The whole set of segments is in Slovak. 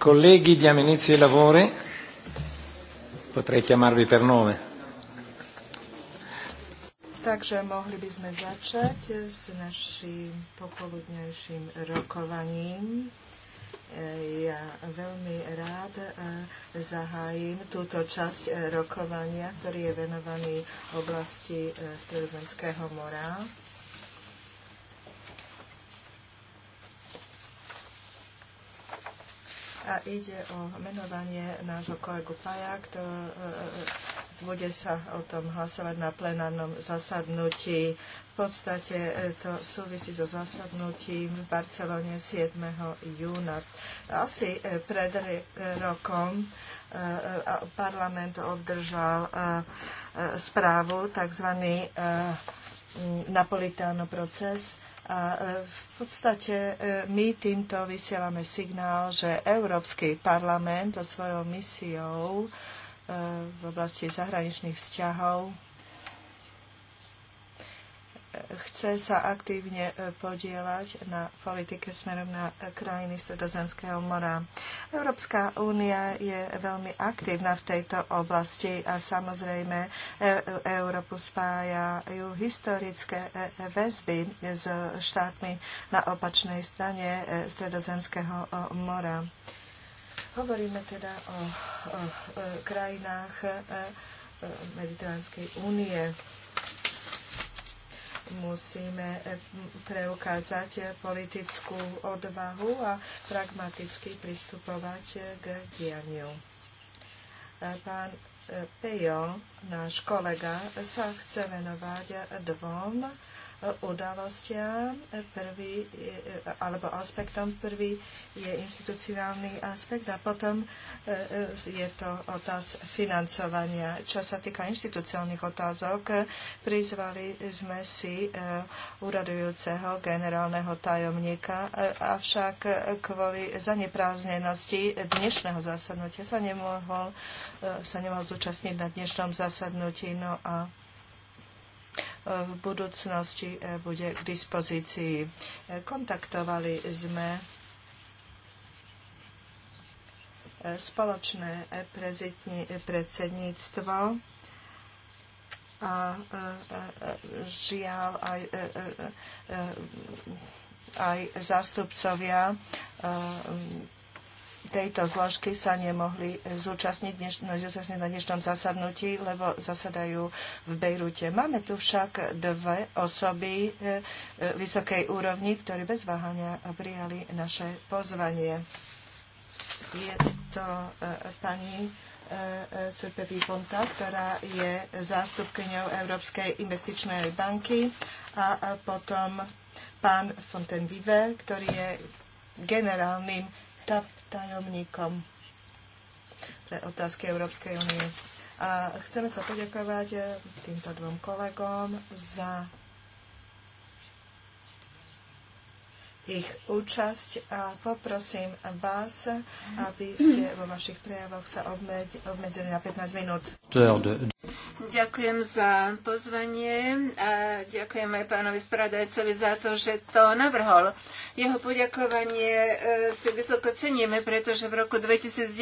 Colleghi, diamo inizio ai lavori. Potrei chiamarvi per nome. Takže mohli by sme začať s našim popoludnejším rokovaním. Ja veľmi rád e, zahájim túto časť e, rokovania, ktorý je venovaný oblasti e, Stredozemského mora a ide o menovanie nášho kolegu Paja, ktorý e, e, e, bude sa o tom hlasovať na plenárnom zasadnutí. V podstate to súvisí so zasadnutím v Barcelone 7. júna. Asi pred rokom parlament obdržal správu, tzv. Napolitáno proces, a e, v podstate e, my týmto vysielame signál, že Európsky parlament so svojou misiou e, v oblasti zahraničných vzťahov chce sa aktívne e, podielať na politike smerom na e, krajiny Stredozemského mora. Európska únia je veľmi aktívna v tejto oblasti a samozrejme e, Európu spájajú historické väzby s štátmi na opačnej strane Stredozemského mora. Hovoríme teda o, o, o krajinách Mediteránskej únie musíme eh, preukázať politickú odvahu a pragmaticky pristupovať eh, k dianiu. Eh, pán Pejo, náš kolega, sa chce venovať dvom udalostiam. Prvý, alebo aspektom prvý je institucionálny aspekt a potom e, e, je to otáz financovania. Čo sa týka institucionálnych otázok, prizvali sme si uradujúceho e, generálneho tajomníka, avšak kvôli zanepráznenosti dnešného zasadnutia sa nemohol, sa nemohol zúčastniť na dnešnom zasadnutí. No a v budúcnosti eh, bude k dispozícii. Eh, kontaktovali sme eh, spoločné predsedníctvo a žiaľ aj, aj zástupcovia tejto zložky sa nemohli zúčastniť, dneš, zúčastniť na dnešnom zasadnutí, lebo zasadajú v Bejrute. Máme tu však dve osoby e, e, vysokej úrovni, ktorí bez váhania prijali naše pozvanie. Je to e, pani Srpe Fonta, ktorá je zástupkyňou Európskej investičnej banky a potom pán Fontenvive, ktorý je generálnym TAP tajomníkom pre otázky Európskej únie. A chceme sa poďakovať eh, týmto dvom kolegom za ich účasť a poprosím vás, aby ste vo vašich prejavoch sa obmedzili na 15 minút. Ďakujem za pozvanie a ďakujem aj pánovi spravodajcovi za to, že to navrhol. Jeho poďakovanie e, si vysoko ceníme, pretože v roku 2010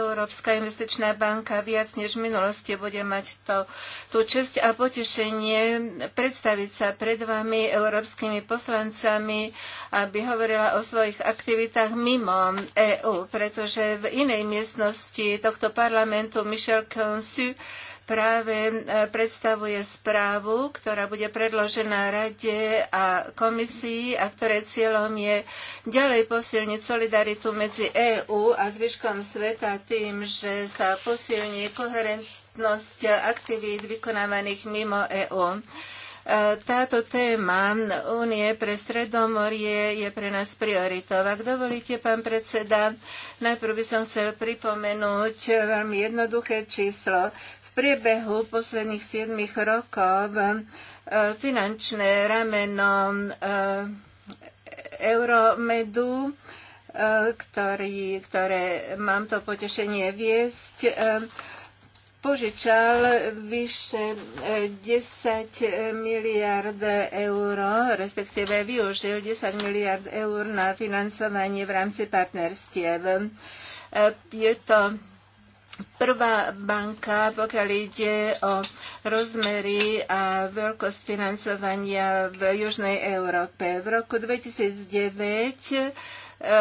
Európska investičná banka viac než v minulosti bude mať to, tú čest a potešenie predstaviť sa pred vami, európskymi poslancami, aby hovorila o svojich aktivitách mimo EÚ, pretože v inej miestnosti tohto parlamentu Michel Consu práve e, predstavuje správu, ktorá bude predložená Rade a komisii a ktoré cieľom je ďalej posilniť solidaritu medzi EÚ a zvyškom sveta tým, že sa posilní koherentnosť aktivít vykonávaných mimo EÚ. Táto téma Únie pre Stredomorie je pre nás prioritou. Ak dovolíte, pán predseda, najprv by som chcel pripomenúť veľmi jednoduché číslo. V priebehu posledných 7 rokov e, finančné rameno e, Euromedu e, ktorý, ktoré mám to potešenie viesť, požičal vyše 10 e, miliard eur, respektíve využil 10 miliard eur na financovanie v rámci partnerstiev. E, je to prvá banka, pokiaľ ide o rozmery a veľkosť financovania v Južnej Európe. V roku 2009 E,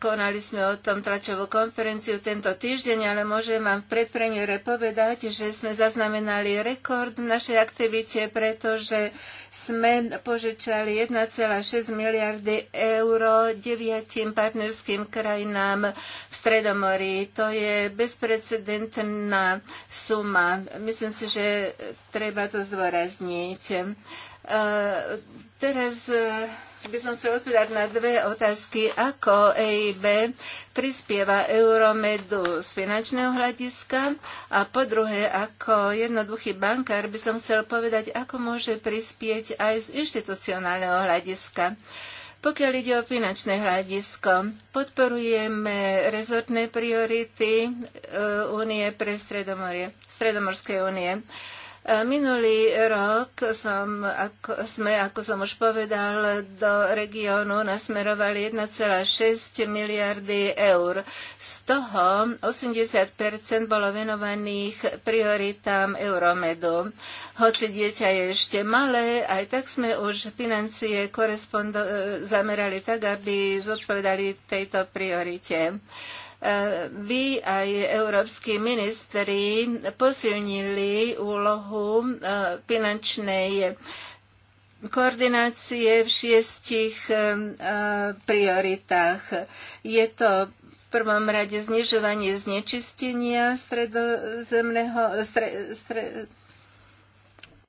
konali sme o tom tlačovú konferenciu tento týždeň, ale môžem vám v predpremiére povedať, že sme zaznamenali rekord v našej aktivite, pretože sme požičali 1,6 miliardy eur deviatim partnerským krajinám v Stredomorí. To je bezprecedentná suma. Myslím si, že treba to zdôrazniť. E, teraz e, by som chcel odpovedať na dve otázky. Ako EIB prispieva Euromedu z finančného hľadiska? A po druhé, ako jednoduchý bankár by som chcel povedať, ako môže prispieť aj z inštitucionálneho hľadiska. Pokiaľ ide o finančné hľadisko, podporujeme rezortné priority e, Únie pre Stredomorie, Stredomorskej únie. Uh, Minulý rok som, ako, sme, ako som už povedal, do regiónu nasmerovali 1,6 miliardy eur. Z toho 80 bolo venovaných prioritám Euromedu. Hoci dieťa je ešte malé, aj tak sme už financie e, zamerali tak, aby zodpovedali tejto priorite. Eh, vy aj európsky ministri posilnili úlohu eh, finančnej koordinácie v šiestich eh, prioritách. Je to v prvom rade znižovanie znečistenia stredozemného... Stre, stre,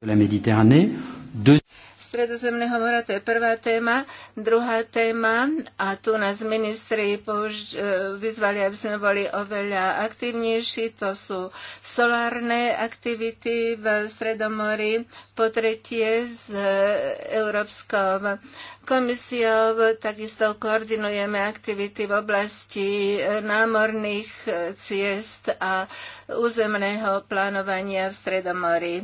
la Méditerranée. Deux... Stredozemného mora, to je prvá téma. Druhá téma, a tu nás ministri použ- e, vyzvali, aby sme boli oveľa aktívnejší, to sú solárne aktivity v Stredomori, po tretie s Európskou komisiou takisto koordinujeme aktivity v oblasti e, námorných e, ciest a územného plánovania v Stredomori.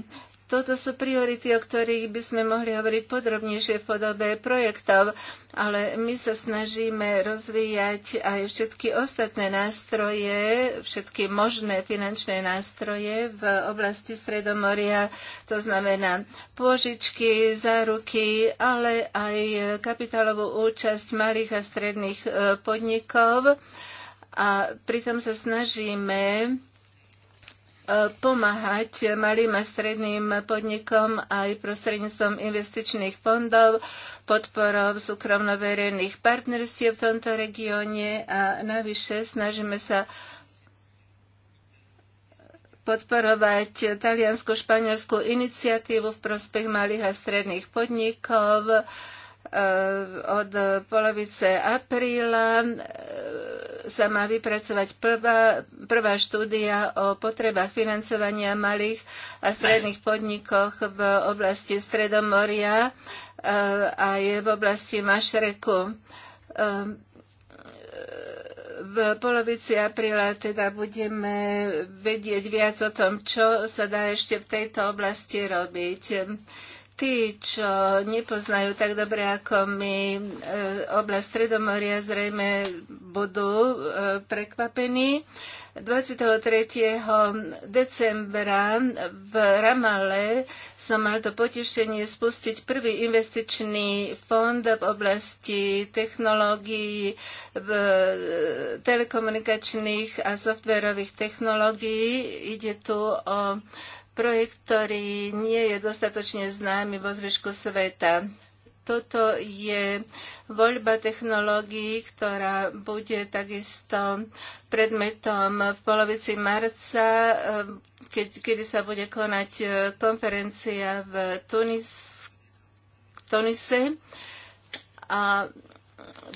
Toto sú priority, o ktorých by sme mohli hovoriť podrobnejšie v podobe projektov, ale my sa snažíme rozvíjať aj všetky ostatné nástroje, všetky možné finančné nástroje v oblasti Stredomoria, to znamená pôžičky, záruky, ale aj kapitálovú účasť malých a stredných e, podnikov. A pritom sa snažíme pomáhať malým a stredným podnikom aj prostredníctvom investičných fondov, podporou súkromno-verejných partnerstiev v tomto regióne a navyše snažíme sa podporovať taliansko-španielskú iniciatívu v prospech malých a stredných podnikov eh, od polovice apríla eh, sa má vypracovať prvá, prvá štúdia o potrebách financovania malých a stredných podnikoch v oblasti Stredomoria a e, aj v oblasti Mašreku e, v polovici apríla teda budeme vedieť viac o tom, čo sa dá ešte v tejto oblasti robiť tí, čo nepoznajú tak dobre ako my e, oblasť Stredomoria, zrejme budú e, prekvapení. 23. decembra v Ramale som mal to potešenie spustiť prvý investičný fond v oblasti technológií, v e, telekomunikačných a softverových technológií. Ide tu o projekt, ktorý nie je dostatočne známy vo zvyšku sveta. Toto je voľba technológií, ktorá bude takisto predmetom v polovici marca, keď, kedy sa bude konať e, konferencia v Tunis, Tunise. A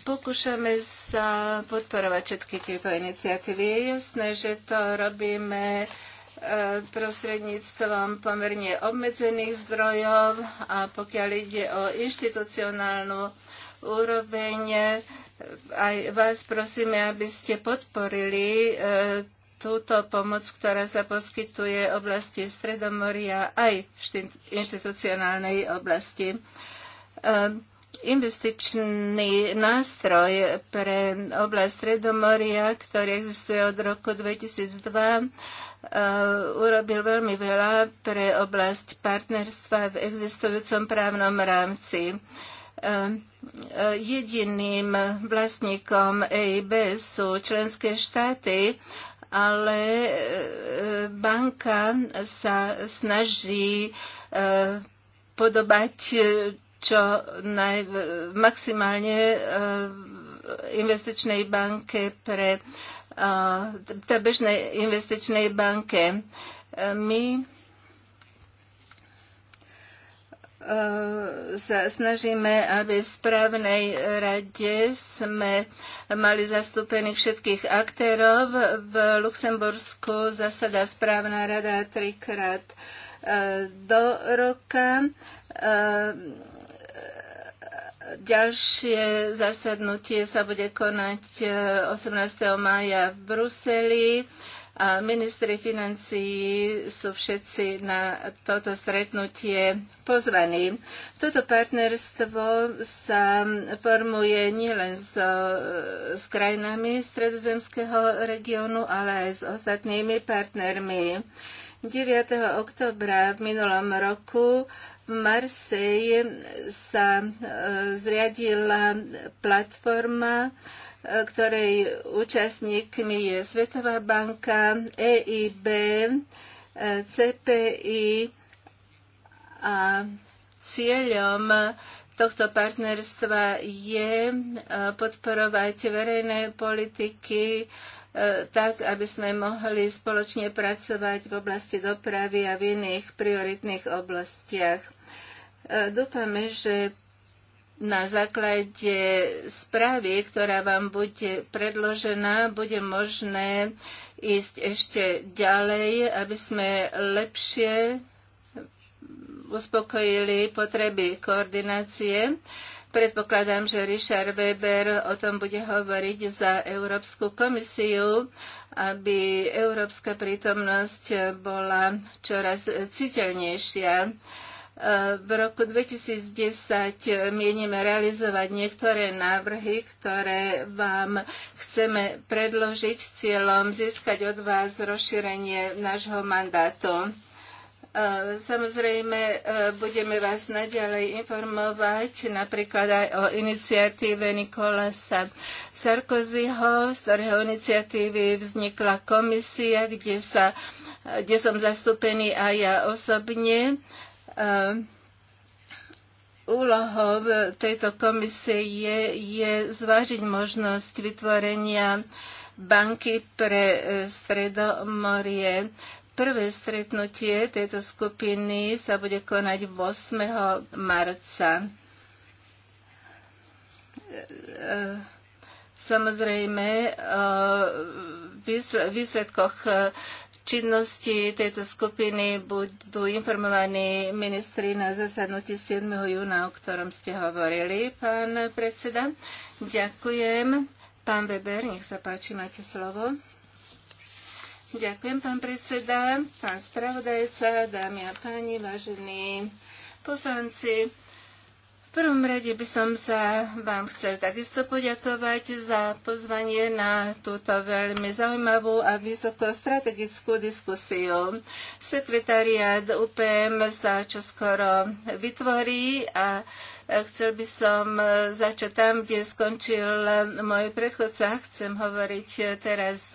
pokúšame sa podporovať všetky tieto iniciatívy. Je jasné, že to robíme prostredníctvom pomerne obmedzených zdrojov a pokiaľ ide o inštitucionálnu úroveň, aj vás prosíme, aby ste podporili e, túto pomoc, ktorá sa poskytuje oblasti Stredomoria aj v inštitucionálnej oblasti. E, investičný nástroj pre oblasť Stredomoria, ktorý existuje od roku 2002, e, urobil veľmi veľa pre oblasť partnerstva v existujúcom právnom rámci. E, e, jediným vlastníkom EIB sú členské štáty, ale banka sa snaží podobať čo naj, maximálne e, investičnej banke pre e, tá bežnej investičnej banke. E, my sa snažíme, aby v správnej rade sme mali zastúpených všetkých aktérov. V Luxembursku zasada správna rada trikrát do roka. Ďalšie zasadnutie sa bude konať 18. E, mája v Bruseli a ministri financií sú všetci na toto stretnutie pozvaní. Toto partnerstvo sa formuje nielen s, e, s krajinami stredozemského regiónu, ale aj s ostatnými partnermi. 9. oktobra v minulom roku v Marseille sa e, zriadila platforma, e, ktorej účastníkmi je Svetová banka, EIB, e, CPI a cieľom tohto partnerstva je podporovať verejné politiky, tak, aby sme mohli spoločne pracovať v oblasti dopravy a v iných prioritných oblastiach. E, dúfame, že na základe správy, ktorá vám bude predložená, bude možné ísť ešte ďalej, aby sme lepšie uspokojili potreby koordinácie Predpokladám, že Richard Weber o tom bude hovoriť za Európsku komisiu, aby európska prítomnosť bola čoraz citeľnejšia. E, v roku 2010 mienime realizovať niektoré návrhy, ktoré vám chceme predložiť s cieľom získať od vás rozšírenie nášho mandátu. E, samozrejme, e, budeme vás naďalej informovať napríklad aj o iniciatíve Nikolasa Sarkozyho, z ktorého iniciatívy vznikla komisia, kde, sa, kde som zastúpený aj ja osobne. E, úlohou tejto komisie je, je zvážiť možnosť vytvorenia banky pre Stredomorie. Prvé stretnutie tejto skupiny sa bude konať 8. marca. Samozrejme, v výsledkoch činnosti tejto skupiny budú informovaní ministri na zasadnutí 7. júna, o ktorom ste hovorili, pán predseda. Ďakujem. Pán Weber, nech sa páči, máte slovo. Ďakujem, pán predseda, pán spravodajca, dámy a páni, vážení poslanci. V prvom rade by som sa vám chcel takisto poďakovať za pozvanie na túto veľmi zaujímavú a vysoko strategickú diskusiu. Sekretariat UPM sa čoskoro vytvorí a Chcel by som e, začať tam, kde skončil e, môj predchodca. Chcem hovoriť e, teraz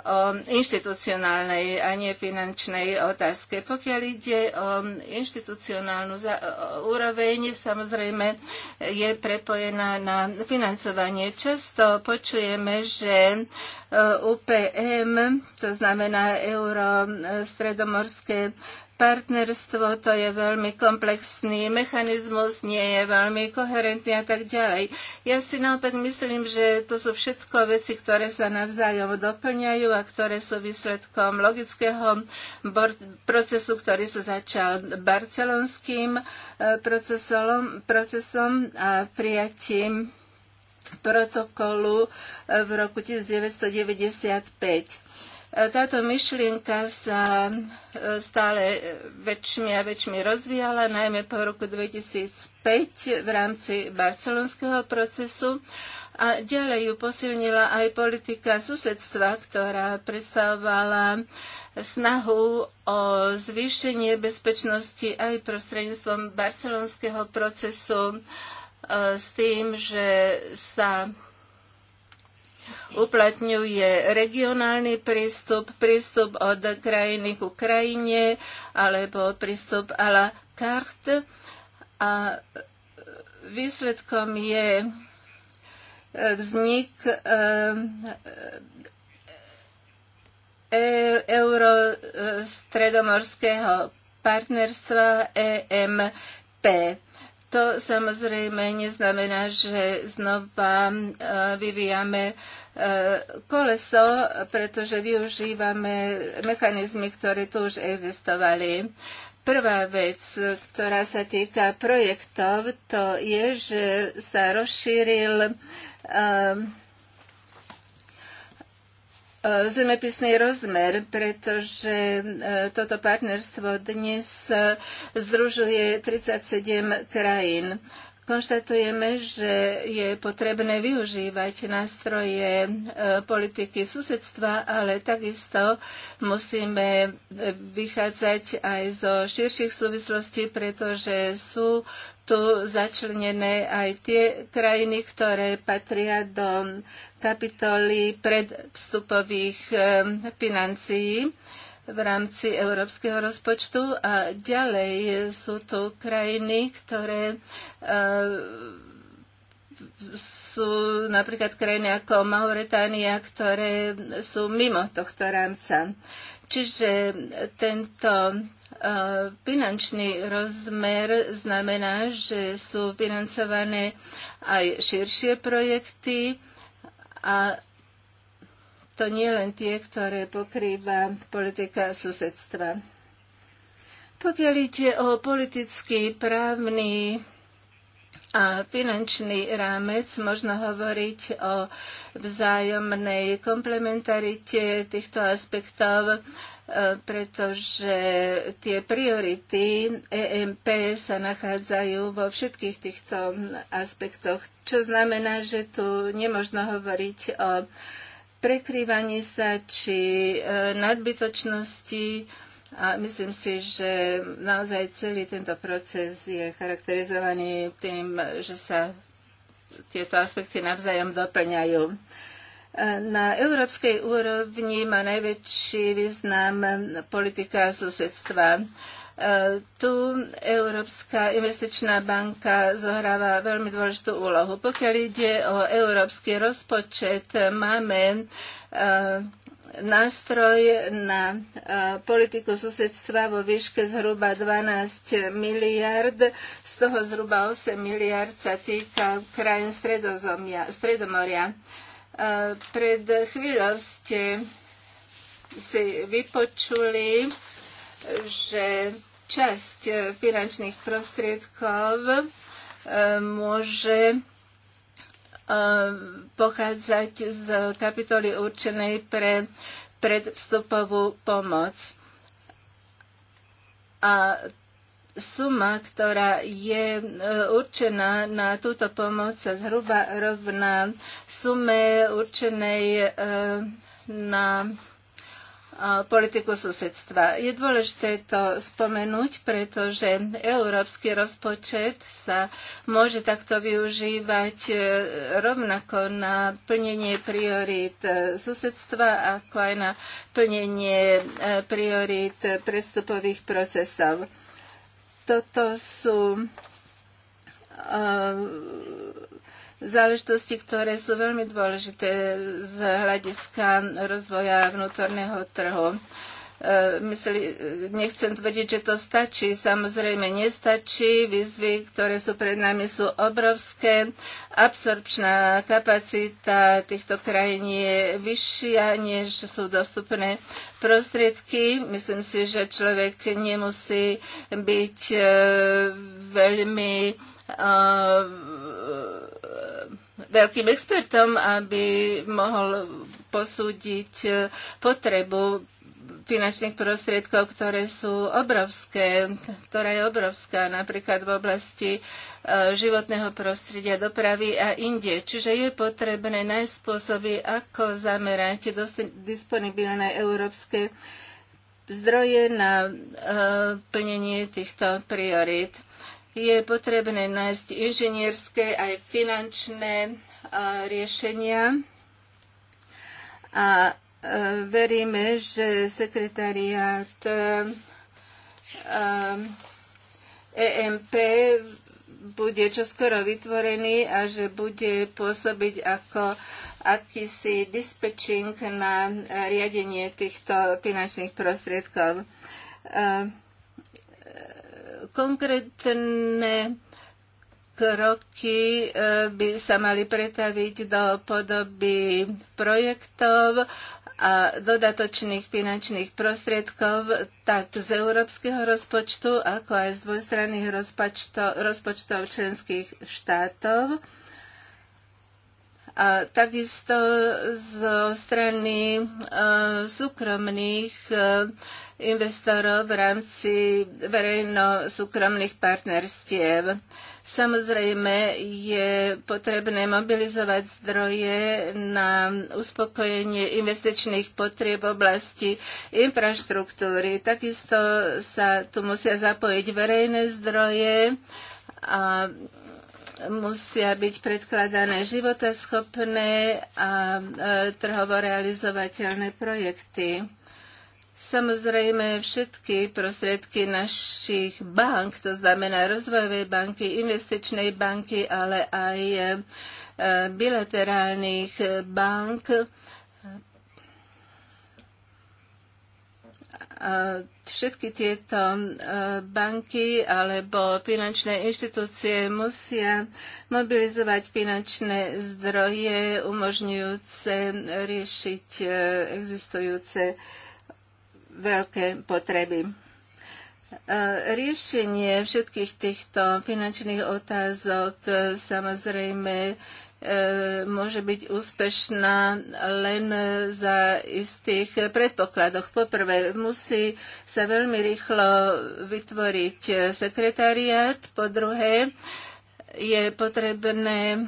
o inštitucionálnej a nie finančnej otázke. Pokiaľ ide o inštitucionálnu úroveň, samozrejme je prepojená na financovanie. Často počujeme, že UPM, to znamená Euro stredomorské partnerstvo to je veľmi komplexný mechanizmus, nie je veľmi koherentný a tak ďalej. Ja si naopak myslím, že to sú všetko veci, ktoré sa navzájom doplňajú a ktoré sú výsledkom logického procesu, ktorý sa začal barcelonským e, procesom, procesom a prijatím protokolu e, v roku 1995. Táto myšlienka sa e, stále väčšmi a väčšmi rozvíjala, najmä po roku 2005 v rámci barcelonského procesu a ďalej ju posilnila aj politika susedstva, ktorá predstavovala snahu o zvýšenie bezpečnosti aj prostredníctvom barcelonského procesu e, s tým, že sa uplatňuje regionálny prístup, prístup od krajiny ku krajine alebo prístup a la carte. A výsledkom je e, vznik e, e, Eurostredomorského partnerstva EMP. To samozrejme neznamená, že znova e, vyvíjame e, koleso, pretože využívame mechanizmy, ktoré tu už existovali. Prvá vec, ktorá sa týka projektov, to je, že sa rozšíril um, zemepisný rozmer, pretože e, toto partnerstvo dnes e, združuje 37 krajín. Konštatujeme, že je potrebné využívať nástroje e, politiky susedstva, ale takisto musíme vychádzať aj zo širších súvislostí, pretože sú tu začlenené aj tie krajiny, ktoré patria do kapitoly predvstupových eh, financií v rámci európskeho rozpočtu a ďalej sú tu krajiny, ktoré eh, sú napríklad krajiny ako Mauretánia, ktoré sú mimo tohto rámca. Čiže tento E, finančný rozmer znamená, že sú financované aj širšie projekty a to nie len tie, ktoré pokrýva politika susedstva. Pokiaľ ide o politický, právny a finančný rámec možno hovoriť o vzájomnej komplementarite týchto aspektov pretože tie priority EMP sa nachádzajú vo všetkých týchto aspektoch, čo znamená, že tu nemožno hovoriť o prekrývaní sa či e, nadbytočnosti a myslím si, že naozaj celý tento proces je charakterizovaný tým, že sa tieto aspekty navzájom doplňajú. Na európskej úrovni má najväčší význam politika susedstva. E, tu Európska investičná banka zohráva veľmi dôležitú úlohu. Pokiaľ ide o európsky rozpočet, máme e, nástroj na e, politiku susedstva vo výške zhruba 12 miliard, z toho zhruba 8 miliard sa týka krajín Stredomoria. Pred chvíľou ste si vypočuli, že časť finančných prostriedkov e, môže e, pochádzať z kapitoly určenej pre predvstupovú pomoc. A suma, ktorá je e, určená na túto pomoc, sa zhruba rovná sume určenej e, na e, politiku susedstva. Je dôležité to spomenúť, pretože európsky rozpočet sa môže takto využívať rovnako na plnenie priorít susedstva, ako aj na plnenie priorít prestupových procesov. Toto sú eh, záležitosti, ktoré sú veľmi dôležité z hľadiska rozvoja vnútorného trhu. E, Myslí, e, nechcem tvrdiť, že to stačí. Samozrejme nestačí. Výzvy, ktoré sú pred nami, sú obrovské. Absorpčná kapacita týchto krajín je vyššia, než sú dostupné prostriedky. Myslím si, že človek nemusí byť e, veľmi veľkým expertom, aby mohol posúdiť potrebu finančných prostriedkov, ktoré sú obrovské, ktorá je obrovská napríklad v oblasti e, životného prostredia, dopravy a inde. Čiže je potrebné nájsť spôsoby, ako zamerať disponibilné európske zdroje na e, plnenie týchto priorít. Je potrebné nájsť inžinierské aj finančné e, riešenia a E, veríme, že sekretariát EMP e, e bude čoskoro vytvorený a že bude pôsobiť ako akýsi dispečing na riadenie týchto finančných prostriedkov. Konkrétne kroky by sa mali pretaviť do podoby projektov, a dodatočných finančných prostriedkov tak z európskeho rozpočtu, ako aj z dvojstranných rozpočtov, rozpočtov členských štátov. A takisto zo strany e, súkromných e, investorov v rámci verejno-súkromných partnerstiev. E, Samozrejme je potrebné mobilizovať zdroje na uspokojenie investičných potrieb v oblasti infraštruktúry. Takisto sa tu musia zapojiť verejné zdroje a musia byť predkladané životaschopné a e, trhovo realizovateľné projekty. Samozrejme, všetky prostriedky našich bank, to znamená rozvojové banky, investičnej banky, ale aj e, bilaterálnych bank, e, všetky tieto e, banky alebo finančné inštitúcie musia mobilizovať finančné zdroje umožňujúce riešiť existujúce veľké potreby. E, riešenie všetkých týchto finančných otázok e, samozrejme e, môže byť úspešná len za istých predpokladoch. Poprvé, musí sa veľmi rýchlo vytvoriť sekretariat, Po druhé, je potrebné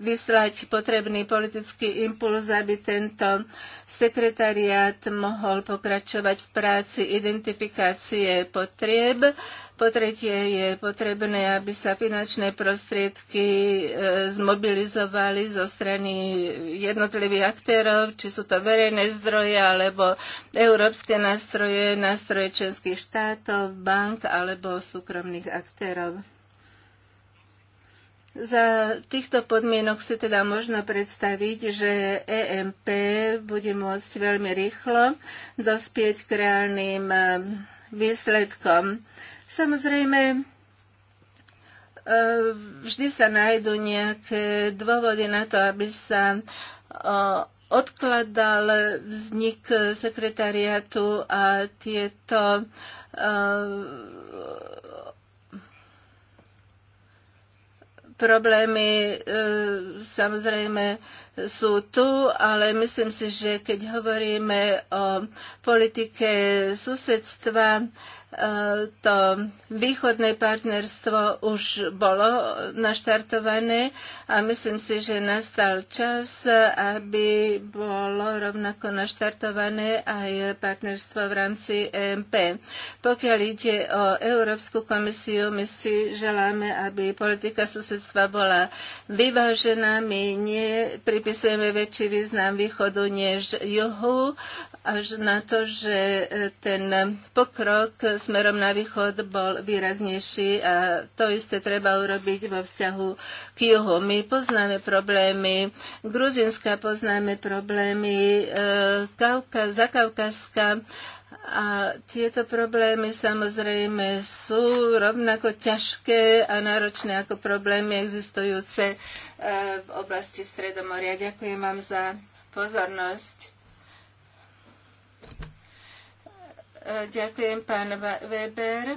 vyslať potrebný politický impuls, aby tento sekretariát mohol pokračovať v práci identifikácie potrieb. Po tretie je potrebné, aby sa finančné prostriedky e, zmobilizovali zo strany jednotlivých aktérov, či sú to verejné zdroje alebo európske nástroje, nástroje členských štátov, bank alebo súkromných aktérov. Za týchto podmienok si teda možno predstaviť, že EMP bude môcť veľmi rýchlo dospieť k reálnym eh, výsledkom. Samozrejme, eh, vždy sa nájdú nejaké dôvody na to, aby sa eh, odkladal vznik sekretariatu a tieto problémy e, samozrejme sú tu, ale myslím si, že keď hovoríme o politike susedstva, e, E, to východné partnerstvo už bolo naštartované a myslím si, že nastal čas, aby bolo rovnako naštartované aj partnerstvo v rámci EMP. Pokiaľ ide o Európsku komisiu, my si želáme, aby politika susedstva bola vyvážená. My nepripisujeme väčší význam východu než juhu až na to, že e, ten pokrok smerom na východ bol výraznejší a to isté treba urobiť vo vzťahu k juhu. My poznáme problémy Gruzinska, poznáme problémy Zakaukazka. E, a tieto problémy samozrejme sú rovnako ťažké a náročné ako problémy existujúce e, v oblasti Stredomoria. Ďakujem vám za pozornosť. Ďakujem, pán Weber.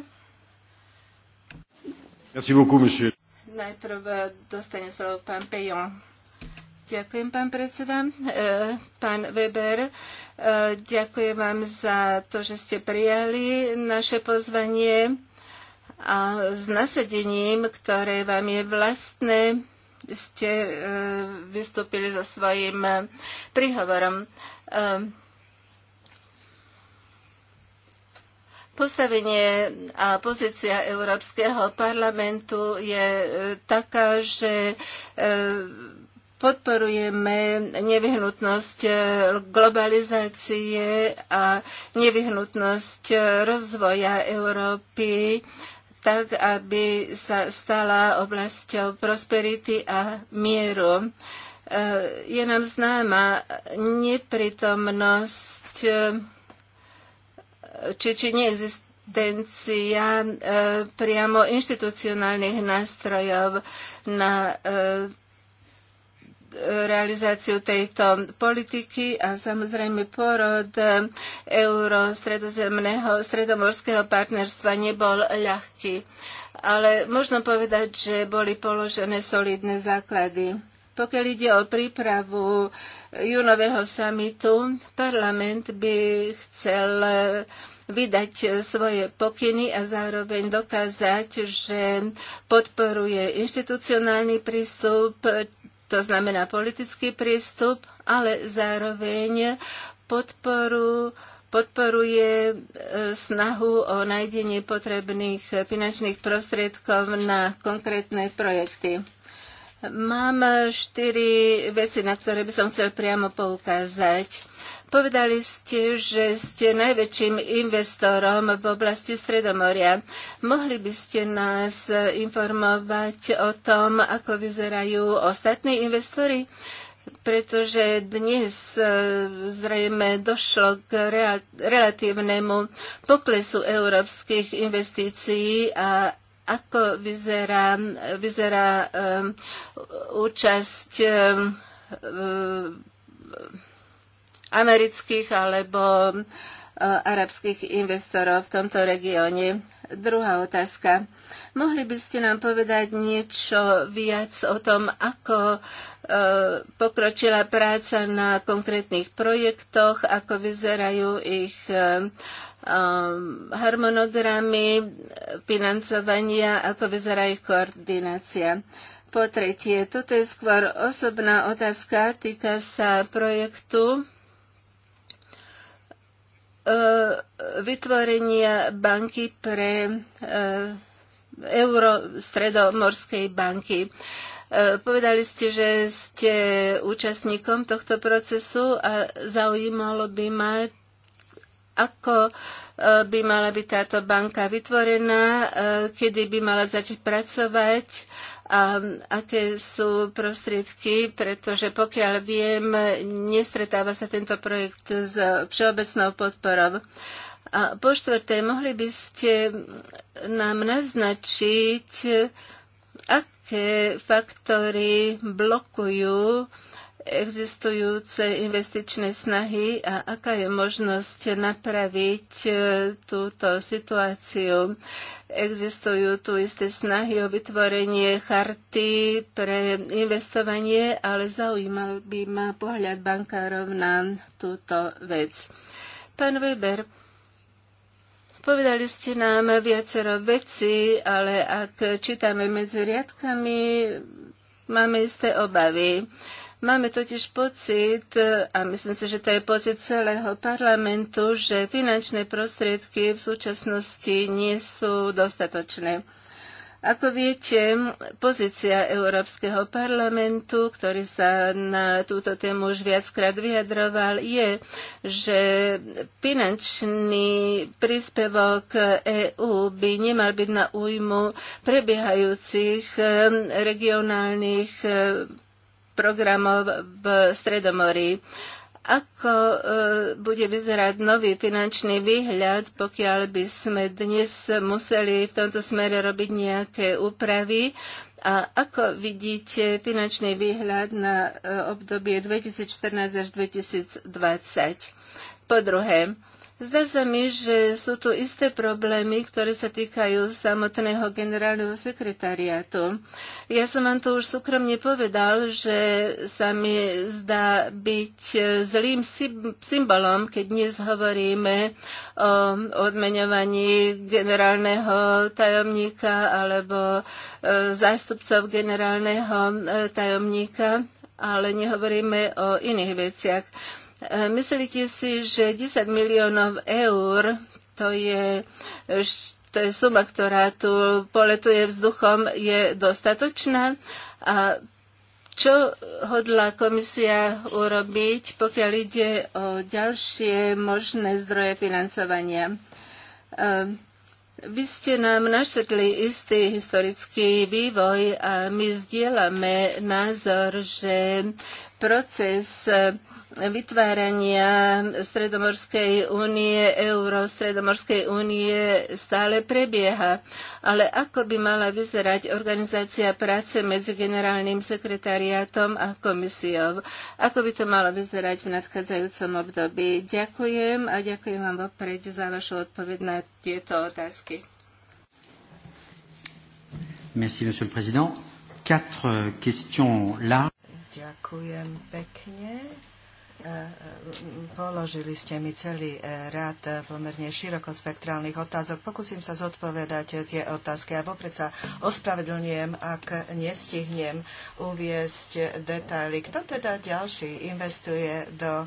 Merci beaucoup, monsieur. Najprv dostane slovo pán Pejon. Ďakujem, pán predseda. E, pán Weber, e, ďakujem vám za to, že ste prijali naše pozvanie a s nasadením, ktoré vám je vlastné, ste e, vystúpili so svojím príhovorom. Postavenie a pozícia Európskeho parlamentu je e, taká, že e, podporujeme nevyhnutnosť e, globalizácie a nevyhnutnosť rozvoja Európy tak, aby sa stala oblasťou prosperity a mieru. Je nám známa neprítomnosť či, či neexistencia e, priamo inštitucionálnych nástrojov na e, realizáciu tejto politiky a samozrejme porod euro-stredozemného, stredomorského partnerstva nebol ľahký. Ale možno povedať, že boli položené solidné základy. Pokiaľ ide o prípravu junového samitu, parlament by chcel vydať eh, svoje pokyny a zároveň dokázať, že podporuje inštitucionálny prístup, to znamená politický prístup, ale zároveň podporu podporuje eh, snahu o nájdenie potrebných finančných prostriedkov na konkrétne projekty. Mám štyri veci, na ktoré by som chcel priamo poukázať. Povedali ste, že ste najväčším investorom v oblasti Stredomoria. Mohli by ste nás informovať o tom, ako vyzerajú ostatní investori? pretože dnes e, zrejme došlo k relatívnemu poklesu európskych investícií a ako vyzerá, vyzerá e, účasť um, um, amerických alebo e, arabských investorov v tomto regióne. Druhá otázka. Mohli by ste nám povedať niečo viac o tom, ako e, pokročila práca na konkrétnych projektoch, ako vyzerajú ich e, harmonogramy financovania, ako vyzerá ich koordinácia. Po tretie, toto je skôr osobná otázka, týka sa projektu E, vytvorenia banky pre e, Eurostredomorskej banky. E, povedali ste, že ste účastníkom tohto procesu a zaujímalo by ma, ako e, by mala byť táto banka vytvorená, e, kedy by mala začať pracovať a aké sú prostriedky, pretože pokiaľ viem, nestretáva sa tento projekt s všeobecnou podporou. A po štvrté, mohli by ste nám naznačiť, aké faktory blokujú existujúce investičné snahy a aká je možnosť napraviť e, túto situáciu. Existujú tu isté snahy o vytvorenie charty pre investovanie, ale zaujímal by ma pohľad bankárov na túto vec. Pán Weber, Povedali ste nám viacero veci, ale ak čítame medzi riadkami, máme isté obavy. Máme totiž pocit, a myslím si, že to je pocit celého parlamentu, že finančné prostriedky v súčasnosti nie sú dostatočné. Ako viete, pozícia Európskeho parlamentu, ktorý sa na túto tému už viackrát vyjadroval, je, že finančný príspevok EÚ by nemal byť na újmu prebiehajúcich eh, regionálnych eh, programov v Stredomorí. Ako e, bude vyzerať nový finančný výhľad, pokiaľ by sme dnes museli v tomto smere robiť nejaké úpravy? A ako vidíte finančný výhľad na e, obdobie 2014 až 2020? Po druhé, Zdá sa mi, že sú tu isté problémy, ktoré sa týkajú samotného generálneho sekretariátu. Ja som vám to už súkromne povedal, že sa mi zdá byť zlým symbolom, keď dnes hovoríme o odmeňovaní generálneho tajomníka alebo e, zástupcov generálneho e, tajomníka, ale nehovoríme o iných veciach. E, myslíte si, že 10 miliónov eur to je to je suma, ktorá tu poletuje vzduchom, je dostatočná. A čo hodla komisia urobiť, pokiaľ ide o ďalšie možné zdroje financovania? E, vy ste nám našetli istý historický vývoj a my zdieľame názor, že proces vytvárania Stredomorskej únie, Euro-Stredomorskej únie stále prebieha. Ale ako by mala vyzerať organizácia práce medzi generálnym sekretariátom a komisiou? Ako by to malo vyzerať v nadchádzajúcom období? Ďakujem a ďakujem vám vopred za vašu odpoveď na tieto otázky. Merci, monsieur le président. Quatre questions là. Ďakujem pekne E, e, položili ste mi celý e, rád pomerne širokospektrálnych otázok. Pokúsim sa zodpovedať tie otázky a vopred sa ospravedlňujem, ak nestihnem uviesť detaily. Kto teda ďalší investuje do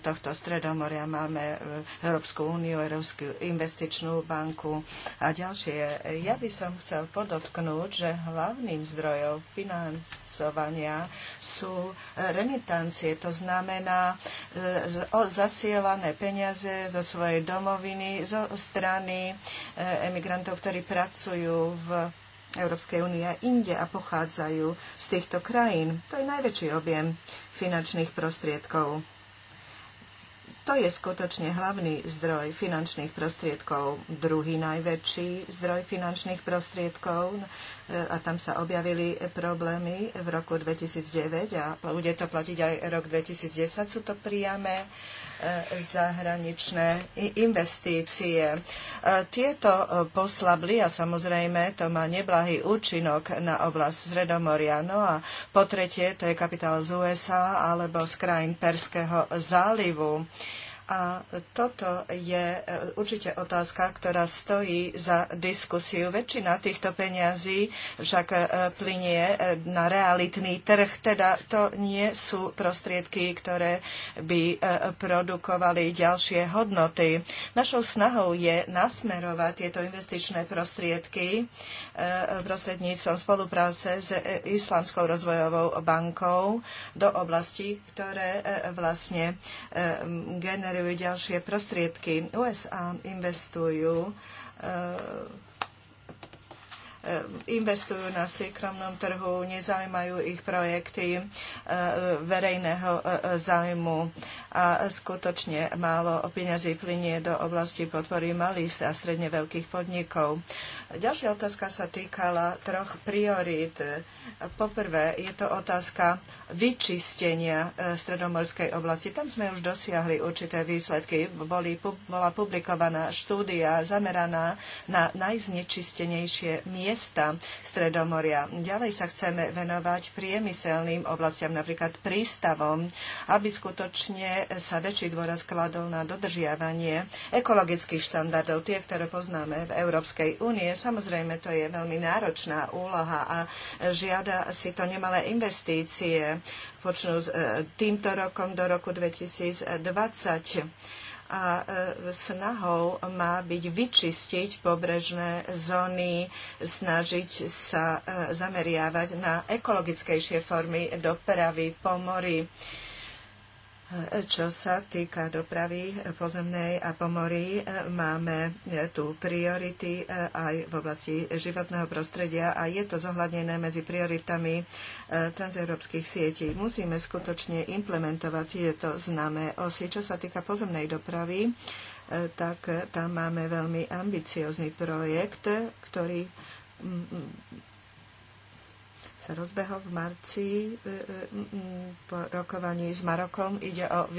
tohto stredomoria? Máme Európsku úniu, Európsku investičnú banku a ďalšie. Ja by som chcel podotknúť, že hlavným zdrojom financovania sú remitancie, to znamená, znamená e, zasielané peniaze zo svojej domoviny, zo strany e, emigrantov, ktorí pracujú v Európskej únie a inde a pochádzajú z týchto krajín. To je najväčší objem finančných prostriedkov. To je skutočne hlavný zdroj finančných prostriedkov. Druhý najväčší zdroj finančných prostriedkov a tam sa objavili problémy v roku 2009 a bude to platiť aj rok 2010. Sú to priame e, zahraničné investície. E, tieto e, poslabli a samozrejme to má neblahý účinok na oblasť Zredomoria. No a po tretie to je kapitál z USA alebo z krajín Perského zálivu. A toto je e, určite otázka, ktorá stojí za diskusiu. Väčšina týchto peniazí však e, plinie e, na realitný trh, teda to nie sú prostriedky, ktoré by produkovali ďalšie hodnoty. Našou snahou je nasmerovať tieto investičné prostriedky prostredníctvom spolupráce s Islamskou rozvojovou bankou do oblasti, ktoré vlastne generujú potrebujú ďalšie prostriedky. USA investujú eh, investujú na súkromnom trhu, nezaujímajú ich projekty eh, verejného eh, zájmu a skutočne málo peňazí plinie do oblasti podpory malých a stredne veľkých podnikov. Ďalšia otázka sa týkala troch priorít. Poprvé je to otázka vyčistenia e, stredomorskej oblasti. Tam sme už dosiahli určité výsledky. Boli, bola publikovaná štúdia zameraná na najznečistenejšie miesta Stredomoria. Ďalej sa chceme venovať priemyselným oblastiam, napríklad prístavom, aby skutočne sa väčší dôraz kladol na dodržiavanie ekologických štandardov, tie, ktoré poznáme v Európskej únie. Samozrejme, to je veľmi náročná úloha a žiada si to nemalé investície. Počnú e, týmto rokom do roku 2020 a e, snahou má byť vyčistiť pobrežné zóny, snažiť sa e, zameriavať na ekologickejšie formy dopravy po mori čo sa týka dopravy pozemnej a pomory, máme tu priority e, aj v oblasti životného prostredia a je to zohľadnené medzi prioritami e, transeurópskych sietí. Musíme skutočne implementovať tieto známe osy. Čo sa týka pozemnej dopravy, e, tak tam máme veľmi ambiciózny projekt, ktorý sa rozbehol v marci e, e, po rokovaní s Marokom. Ide o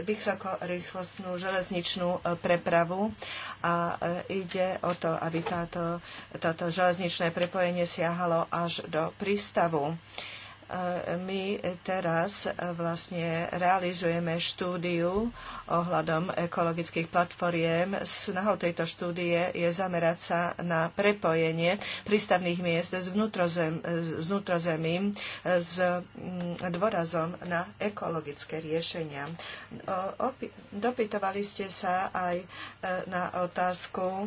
vysokorýchlostnú železničnú e, prepravu a ide o to, aby táto, toto železničné prepojenie siahalo až do prístavu my teraz vlastne realizujeme štúdiu ohľadom ekologických platformiem. Snahou tejto štúdie je zamerať sa na prepojenie prístavných miest s, vnútrozem, s vnútrozemím s mm, dôrazom na ekologické riešenia. Dopytovali ste sa aj e, na otázku e,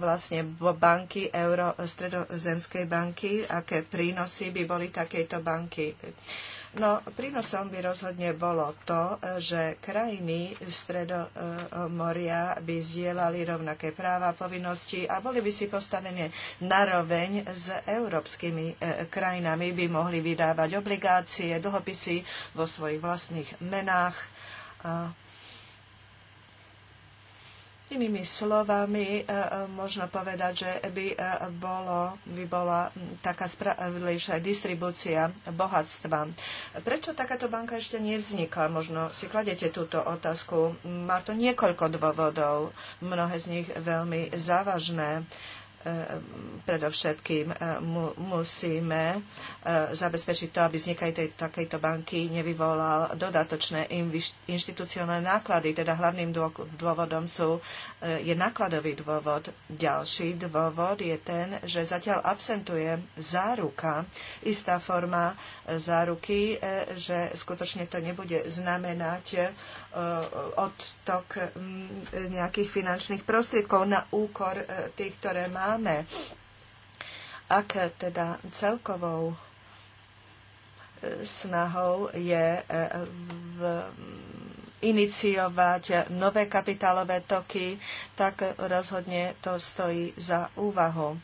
vlastne banky Euro, Stredozemskej banky, aké prínosy by boli takéto banky. No, prínosom by rozhodne bolo to, že krajiny Stredomoria by zdieľali rovnaké práva, povinnosti a boli by si postavené naroveň s európskymi e, krajinami, by mohli vydávať obligácie, dlhopisy vo svojich vlastných menách. A Inými slovami, e, e, možno povedať, že by, e, bolo, by bola taká spravlejšia distribúcia bohatstva. Prečo takáto banka ešte nevznikla? Možno si kladete túto otázku. Má to niekoľko dôvodov, mnohé z nich veľmi závažné. E, predovšetkým e, mu, musíme e, zabezpečiť to, aby vznik tej, takejto banky nevyvolal dodatočné inštitucionálne náklady. Teda hlavným dôvodom sú, je nákladový dôvod. Ďalší dôvod je ten, že zatiaľ absentuje záruka, istá forma záruky, že skutočne to nebude znamenať Eh, odtok mm, nejakých finančných prostriedkov na úkor eh, tých, ktoré máme. Ak teda celkovou eh, snahou je v iniciovať nové kapitálové toky, tak rozhodne to stojí za úvahu.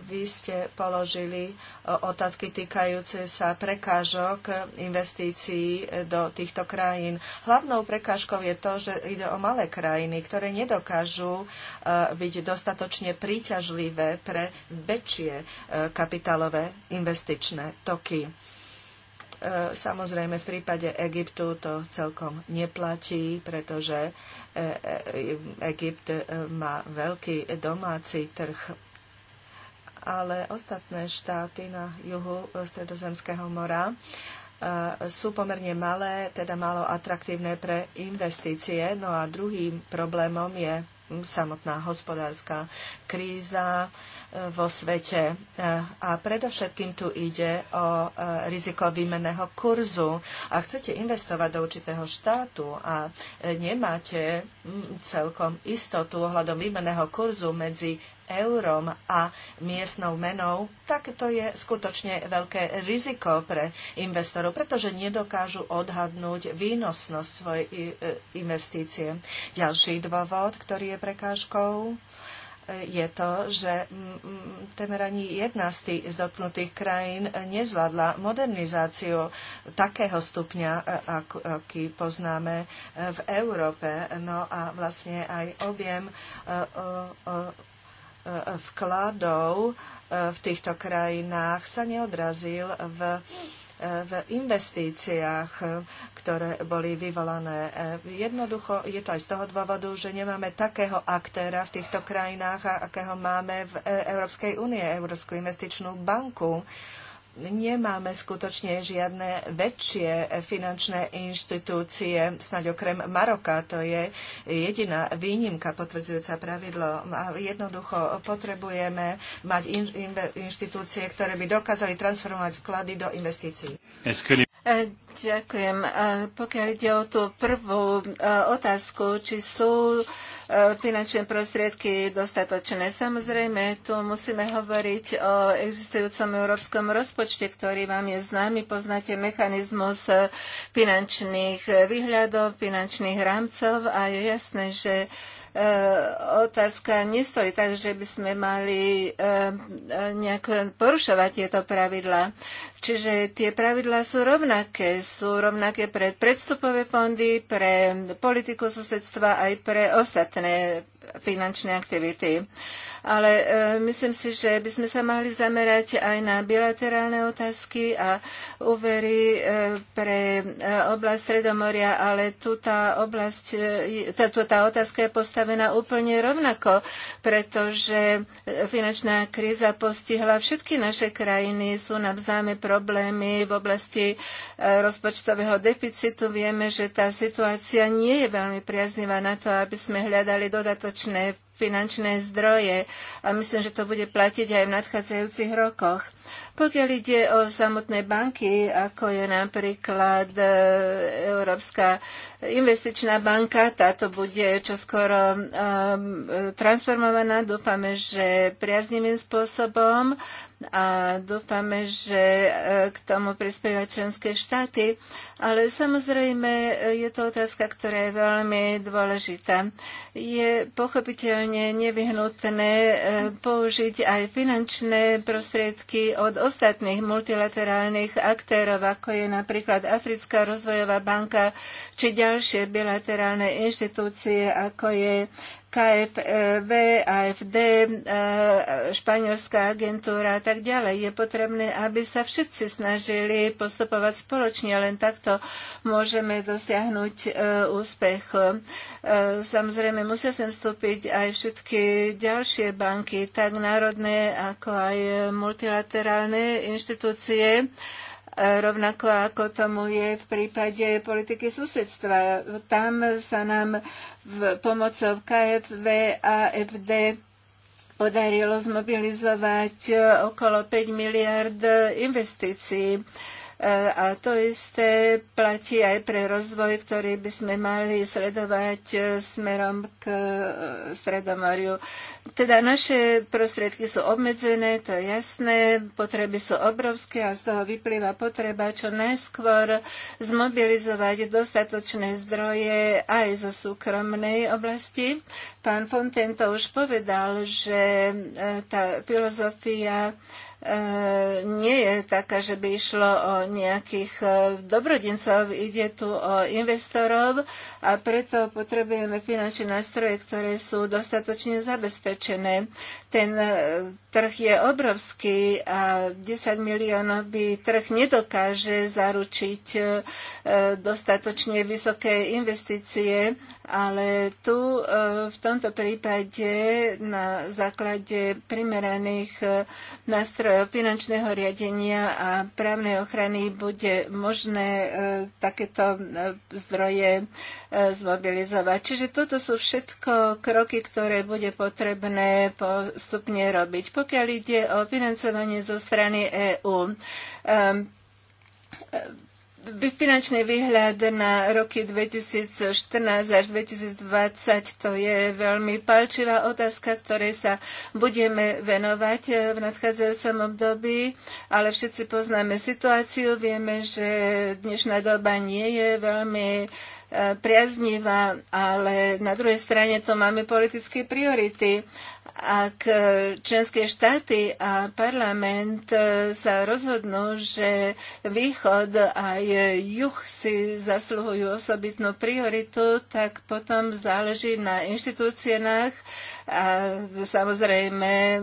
Vy ste položili e, otázky týkajúce sa prekážok investícií e, do týchto krajín. Hlavnou prekážkou je to, že ide o malé krajiny, ktoré nedokážu e, byť dostatočne príťažlivé pre väčšie kapitálové investičné toky. Samozrejme, v prípade Egyptu to celkom neplatí, pretože Egypt má veľký domáci trh ale ostatné štáty na juhu e, Stredozemského mora e, sú pomerne malé, teda málo atraktívne pre investície. No a druhým problémom je samotná hospodárska kríza e, vo svete. A predovšetkým tu ide o riziko výmenného kurzu. A chcete investovať do určitého štátu a nemáte celkom istotu ohľadom výmeného kurzu medzi eurom a miestnou menou, tak to je skutočne veľké riziko pre investorov, pretože nedokážu odhadnúť výnosnosť svojej e, e, investície. Ďalší dôvod, ktorý je prekážkou, je to, že temer ani jedna z tých dotknutých krajín nezvládla modernizáciu takého stupňa, e, aký poznáme e, v Európe. No a vlastne aj objem e, vkladov v týchto krajinách sa neodrazil v v investíciách, ktoré boli vyvolané. Jednoducho je to aj z toho dôvodu, že nemáme takého aktéra v týchto krajinách, akého máme v e, Európskej únie, Európsku investičnú banku nemáme skutočne žiadne väčšie finančné inštitúcie, snáď okrem Maroka, to je jediná výnimka potvrdzujúca pravidlo. A jednoducho potrebujeme mať in, in, inštitúcie, ktoré by dokázali transformovať vklady do investícií. E, ďakujem. E, pokiaľ ide o tú prvú e, otázku, či sú finančné prostriedky dostatočné. Samozrejme, tu musíme hovoriť o existujúcom európskom rozpočte, ktorý vám je známy. Poznáte mechanizmus finančných výhľadov, finančných rámcov a je jasné, že E, otázka nestojí tak, že by sme mali e, nejak porušovať tieto pravidlá. Čiže tie pravidlá sú rovnaké. Sú rovnaké pre predstupové fondy, pre politiku susedstva aj pre ostatné finančné aktivity ale e, myslím si, že by sme sa mali zamerať aj na bilaterálne otázky a úvery e, pre e, oblasť Stredomoria, ale tu tá, oblasť, tá, tá otázka je postavená úplne rovnako, pretože finančná kríza postihla všetky naše krajiny, sú nám známe problémy v oblasti rozpočtového deficitu. Vieme, že tá situácia nie je veľmi priaznivá na to, aby sme hľadali dodatočné finančné zdroje a myslím, že to bude platiť aj v nadchádzajúcich rokoch. Pokiaľ ide o samotné banky, ako je napríklad e, Európska investičná banka, táto bude čoskoro um, transformovaná. Dúfame, že priaznivým spôsobom a dúfame, že e, k tomu prispievajú členské štáty. Ale samozrejme je to otázka, ktorá je veľmi dôležitá. Je pochopiteľne nevyhnutné použiť aj finančné prostriedky od ostatných multilaterálnych aktérov, ako je napríklad Africká rozvojová banka či ďalšie bilaterálne inštitúcie, ako je KFV, e AFD, e, španielská agentúra a tak ďalej. Je potrebné, aby sa všetci snažili postupovať spoločne, len takto môžeme dosiahnuť e, úspech. Samozrejme, musia sem vstúpiť aj všetky ďalšie banky, tak národné ako aj multilaterálne inštitúcie rovnako ako tomu je v prípade politiky susedstva. Tam sa nám v pomocou KFV a FD podarilo zmobilizovať okolo 5 miliard investícií. E, a to isté platí aj pre rozvoj, ktorý by sme mali sledovať e, smerom k e, Stredomoriu. Teda naše prostriedky sú obmedzené, to je jasné, potreby sú obrovské a z toho vyplýva potreba čo najskôr zmobilizovať dostatočné zdroje aj zo súkromnej oblasti. Pán Fonten to už povedal, že tá filozofia nie je taká, že by išlo o nejakých e, dobrodincov, ide tu o investorov a preto potrebujeme finančné nástroje, ktoré sú dostatočne zabezpečené ten e, trh je obrovský a 10 miliónový trh nedokáže zaručiť e, dostatočne vysoké investície, ale tu e, v tomto prípade na základe primeraných nástrojov finančného riadenia a právnej ochrany bude možné takéto zdroje zmobilizovať. Čiže toto sú všetko kroky, ktoré bude potrebné po postupne robiť. Pokiaľ ide o financovanie zo strany EÚ, um, finančný výhľad na roky 2014 až 2020 to je veľmi palčivá otázka, ktorej sa budeme venovať eh, v nadchádzajúcom období, ale všetci poznáme situáciu, vieme, že dnešná doba nie je veľmi eh, priaznivá, ale na druhej strane to máme politické priority ak členské štáty a parlament e, sa rozhodnú, že východ a juh si zasluhujú osobitnú prioritu, tak potom záleží na inštitúciách, a samozrejme e,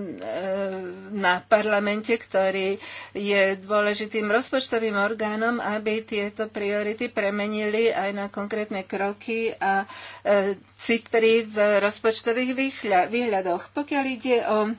na parlamente, ktorý je dôležitým rozpočtovým orgánom, aby tieto priority premenili aj na konkrétne kroky a e, citry v rozpočtových výhľadoch. Pokiaľ ide o e,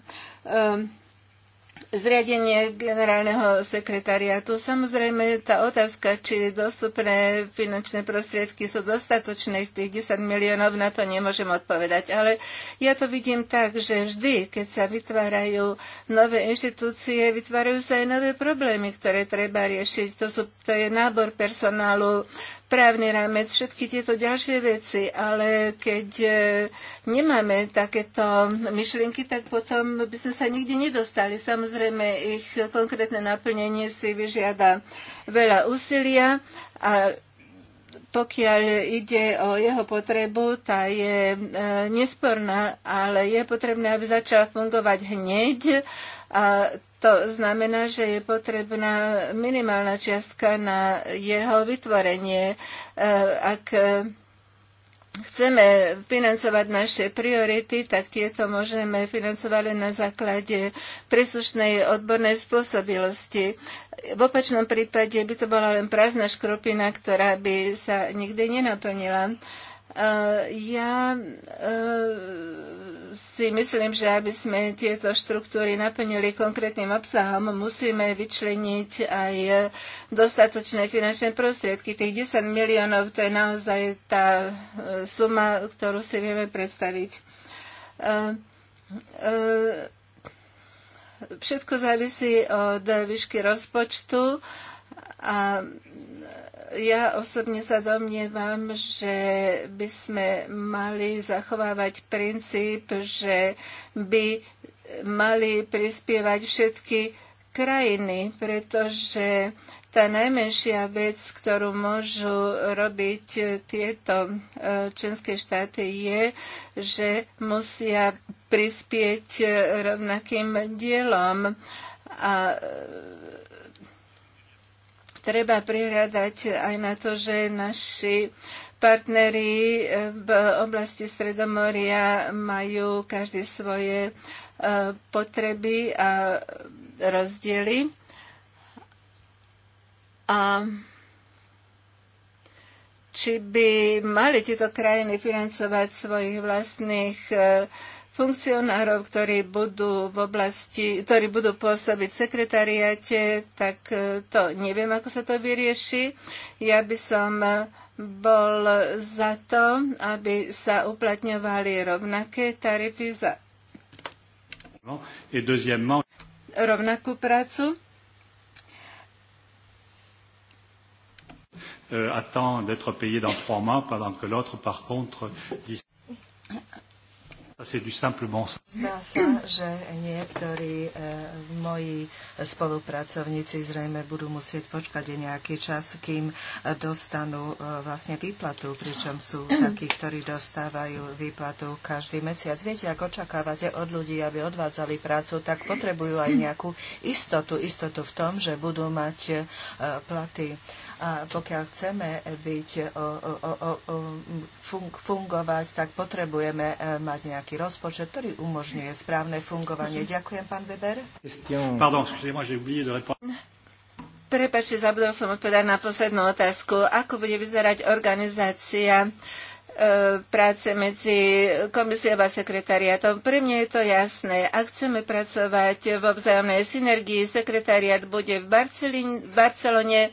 zriadenie generálneho sekretariátu. Samozrejme, tá otázka, či dostupné finančné prostriedky sú dostatočné, tých 10 miliónov, na to nemôžem odpovedať. Ale ja to vidím tak, že vždy, keď sa vytvárajú nové inštitúcie, vytvárajú sa aj nové problémy, ktoré treba riešiť. To, sú, to je nábor personálu, právny rámec, všetky tieto ďalšie veci, ale keď e, nemáme takéto myšlienky, tak potom by sme sa nikdy nedostali. Samozrejme, ich konkrétne naplnenie si vyžiada veľa úsilia a pokiaľ ide o jeho potrebu, tá je e, nesporná, ale je potrebné, aby začala fungovať hneď a to znamená, že je potrebná minimálna čiastka na jeho vytvorenie. E, ak chceme financovať naše priority, tak tieto môžeme financovať len na základe príslušnej odbornej spôsobilosti. V opačnom prípade by to bola len prázdna škropina, ktorá by sa nikdy nenaplnila. Eh, ja eh, si myslím, že aby sme tieto štruktúry naplnili konkrétnym obsahom, musíme vyčleniť aj dostatočné finančné prostriedky. Tých 10 miliónov to je naozaj tá eh, suma, ktorú si vieme predstaviť. Všetko závisí od výšky rozpočtu a ja osobne sa domnievam, že by sme mali zachovávať princíp, že by mali prispievať všetky krajiny, pretože tá najmenšia vec, ktorú môžu robiť tieto e, členské štáty, je, že musia prispieť e, rovnakým dielom. A e, treba prihľadať aj na to, že naši partneri v oblasti Stredomoria majú každé svoje e, potreby a rozdiely. A či by mali tieto krajiny financovať svojich vlastných e, funkcionárov, ktorí budú v oblasti, ktorí budú pôsobiť v sekretariate, tak e, to neviem, ako sa to vyrieši. Ja by som e, bol za to, aby sa uplatňovali rovnaké tarify za rovnakú prácu. attend euh, d'être payé dans trois mois, pendant que l'autre, par contre, dis... Zdá sa, že niektorí e, moji spolupracovníci zrejme budú musieť počkať nejaký čas, kým e, dostanú e, vlastne výplatu, pričom sú takí, ktorí dostávajú výplatu každý mesiac. Viete, ak očakávate od ľudí, aby odvádzali prácu, tak potrebujú aj nejakú istotu, istotu v tom, že budú mať e, platy. E, a pokiaľ chceme byť, e, o, o, o, fungovať, tak potrebujeme e, mať nejaký rozpočet, ktorý umožňuje správne fungovanie. Ďakujem, pán Weber. Pardon, Prepačte, zabudol som odpovedať na poslednú otázku. Ako bude vyzerať organizácia E, práce medzi komisiou a sekretariatom. Pre mňa je to jasné. Ak chceme pracovať vo vzájomnej synergii, sekretariat bude v Barcelone, e,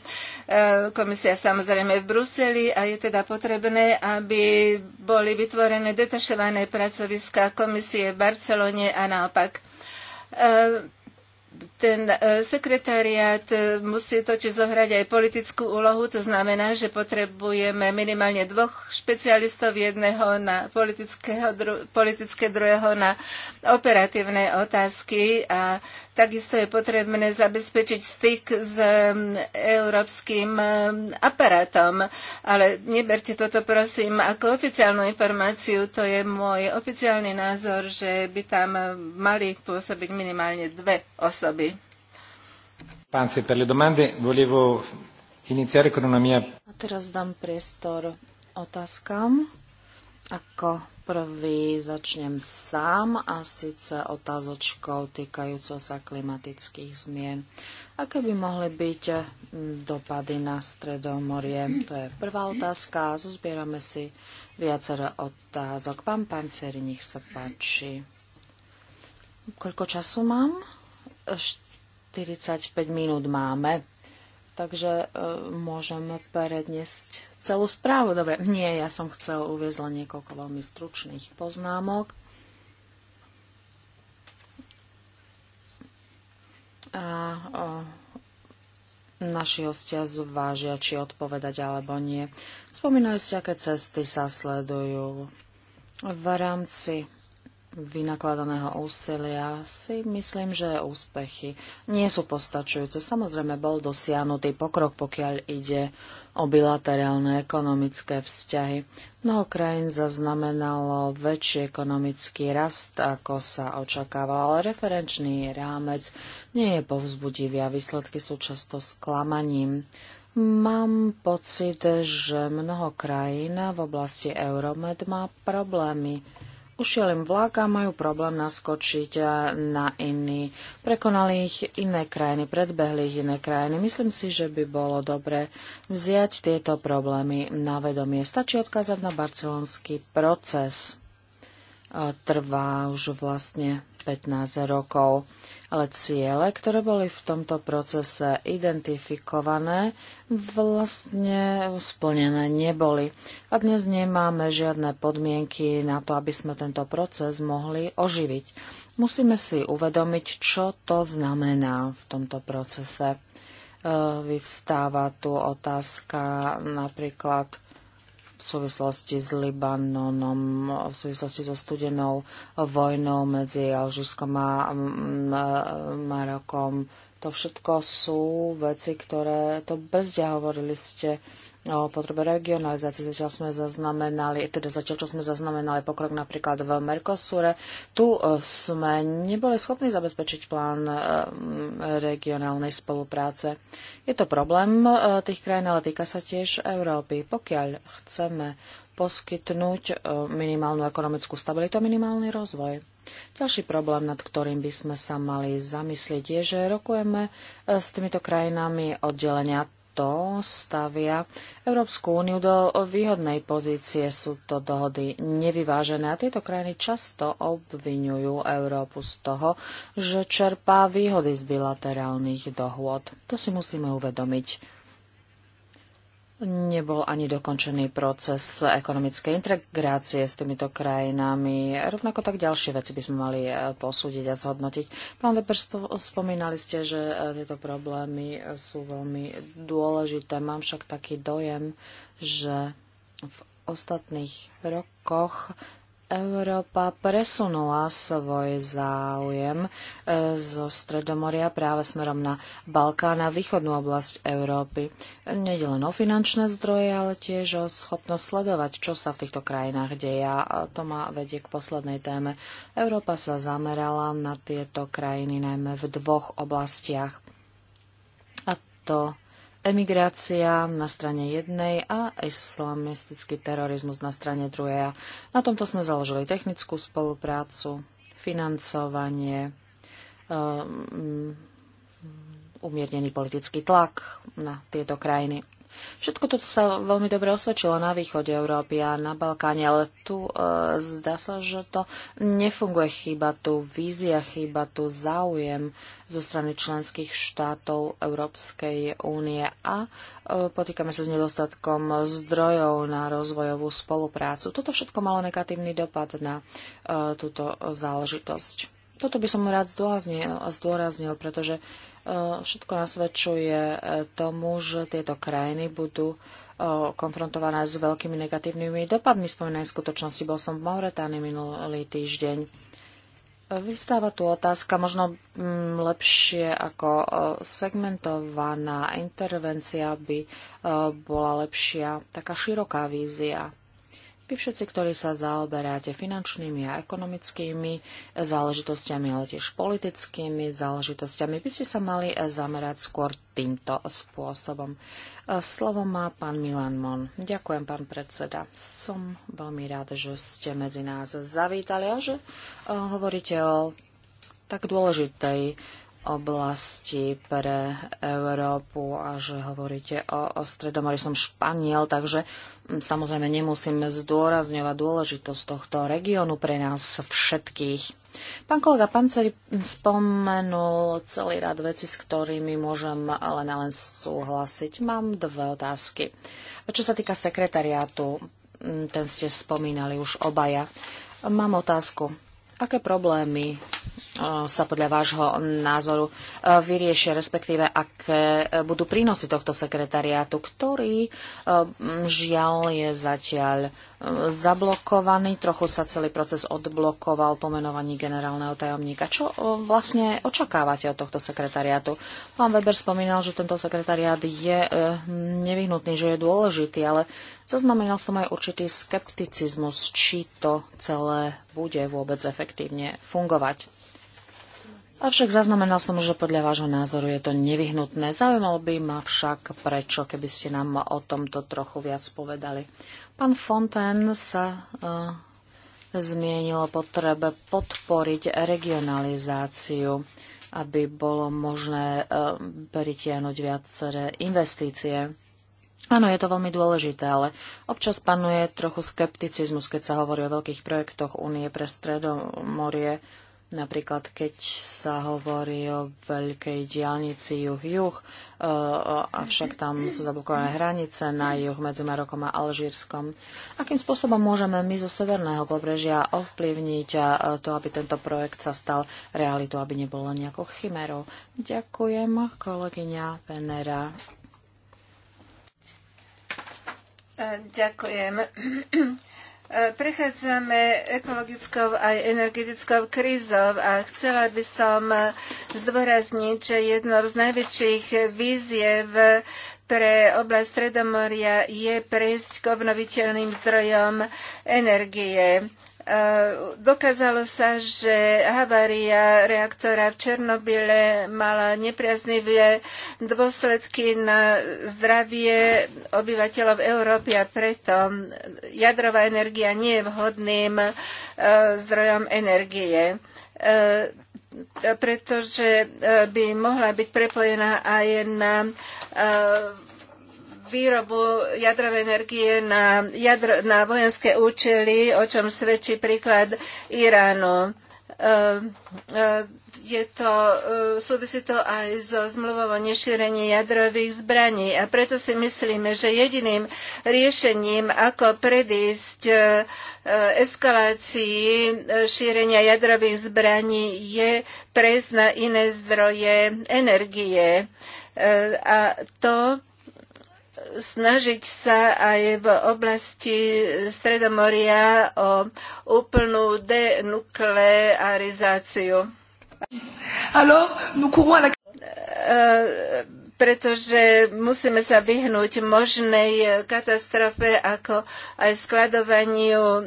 komisia samozrejme v Bruseli a je teda potrebné, aby boli vytvorené detašované pracoviská komisie v Barcelone a naopak e, ten e, sekretariat e, musí totiž zohrať aj politickú úlohu, to znamená, že potrebujeme minimálne dvoch špecialistov, jedného na dru, politické, druhého na operatívne otázky a takisto je potrebné zabezpečiť styk s európskym aparátom. Ale neberte toto prosím ako oficiálnu informáciu, to je môj oficiálny názor, že by tam mali pôsobiť minimálne dve osoby osoby. Pánci, per le domande volevo iniziare con una mia... A teraz dám priestor otázkam. Ako prvý začnem sám a síce otázočkou týkajúco sa klimatických zmien. Aké by mohli byť dopady na stredomorie? To je prvá otázka. Zozbierame si viacero otázok. Pán Panceri, nech sa páči. Koľko času mám? 45 minút máme, takže e, môžem predniesť celú správu. Dobre, nie, ja som chcel uviezť len niekoľko veľmi stručných poznámok. A o, e, naši hostia zvážia, či odpovedať alebo nie. Spomínali ste, aké cesty sa sledujú v rámci vynakladaného úsilia si myslím, že úspechy nie sú postačujúce. Samozrejme bol dosiahnutý pokrok, pokiaľ ide o bilaterálne ekonomické vzťahy. Mnoho krajín zaznamenalo väčší ekonomický rast, ako sa očakával, ale referenčný rámec nie je povzbudivý a výsledky sú často sklamaním. Mám pocit, že mnoho krajín v oblasti Euromed má problémy už im len vlak a majú problém naskočiť eh, na iný. Prekonali ich iné krajiny, predbehli ich iné krajiny. Myslím si, že by bolo dobre vziať tieto problémy na vedomie. Stačí odkázať na barcelonský proces trvá už vlastne 15 rokov. Ale ciele, ktoré boli v tomto procese identifikované, vlastne splnené neboli. A dnes nemáme žiadne podmienky na to, aby sme tento proces mohli oživiť. Musíme si uvedomiť, čo to znamená v tomto procese. E, vyvstáva tu otázka napríklad v súvislosti s Libanonom, v súvislosti so studenou vojnou medzi Alžírskom a mm, mm, Marokom. To všetko sú veci, ktoré to brzdia hovorili ste o potrebe regionalizácie. Zatiaľ sme zaznamenali, teda zatiaľ, čo sme zaznamenali pokrok napríklad v Mercosure, tu e, sme neboli schopní zabezpečiť plán e, regionálnej spolupráce. Je to problém e, tých krajín, ale týka sa tiež Európy. Pokiaľ chceme poskytnúť minimálnu ekonomickú stabilitu a minimálny rozvoj. Ďalší problém, nad ktorým by sme sa mali zamyslieť, je, že rokujeme s týmito krajinami oddelenia to stavia Európsku úniu do výhodnej pozície. Sú to dohody nevyvážené a tieto krajiny často obvinujú Európu z toho, že čerpá výhody z bilaterálnych dohôd. To si musíme uvedomiť nebol ani dokončený proces ekonomickej integrácie s týmito krajinami. Rovnako tak ďalšie veci by sme mali e, posúdiť a zhodnotiť. Pán Weber, spomínali ste, že e, tieto problémy sú veľmi dôležité. Mám však taký dojem, že v ostatných rokoch Európa presunula svoj záujem e, zo Stredomoria práve smerom na Balkán a východnú oblasť Európy. Nede len o finančné zdroje, ale tiež o schopnosť sledovať, čo sa v týchto krajinách deje. A to ma vedie k poslednej téme. Európa sa zamerala na tieto krajiny najmä v dvoch oblastiach. A to emigrácia na strane jednej a islamistický terorizmus na strane druhej. Na tomto sme založili technickú spoluprácu, financovanie, um, umiernený politický tlak na tieto krajiny. Všetko toto sa veľmi dobre osvedčilo na východe Európy a na Balkáne, ale tu e, zdá sa, že to nefunguje. Chyba tu vízia, chyba tu záujem zo strany členských štátov Európskej únie a e, potýkame sa s nedostatkom zdrojov na rozvojovú spoluprácu. Toto všetko malo negatívny dopad na e, túto záležitosť. Toto by som rád zdôraznil, zdôraznil pretože E, všetko nasvedčuje e, tomu, že tieto krajiny budú e, konfrontované s veľkými negatívnymi dopadmi. Spomínajú skutočnosti, bol som v Mauretánii minulý týždeň. Vystáva tu otázka možno mm, lepšie ako segmentovaná intervencia by bola lepšia, taká široká vízia. Vy všetci, ktorí sa zaoberáte finančnými a ekonomickými záležitostiami, ale tiež politickými záležitostiami, by ste sa mali zamerať skôr týmto spôsobom. Slovo má pán Milan Mon. Ďakujem, pán predseda. Som veľmi rád, že ste medzi nás zavítali a že eh, hovoríte o tak dôležitej oblasti pre Európu a že hovoríte o, o stredomorí. Som Španiel, takže mm, samozrejme nemusím zdôrazňovať dôležitosť tohto regiónu pre nás všetkých. Pán kolega Panceri spomenul celý rad veci, s ktorými môžem len a len súhlasiť. Mám dve otázky. Čo sa týka sekretariátu, mm, ten ste spomínali už obaja. Mám otázku. Aké problémy E, sa podľa vášho názoru e, vyriešia, respektíve ak budú prínosy tohto sekretariátu, ktorý e, žiaľ je zatiaľ zablokovaný, trochu sa celý proces odblokoval po menovaní generálneho tajomníka. Čo vlastne očakávate od tohto sekretariátu? Pán Weber spomínal, že tento sekretariát je nevyhnutný, že je dôležitý, ale zaznamenal som aj určitý skepticizmus, či to celé bude vôbec efektívne fungovať. Avšak zaznamenal som, že podľa vášho názoru je to nevyhnutné. Zaujímalo by ma však prečo, keby ste nám o tomto trochu viac povedali. Pán Fontaine sa uh, zmienil o potrebe podporiť regionalizáciu, aby bolo možné uh, pritiahnuť viaceré investície. Áno, je to veľmi dôležité, ale občas panuje trochu skepticizmus, keď sa hovorí o veľkých projektoch Únie pre Stredomorie. Napríklad, keď sa hovorí o veľkej diálnici juh-juh, e, avšak tam sú zablokované hranice na juh medzi Marokom a Alžírskom. Akým spôsobom môžeme my zo severného pobrežia ovplyvniť e, to, aby tento projekt sa stal realitou, aby nebol len nejakou chimerou? Ďakujem, kolegyňa Venera. E, ďakujem. Prechádzame ekologickou aj energetickou krízou a chcela by som zdôrazniť, že jednou z najväčších víziev pre oblasť Stredomoria je prejsť k obnoviteľným zdrojom energie. Eh, dokázalo sa, že havária reaktora v Černobyle mala nepriaznivé dôsledky na zdravie obyvateľov Európy a preto jadrová energia nie je vhodným eh, zdrojom energie eh, pretože by mohla byť prepojená aj na výrobu jadrovej energie na, jadro, na vojenské účely, o čom svedčí príklad Iránu. E, e, je to, e, súvisí to aj so zmluvou o nešírení jadrových zbraní a preto si myslíme, že jediným riešením, ako predísť eskalácii šírenia jadrových zbraní je prejsť na iné zdroje energie. A to snažiť sa aj v oblasti Stredomoria o úplnú denuklearizáciu. Alors, nous courons à la eh, pretože musíme sa vyhnúť možnej eh, katastrofe, ako aj skladovaniu eh,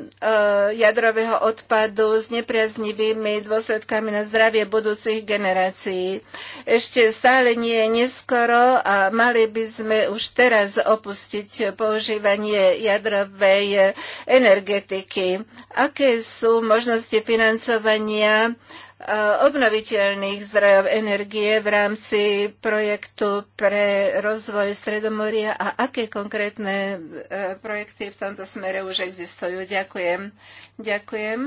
jadrového odpadu s nepriaznivými dôsledkami na zdravie budúcich generácií. Ešte stále nie je neskoro a mali by sme už teraz opustiť používanie jadrovej eh, energetiky. Aké sú možnosti financovania Eh, obnoviteľných zdrojov energie v rámci projektu pre rozvoj Stredomoria a aké konkrétne eh, projekty v tomto smere už existujú. Ďakujem. Ďakujem.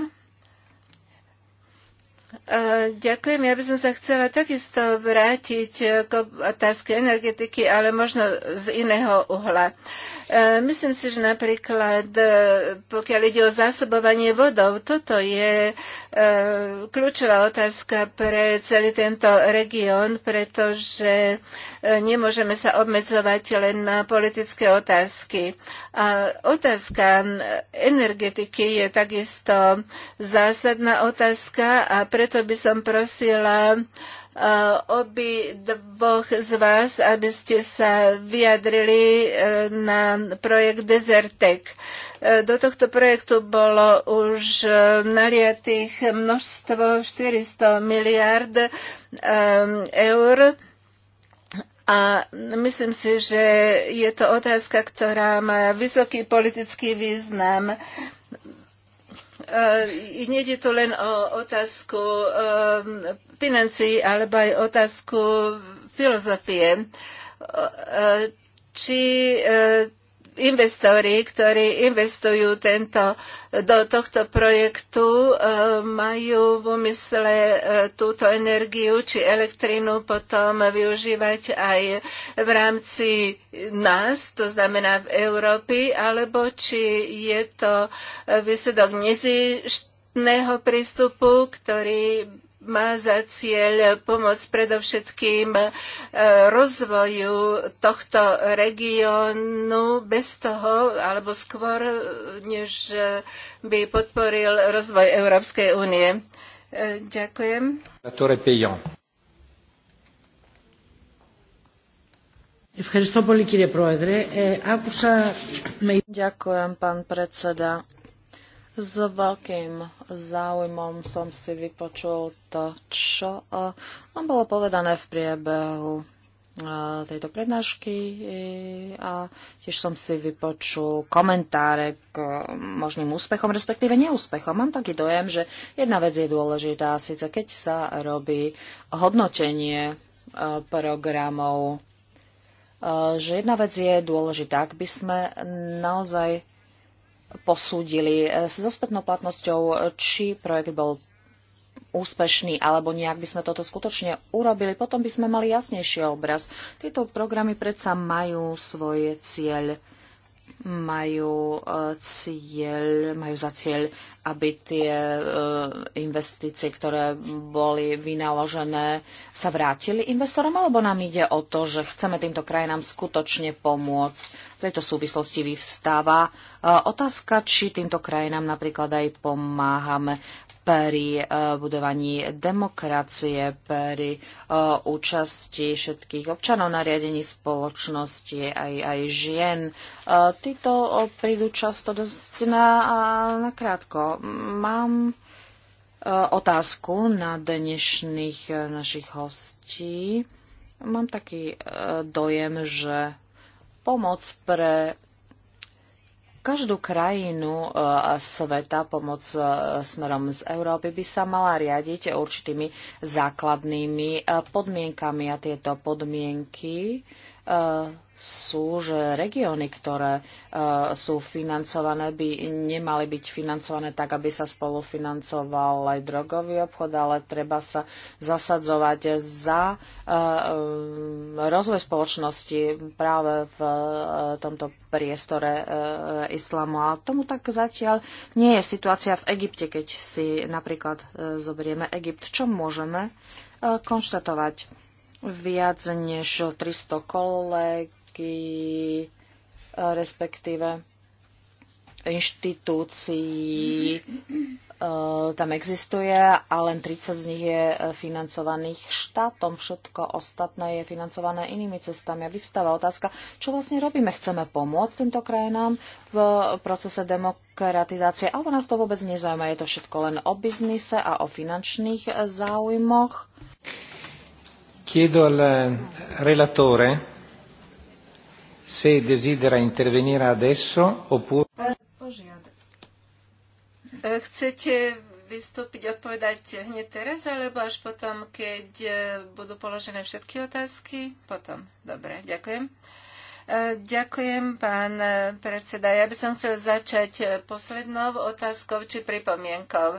Eh, ďakujem. Ja by som sa chcela takisto vrátiť k otázke energetiky, ale možno z iného uhla. Uh, E, myslím si, že napríklad e, pokiaľ ide o zásobovanie vodou, toto je e, kľúčová otázka pre celý tento región, pretože nemôžeme sa obmedzovať len na politické otázky. A otázka energetiky je takisto zásadná otázka a preto by som prosila Eh, obi dvoch z vás, aby ste sa vyjadrili eh, na projekt Desertec. Eh, do tohto projektu bolo už naliatých množstvo 400 miliard eur. A myslím si, že je to otázka, ktorá má vysoký politický význam uh, eh, nie je to len o otázku um, financií alebo aj otázku filozofie. Uh, Či investori, ktorí investujú tento, do tohto projektu, e, majú v úmysle e, túto energiu či elektrínu potom využívať aj v rámci nás, to znamená v Európy, alebo či je to e, výsledok nezištného prístupu, ktorý má za cieľ pomôcť predovšetkým e, rozvoju tohto regiónu bez toho, alebo skôr, než by podporil rozvoj Európskej únie. E, ďakujem. Ďakujem, pán predseda. S veľkým záujmom som si vypočul to, čo e, nám bolo povedané v priebehu e, tejto prednášky e, a tiež som si vypočul komentáre k možným úspechom, respektíve neúspechom. Mám taký dojem, že jedna vec je dôležitá, síce keď sa robí hodnotenie programov, že jedna vec je dôležitá, ak by sme naozaj posúdili e, so spätnou platnosťou, či projekt bol úspešný, alebo nejak by sme toto skutočne urobili, potom by sme mali jasnejší obraz. Tieto programy predsa majú svoje cieľ majú, eh, cieľ, majú za cieľ, aby tie eh, investície, ktoré boli vynaložené, sa vrátili investorom, alebo nám ide o to, že chceme týmto krajinám skutočne pomôcť. V tejto súvislosti vyvstáva eh, otázka, či týmto krajinám napríklad aj pomáhame pri eh, budovaní demokracie, pri eh, účasti všetkých občanov na riadení spoločnosti, aj, aj žien. Eh, títo prídu často dosť na, na krátko. Mám otázku na dnešných našich hostí. Mám taký dojem, že pomoc pre Každú krajinu e, sveta pomoc e, smerom z Európy by sa mala riadiť určitými základnými e, podmienkami a tieto podmienky E, sú, že regióny, ktoré e, sú financované, by nemali byť financované tak, aby sa spolufinancoval aj drogový obchod, ale treba sa zasadzovať za e, rozvoj spoločnosti práve v tomto priestore islamu. A tomu tak zatiaľ nie je situácia v Egypte, keď si napríklad zoberieme Egypt. Čo môžeme konštatovať? viac než 300 kolegy, respektíve inštitúcií e, tam existuje a len 30 z nich je e, financovaných štátom. Všetko ostatné je financované inými cestami. A vyvstáva otázka, čo vlastne robíme? Chceme pomôcť týmto krajinám v procese demokratizácie? Alebo nás to vôbec nezaujíma? Je to všetko len o biznise a o finančných e, záujmoch? Chiedo al eh, relatore se desidera intervenire adesso oppure... Eh, chcete vystúpiť, odpovedať hneď teraz, alebo až potom, keď eh, budú položené všetky otázky? Potom. Dobre, ďakujem. Ďakujem, pán predseda. Ja by som chcel začať poslednou otázkou či pripomienkou.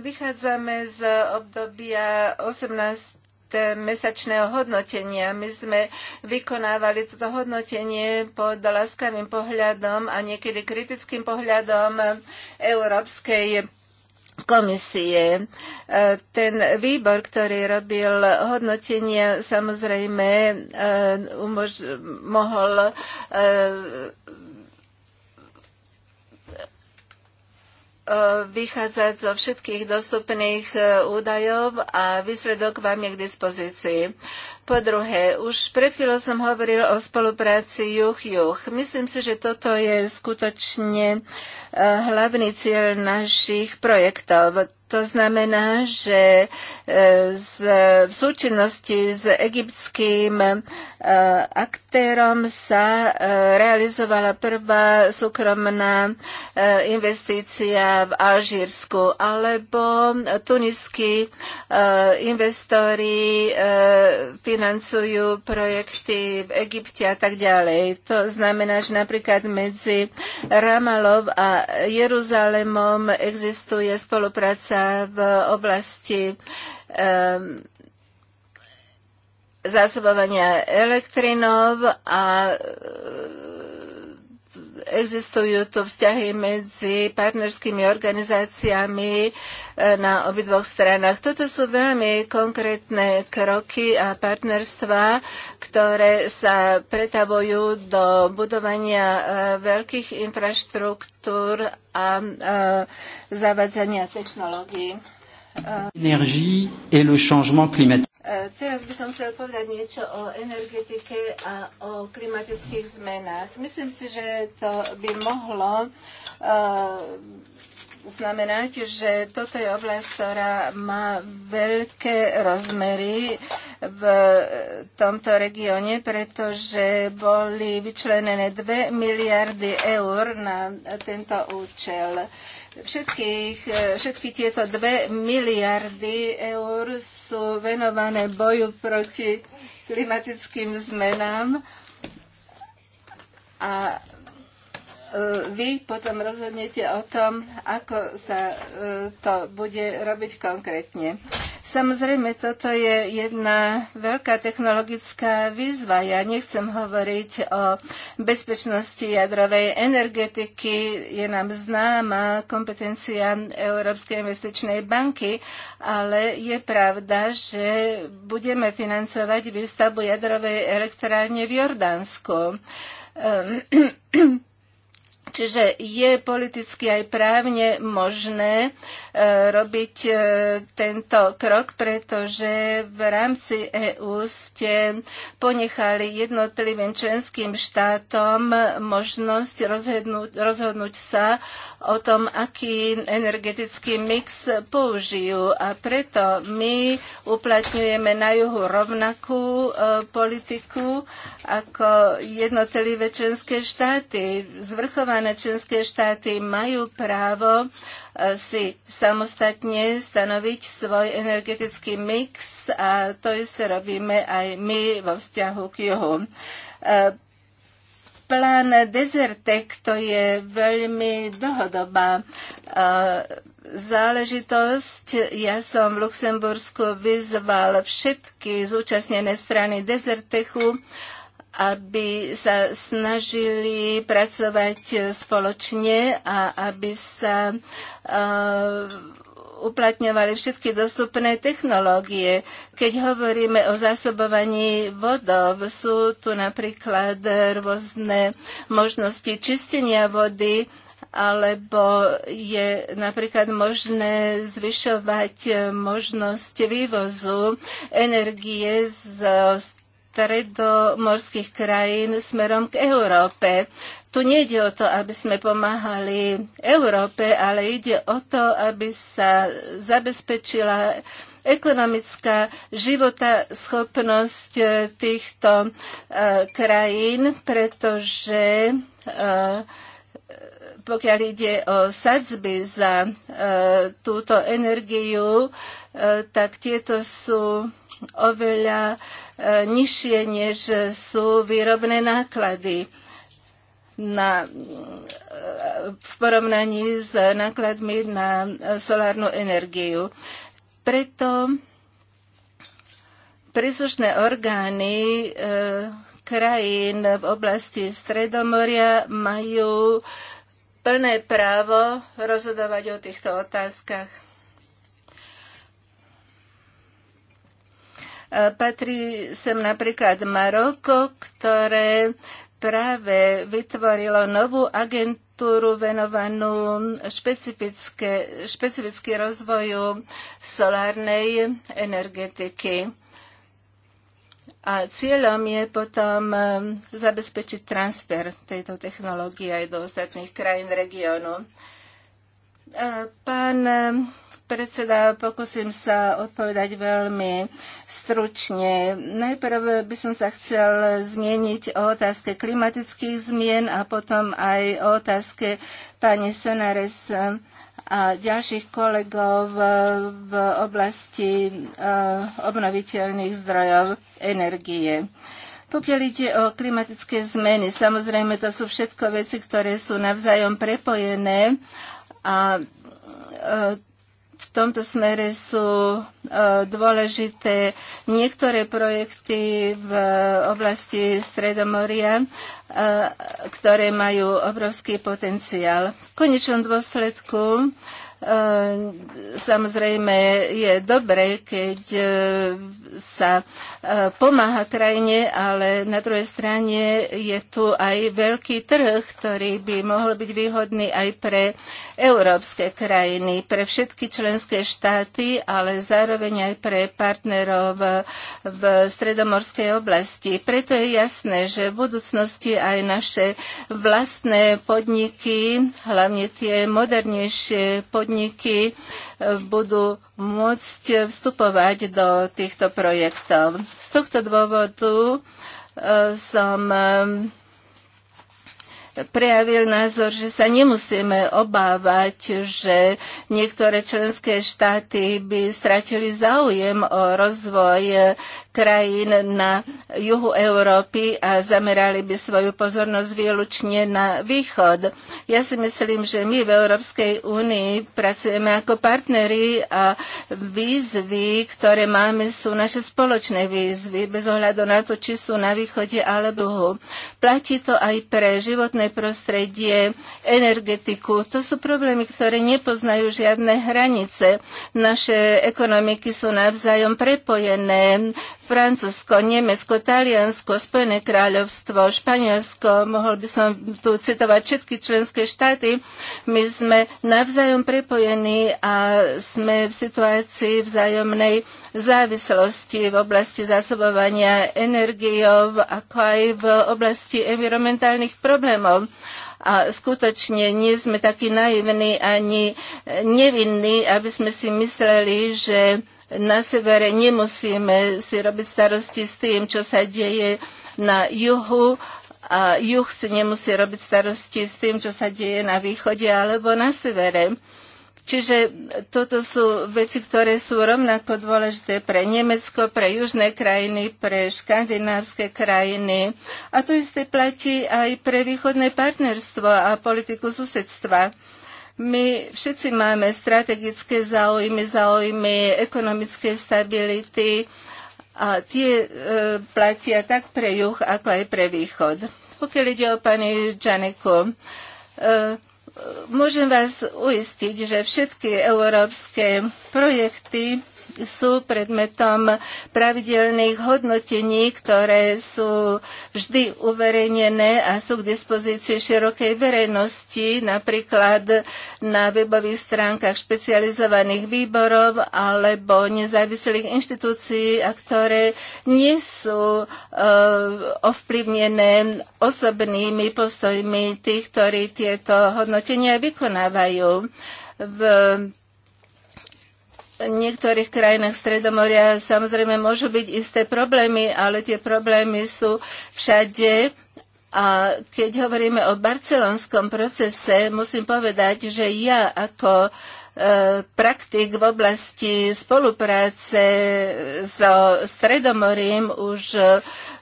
Vychádzame z obdobia 18 mesačného hodnotenia. My sme vykonávali toto hodnotenie pod láskavým pohľadom a niekedy kritickým pohľadom Európskej komisie. E, ten výbor, ktorý robil hodnotenie, samozrejme e, umož- mohol e, E, vychádzať zo všetkých dostupných e, údajov a výsledok vám je k dispozícii. Po druhé, už pred chvíľou som hovoril o spolupráci Juch Juch. Myslím si, že toto je skutočne e, hlavný cieľ našich projektov to znamená, že e, z, v súčinnosti s egyptským e, aktérom sa e, realizovala prvá súkromná investícia v Alžírsku, alebo tuniskí investori financujú projekty v Egypte a tak ďalej. To znamená, že napríklad medzi Ramalov a Jeruzalemom existuje spolupráca v oblasti ehm, zásobovania elektrinov a existujú tu vzťahy medzi partnerskými organizáciami e, na obidvoch stranách. Toto sú veľmi konkrétne kroky a partnerstva, ktoré sa pretavujú do budovania e, veľkých infraštruktúr a e, zavadzania technológií. Energie et le changement climatique. E, teraz by som chcel povedať niečo o energetike a o klimatických zmenách. Myslím si, že to by mohlo e, znamenať, že toto je oblasť, ktorá má veľké rozmery v tomto regióne, pretože boli vyčlenené 2 miliardy eur na tento účel. Všetkých, e, všetky tieto dve miliardy eur sú venované boju proti klimatickým zmenám a e, vy potom rozhodnete o tom, ako sa e, to bude robiť konkrétne. Samozrejme, toto je jedna veľká technologická výzva. Ja nechcem hovoriť o bezpečnosti jadrovej energetiky. Je nám známa kompetencia Európskej investičnej banky, ale je pravda, že budeme financovať výstavbu jadrovej elektrárne v Jordánsku. Ehm, Čiže je politicky aj právne možné e, robiť e, tento krok, pretože v rámci EÚ ste ponechali jednotlivým členským štátom možnosť rozhodnúť, rozhodnúť sa o tom, aký energetický mix použijú. A preto my uplatňujeme na juhu rovnakú e, politiku ako jednotlivé členské štáty. Zvrchované spomínané členské štáty majú právo e, si samostatne stanoviť svoj energetický mix a to isté robíme aj my vo vzťahu k juhu. E, plán Desertec to je veľmi dlhodobá e, záležitosť. Ja som v Luxembursku vyzval všetky zúčastnené strany Desertechu, aby sa snažili pracovať e, spoločne a aby sa e, uplatňovali všetky dostupné technológie. Keď hovoríme o zásobovaní vodov, sú tu napríklad rôzne možnosti čistenia vody, alebo je napríklad možné zvyšovať e, možnosť vývozu energie z stredomorských krajín smerom k Európe. Tu nejde o to, aby sme pomáhali Európe, ale ide o to, aby sa zabezpečila ekonomická života schopnosť eh, týchto eh, krajín, pretože eh, pokiaľ ide o sadzby za e, túto energiu, e, tak tieto sú oveľa e, nižšie, než sú výrobné náklady na, e, v porovnaní s nákladmi na solárnu energiu. Preto príslušné orgány e, krajín v oblasti Stredomoria majú plné právo rozhodovať o týchto otázkach. Patrí sem napríklad Maroko, ktoré práve vytvorilo novú agentúru venovanú špecificky rozvoju solárnej energetiky. A cieľom je potom eh, zabezpečiť transfer tejto technológie aj do ostatných krajín regiónu. E, pán e, predseda, pokúsim sa odpovedať veľmi stručne. Najprv by som sa chcel zmieniť o otázke klimatických zmien a potom aj o otázke pani Sonares a ďalších kolegov v oblasti e, obnoviteľných zdrojov energie. Pokiaľ ide o klimatické zmeny, samozrejme to sú všetko veci, ktoré sú navzájom prepojené a e, v tomto smere sú e, dôležité niektoré projekty v oblasti Stredomoria, e, ktoré majú obrovský potenciál. V konečnom dôsledku E, samozrejme je dobre, keď e, sa e, pomáha krajine, ale na druhej strane je tu aj veľký trh, ktorý by mohol byť výhodný aj pre európske krajiny, pre všetky členské štáty, ale zároveň aj pre partnerov v stredomorskej oblasti. Preto je jasné, že v budúcnosti aj naše vlastné podniky, hlavne tie modernejšie podniky, podniky eh, budú môcť vstupovať do týchto projektov. Z tohto dôvodu eh, som eh, prejavil názor, že sa nemusíme obávať, že niektoré členské štáty by stratili záujem o rozvoj krajín na juhu Európy a zamerali by svoju pozornosť výlučne na východ. Ja si myslím, že my v Európskej únii pracujeme ako partneri a výzvy, ktoré máme, sú naše spoločné výzvy, bez ohľadu na to, či sú na východe alebo juhu. Platí to aj pre životné prostredie, energetiku. To sú problémy, ktoré nepoznajú žiadne hranice. Naše ekonomiky sú navzájom prepojené Francúzsko, Nemecko, Taliansko, Spojené kráľovstvo, Španielsko, mohol by som tu citovať všetky členské štáty. My sme navzájom prepojení a sme v situácii vzájomnej závislosti v oblasti zásobovania energiou, ako aj v oblasti environmentálnych problémov a skutočne nie sme takí naivní ani nevinní, aby sme si mysleli, že na severe nemusíme si robiť starosti s tým, čo sa deje na juhu a juh si nemusí robiť starosti s tým, čo sa deje na východe alebo na severe. Čiže toto sú veci, ktoré sú rovnako dôležité pre Nemecko, pre južné krajiny, pre škandinávské krajiny. A to isté platí aj pre východné partnerstvo a politiku susedstva. My všetci máme strategické záujmy, záujmy ekonomické stability a tie e, platia tak pre juh, ako aj pre východ. Pokiaľ ide o pani Čaneku, e, môžem vás uistiť, že všetky európske projekty sú predmetom pravidelných hodnotení, ktoré sú vždy uverejnené a sú k dispozícii širokej verejnosti, napríklad na webových stránkach špecializovaných výborov alebo nezávislých inštitúcií, a ktoré nie sú e, ovplyvnené osobnými postojmi tých, ktorí tieto hodnotenia vykonávajú v niektorých krajinách Stredomoria samozrejme môžu byť isté problémy, ale tie problémy sú všade. A keď hovoríme o barcelonskom procese, musím povedať, že ja ako e, praktik v oblasti spolupráce so Stredomorím už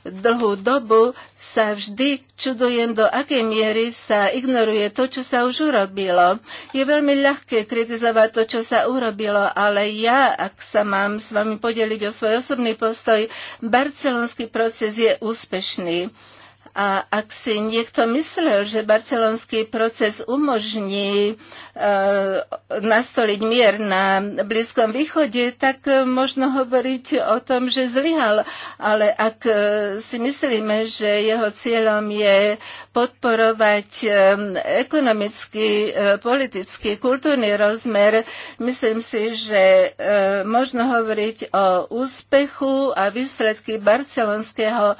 dlhú dobu sa vždy čudujem, do akej miery sa ignoruje to, čo sa už urobilo. Je veľmi ľahké kritizovať to, čo sa urobilo, ale ja, ak sa mám s vami podeliť o svoj osobný postoj, barcelonský proces je úspešný a ak si niekto myslel, že barcelonský proces umožní e, nastoliť mier na Blízkom východe, tak e, možno hovoriť o tom, že zlyhal. Ale ak e, si myslíme, že jeho cieľom je podporovať e, ekonomický, politický, kultúrny rozmer, myslím si, že e, možno hovoriť o úspechu a výsledky barcelonského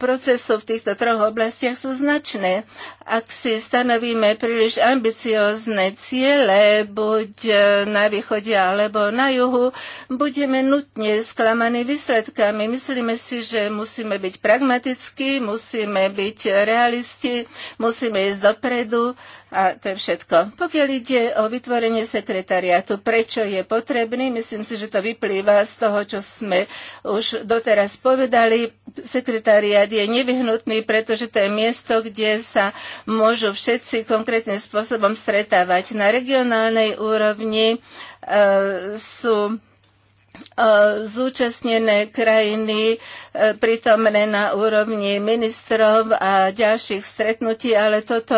procesu v týchto týchto troch oblastiach sú značné ak si stanovíme príliš ambiciozne ciele, buď na východe alebo na juhu, budeme nutne sklamaní výsledkami. Myslíme si, že musíme byť pragmatickí, musíme byť realisti, musíme ísť dopredu a to je všetko. Pokiaľ ide o vytvorenie sekretariátu, prečo je potrebný, myslím si, že to vyplýva z toho, čo sme už doteraz povedali. Sekretariát je nevyhnutný, pretože to je miesto, kde sa môžu všetci konkrétnym spôsobom stretávať. Na regionálnej úrovni e, sú E, zúčastnené krajiny e, pritomné na úrovni ministrov a ďalších stretnutí, ale toto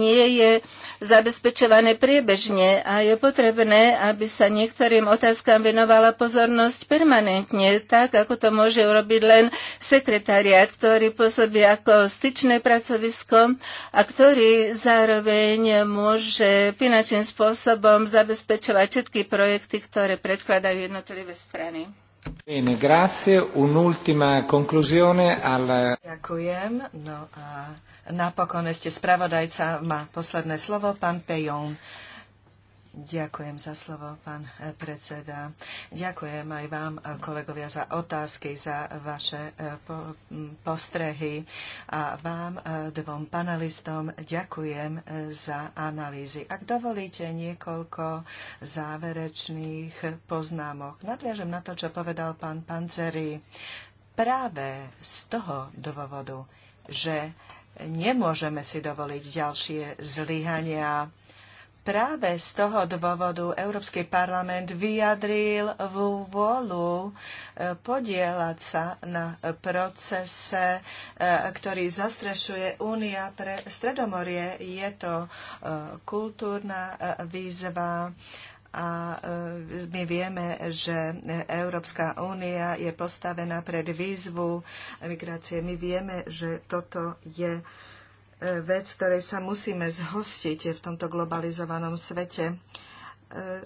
nie je zabezpečované priebežne a je potrebné, aby sa niektorým otázkam venovala pozornosť permanentne, tak ako to môže urobiť len sekretariat, ktorý pôsobí ako styčné pracovisko a ktorý zároveň môže finančným spôsobom zabezpečovať všetky projekty, ktoré predkladajú jednotlivé jednotlivé strany. Bene, grazie. Un'ultima conclusione al... Ďakujem. No a napokon ešte spravodajca má posledné slovo, pán Pejon. Ďakujem za slovo, pán e, predseda. Ďakujem aj vám, e, kolegovia, za otázky, za vaše e, postrehy. A vám, dvom panelistom, ďakujem za analýzy. Ak dovolíte niekoľko záverečných poznámok, nadviažem na to, čo povedal pán Panceri. Práve z toho dôvodu, že nemôžeme si dovoliť ďalšie zlyhania, Práve z toho dôvodu Európsky parlament vyjadril vôľu e, podielať sa na procese, e, ktorý zastrešuje Únia pre Stredomorie. Je to e, kultúrna výzva a my vieme, že Európska únia je postavená pred výzvu migrácie. My vieme, že toto je vec, ktorej sa musíme zhostiť v tomto globalizovanom svete.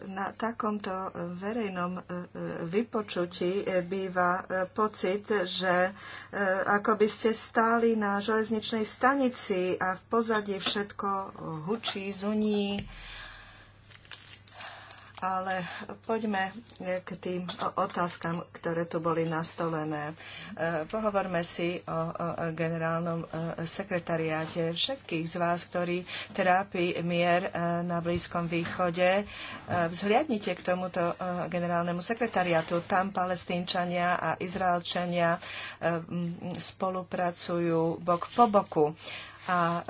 Na takomto verejnom e, e, vypočutí e, býva pocit, že ako by ste stáli na železničnej stanici a v pozadí všetko hučí, zuní ale poďme k tým otázkam, ktoré tu boli nastolené. E, pohovorme si o generálnom e, sekretariáte. Všetkých z vás, ktorí trápi mier e, na Blízkom východe, vzhliadnite k tomuto generálnemu sekretariátu. Tam palestínčania a izraelčania spolupracujú bok po boku a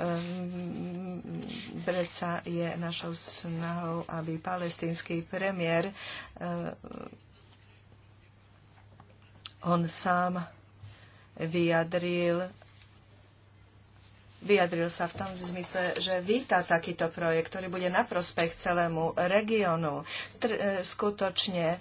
predsa je našou snahou, aby palestínsky premiér on sám vyjadril vyjadril sa v tom zmysle, že víta takýto projekt, ktorý bude na prospech celému regiónu. E, skutočne e,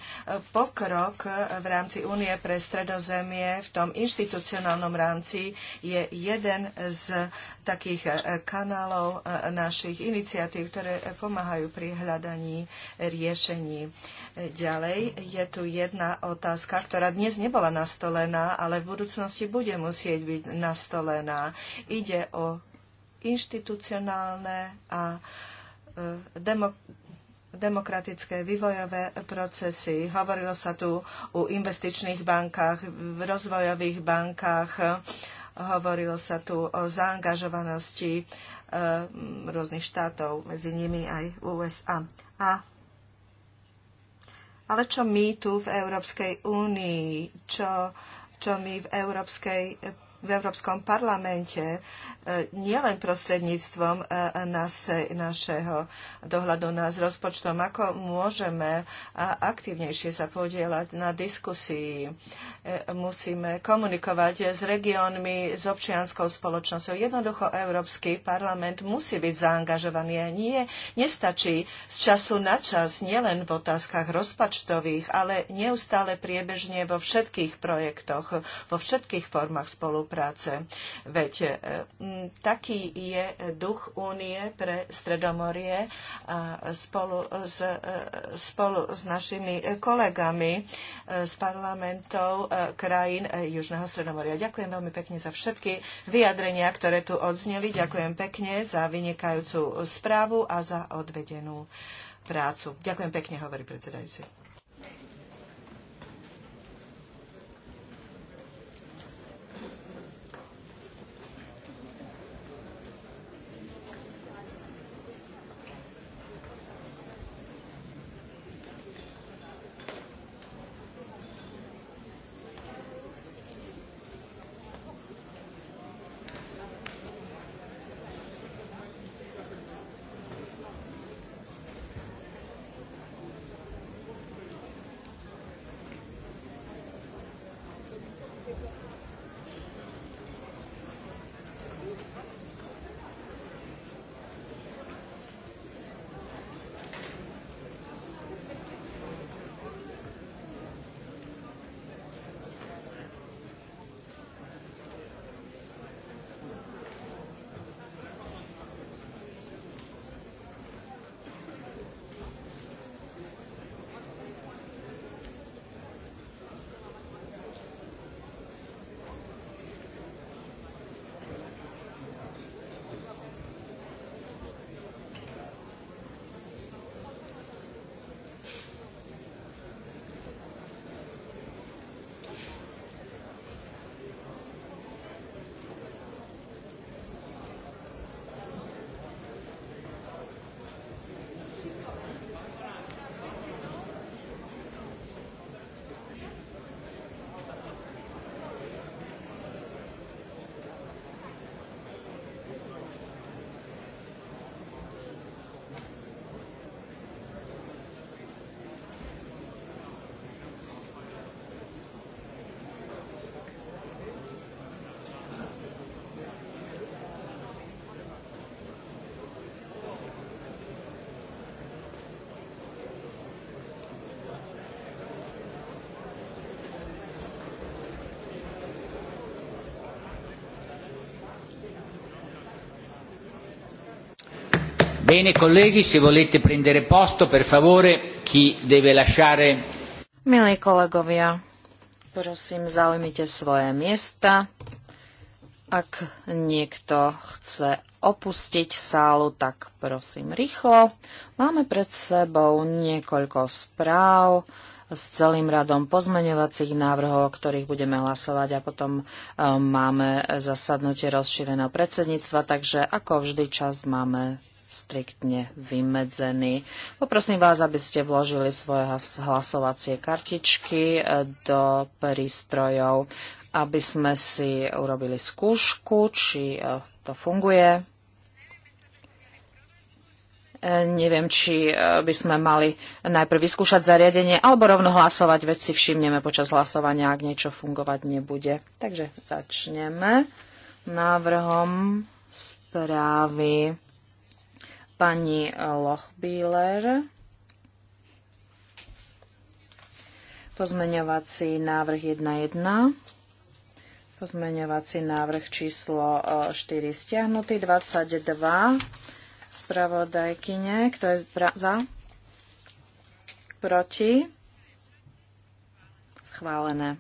pokrok e, v rámci Únie pre stredozemie v tom inštitucionálnom rámci je jeden z takých e, kanálov e, našich iniciatív, ktoré e, pomáhajú pri hľadaní riešení. Ďalej je tu jedna otázka, ktorá dnes nebola nastolená, ale v budúcnosti bude musieť byť nastolená. Ide o inštitucionálne a demokratické demokratické vývojové procesy. Hovorilo sa tu o investičných bankách, v rozvojových bankách, Hovorilo sa tu o zaangažovanosti eh, rôznych štátov, medzi nimi aj USA. A ale čo my tu v Európskej únii, čo, čo my v, Európskej, v Európskom parlamente, nielen prostredníctvom e, našeho dohľadu s rozpočtom, ako môžeme aktívnejšie sa podielať na diskusii. E, musíme komunikovať s regiónmi, s občianskou spoločnosťou. Jednoducho Európsky parlament musí byť zaangažovaný. Nie, nestačí z času na čas, nielen v otázkach rozpočtových, ale neustále priebežne vo všetkých projektoch, vo všetkých formách spolupráce. Veď e, Mm, taký je duch únie pre Stredomorie a spolu s, e, spolu s našimi kolegami e, z parlamentov e, krajín Južného Stredomoria. Ďakujem veľmi pekne za všetky vyjadrenia, ktoré tu odzneli. Ďakujem pekne za vynikajúcu správu a za odvedenú prácu. Ďakujem pekne, hovorí predsedajúci. Bene colleghi, se volete prendere posto, per favore, chi deve lasciare... Milí kolegovia, prosím, zaujmite svoje miesta. Ak niekto chce opustiť sálu, tak prosím rýchlo. Máme pred sebou niekoľko správ s celým radom pozmeňovacích návrhov, o ktorých budeme hlasovať a potom e, máme zasadnutie rozšíreného predsedníctva, takže ako vždy čas máme striktne vymedzený. Poprosím vás, aby ste vložili svoje hlasovacie kartičky e, do prístrojov, aby sme si urobili skúšku, či e, to funguje. E, neviem, či by sme mali najprv vyskúšať zariadenie alebo rovno hlasovať, veď si všimneme počas hlasovania, ak niečo fungovať nebude. Takže začneme návrhom správy pani Lochbíler. Pozmeňovací návrh 1.1. Pozmeňovací návrh číslo 4 e, stiahnutý. 22. Spravodajkyne. Kto je za? Proti? Schválené.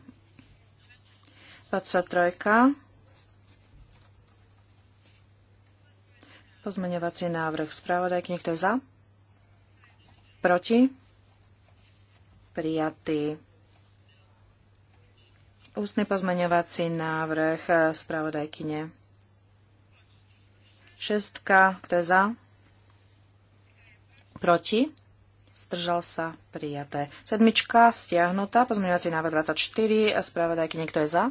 23. Pozmeňovací návrh knih Kto je za? Proti? Prijatý. Ústny pozmeňovací návrh spravodajkyne. Šestka. Kto je za? Proti? Zdržal sa. Prijaté. Sedmička. Stiahnutá. Pozmeňovací návrh 24. Spravodajkyne. Kto je za?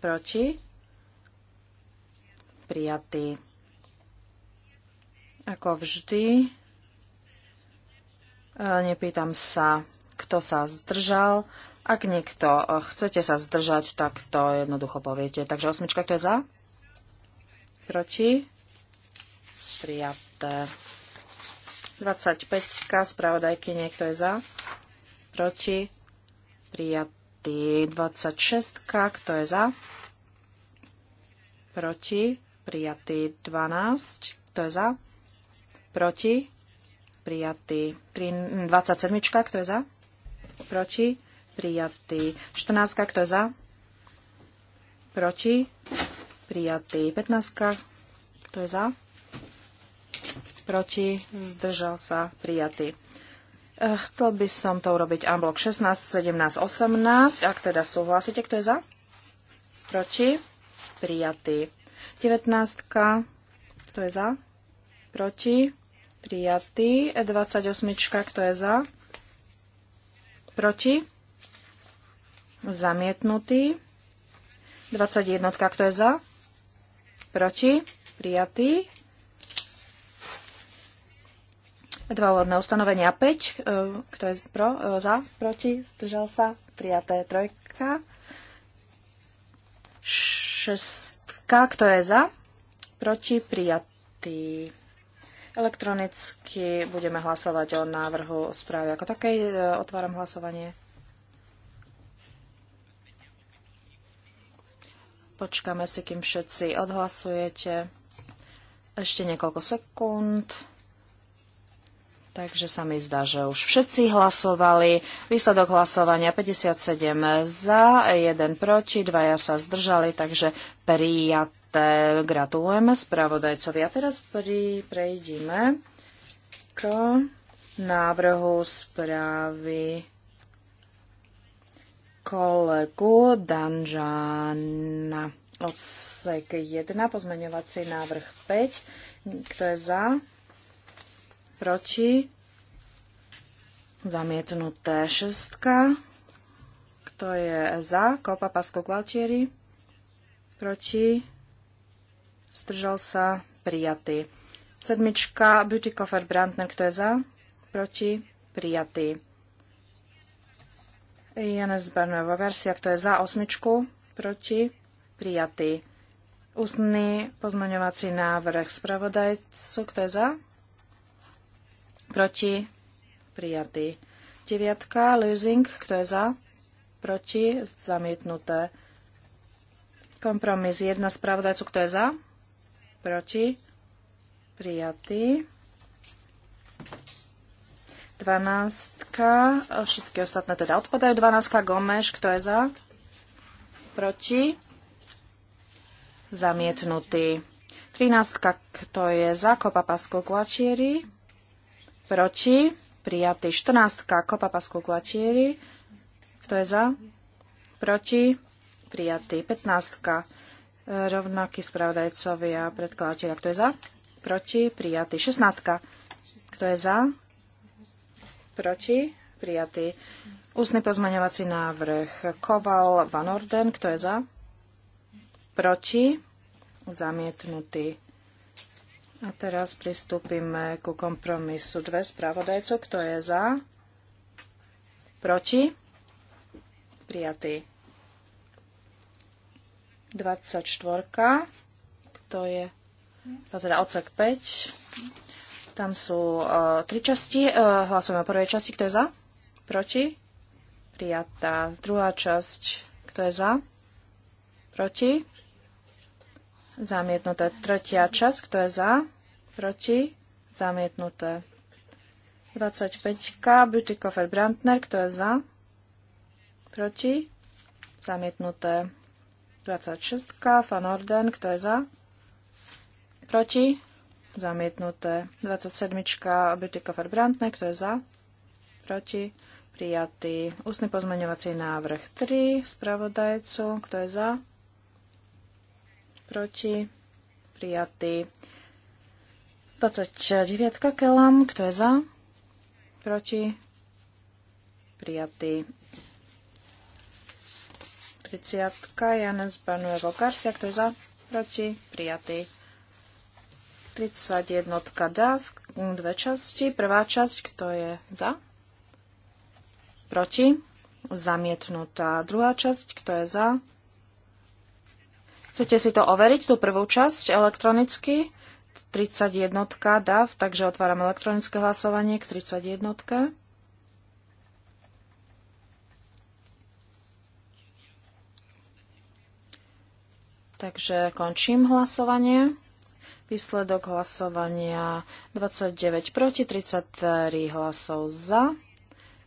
Proti? Prijatý. Ako vždy, e, nepýtam sa, kto sa zdržal. Ak niekto e, chcete sa zdržať, tak to jednoducho poviete. Takže osmička, kto je za? Proti? Prijaté. 25. Spravodajky, niekto je za? Proti? Prijatý. 26. Kto je za? Proti? Prijatý. 12. Kto je za? proti, prijatý. 27, kto je za, proti, prijatý. 14, kto je za, proti, prijatý. 15, kto je za, proti, zdržal sa, prijatý. E, chcel by som to urobiť unblock 16, 17, 18. Ak teda súhlasíte, kto je za? Proti? Prijatý. 19. Kto je za? Proti? prijatý. 28. Kto je za? Proti? Zamietnutý. 21. Kto je za? Proti? Prijatý. Dva úvodné ustanovenia 5. E, kto je pro, e, za? Proti? Zdržal sa? Prijaté. Trojka. Šestka. Kto je za? Proti? Prijatý. Elektronicky budeme hlasovať o návrhu správy ako takej. E, otváram hlasovanie. Počkáme si, kým všetci odhlasujete. Ešte niekoľko sekúnd. Takže sa mi zdá, že už všetci hlasovali. Výsledok hlasovania 57 za, 1 proti, 2 sa zdržali, takže prijat prijaté. Gratulujeme spravodajcovi. A teraz pri, prejdime k návrhu správy kolegu Danžana. Odsek 1, pozmeňovací návrh 5. Kto je za? Proti? Zamietnuté šestka. Kto je za? Kopa Pasko Gualtieri. Proti? zdržal sa, prijatý. Sedmička, Butikofer Brandner, kto je za, proti, prijatý. Janes Bernová versia, kto je za osmičku, proti, prijatý. Ústny pozmaňovací návrh spravodajcu, kto je za, proti, prijatý. Deviatka, losing, kto je za, proti, zamietnuté. Kompromis Jedna spravodajcu, kto je za, proti, prijatý. 12. Všetky ostatné teda odpadajú. 12. Gomeš, kto je za? Proti? Zamietnutý. 13. Kto je za? Kopa pasku klačieri. Proti? Prijatý. 14. Kopa pasku klačieri. Kto je za? Proti? Prijatý. 15 rovnakí spravodajcovia a predkladateľa. Kto je za? Proti? Prijatý. 16. Kto je za? Proti? Prijatý. Ústny pozmaňovací návrh. Koval Van Orden. Kto je za? Proti? Zamietnutý. A teraz pristúpime ku kompromisu. Dve spravodajcov. Kto je za? Proti? Prijatý. 24, to je no teda odsek 5. Tam sú uh, tri časti. Uh, hlasujeme o prvej časti. Kto je za? Proti? Prijatá. Druhá časť. Kto je za? Proti? Zamietnuté. Tretia časť. Kto je za? Proti? Zamietnuté. 25. Beauty Coffer Brandner. Kto je za? Proti? Zamietnuté. 26. Van Orden, kto je za? Proti? Zamietnuté. 27. Beautycofer Brandne, kto je za? Proti? Prijatý. Ústny pozmeňovací návrh 3. Spravodajcu, kto je za? Proti? Prijatý. 29. Kelam, kto je za? Proti? Prijatý. 30. Janes Banuevo Garcia, kto je za, proti, prijatý. 31. DAV, dve časti. Prvá časť, kto je za, proti, zamietnutá. Druhá časť, kto je za. Chcete si to overiť, tú prvú časť elektronicky? 31. DAV, takže otváram elektronické hlasovanie k 31. Takže končím hlasovanie. Výsledok hlasovania 29 proti, 33 hlasov za,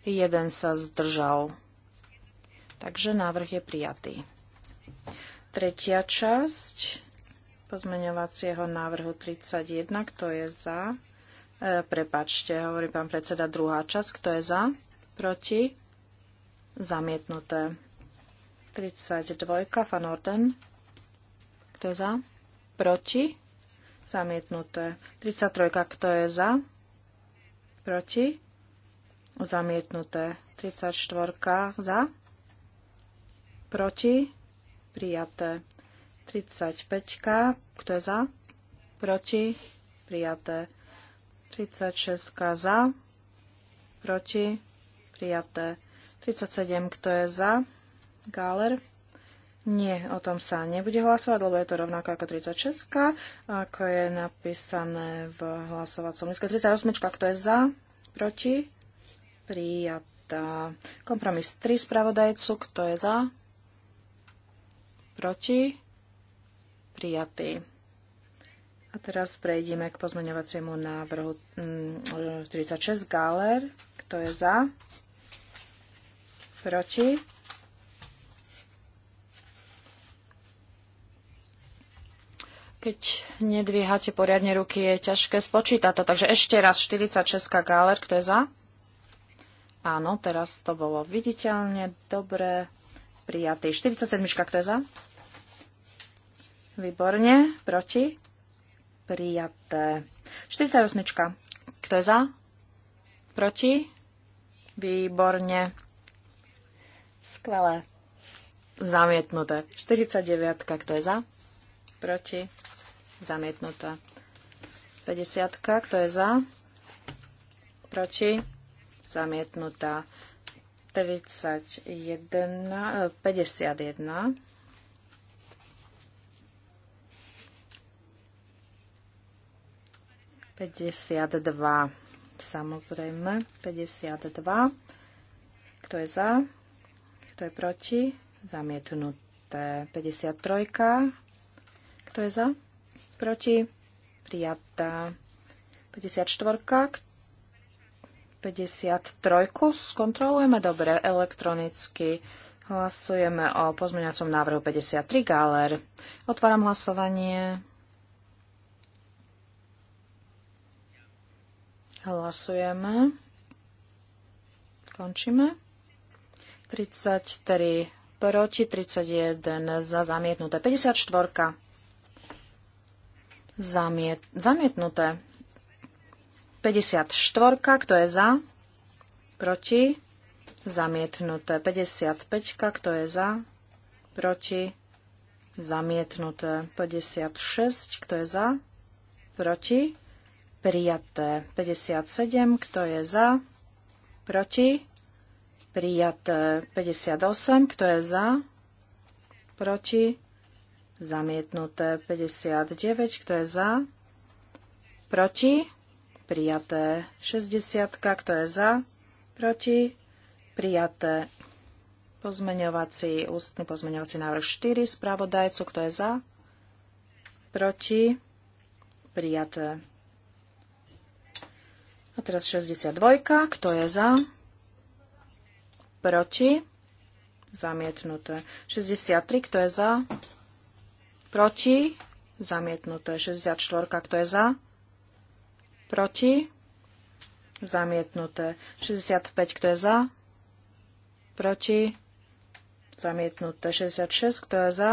1 sa zdržal. Takže návrh je prijatý. Tretia časť pozmeňovacieho návrhu 31, kto je za? E, prepačte, hovorí pán predseda, druhá časť, kto je za? Proti? Zamietnuté. 32, Van Orden kto je za? Proti? Zamietnuté. 33. Kto je za? Proti? Zamietnuté. 34. Za? Proti? Prijaté. 35. Kto je za? Proti? Prijaté. 36. Za? Proti? Prijaté. 37. Kto je za? Galer? Nie, o tom sa nebude hlasovať, lebo je to rovnako ako 36, ako je napísané v hlasovacom liste. 38, kto je za, proti, prijatá. Kompromis 3 spravodajcu, kto je za, proti, prijatý. A teraz prejdeme k pozmeňovaciemu návrhu 36 mm, Galer, kto je za, proti, Keď nedvíhate poriadne ruky, je ťažké spočítať to. Takže ešte raz 46 galer, kto je za? Áno, teraz to bolo viditeľne dobre prijatý. 47, kto je za? Výborne, proti? Prijaté. 48, kto je za? Proti? Výborne. Skvelé. Zamietnuté. 49, kto je za? Proti? Zamietnutá? 50. Kto je za? Proti? Zamietnutá. 31, 51. Päťdesiat dva. Samozrejme, 52. Kto je za? Kto je proti? Zamietnuté. 53. Kto je za? proti, prijatá. 54, 53 skontrolujeme dobre elektronicky. Hlasujeme o pozmeňacom návrhu 53 Galer. Otváram hlasovanie. Hlasujeme. Končíme. 33 proti, 31 za zamietnuté. 54. Zamiet, zamietnuté. 54, kto je za? Proti? Zamietnuté. 55, kto je za? Proti? Zamietnuté. 56, kto je za? Proti? Prijaté. 57, kto je za? Proti? Prijaté. 58, kto je za? Proti? Zamietnuté 59, kto je za? Proti? Prijaté 60, kto je za? Proti? Prijaté pozmeňovací, ústny pozmeňovací návrh 4, spravodajcu, kto je za? Proti? Prijaté. A teraz 62, kto je za? Proti? Zamietnuté. 63, kto je za? Proti? Zamietnuté. 64. Kto je za? Proti? Zamietnuté. 65. Kto je za? Proti? Zamietnuté. 66. Kto je za?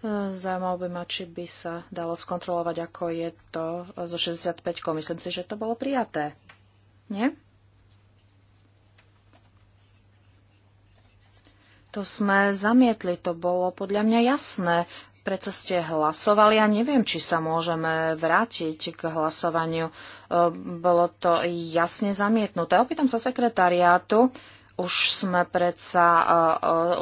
Eh, zaujímalo by ma, či by sa dalo skontrolovať, ako je to zo 65. Myslím si, že to bolo prijaté. Nie? To sme zamietli, to bolo podľa mňa jasné. Prečo ste hlasovali? Ja neviem, či sa môžeme vrátiť k hlasovaniu. E, bolo to jasne zamietnuté. Opýtam sa sekretariátu. Už sme predsa e, e,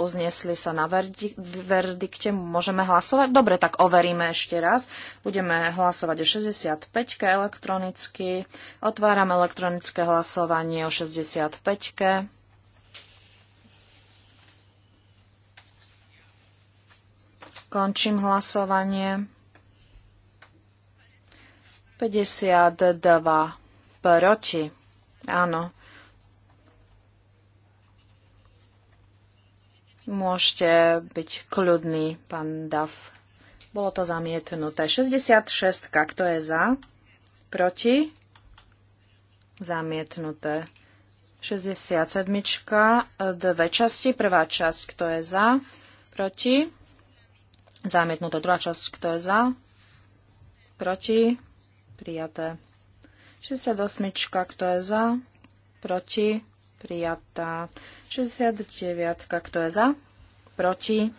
uznesli sa na verdikte. Môžeme hlasovať? Dobre, tak overíme ešte raz. Budeme hlasovať o 65 elektronicky. Otváram elektronické hlasovanie o 65. -ke. Končím hlasovanie. 52 proti. Áno. Môžete byť kľudný, pán Dav. Bolo to zamietnuté. 66, kto je za? Proti? Zamietnuté. 67, dve časti. Prvá časť, kto je za? Proti? Zamietnuté druhá časť, kto je za? Proti? Prijaté. 68, kto je za? Proti? Prijatá. 69, kto je za? Proti?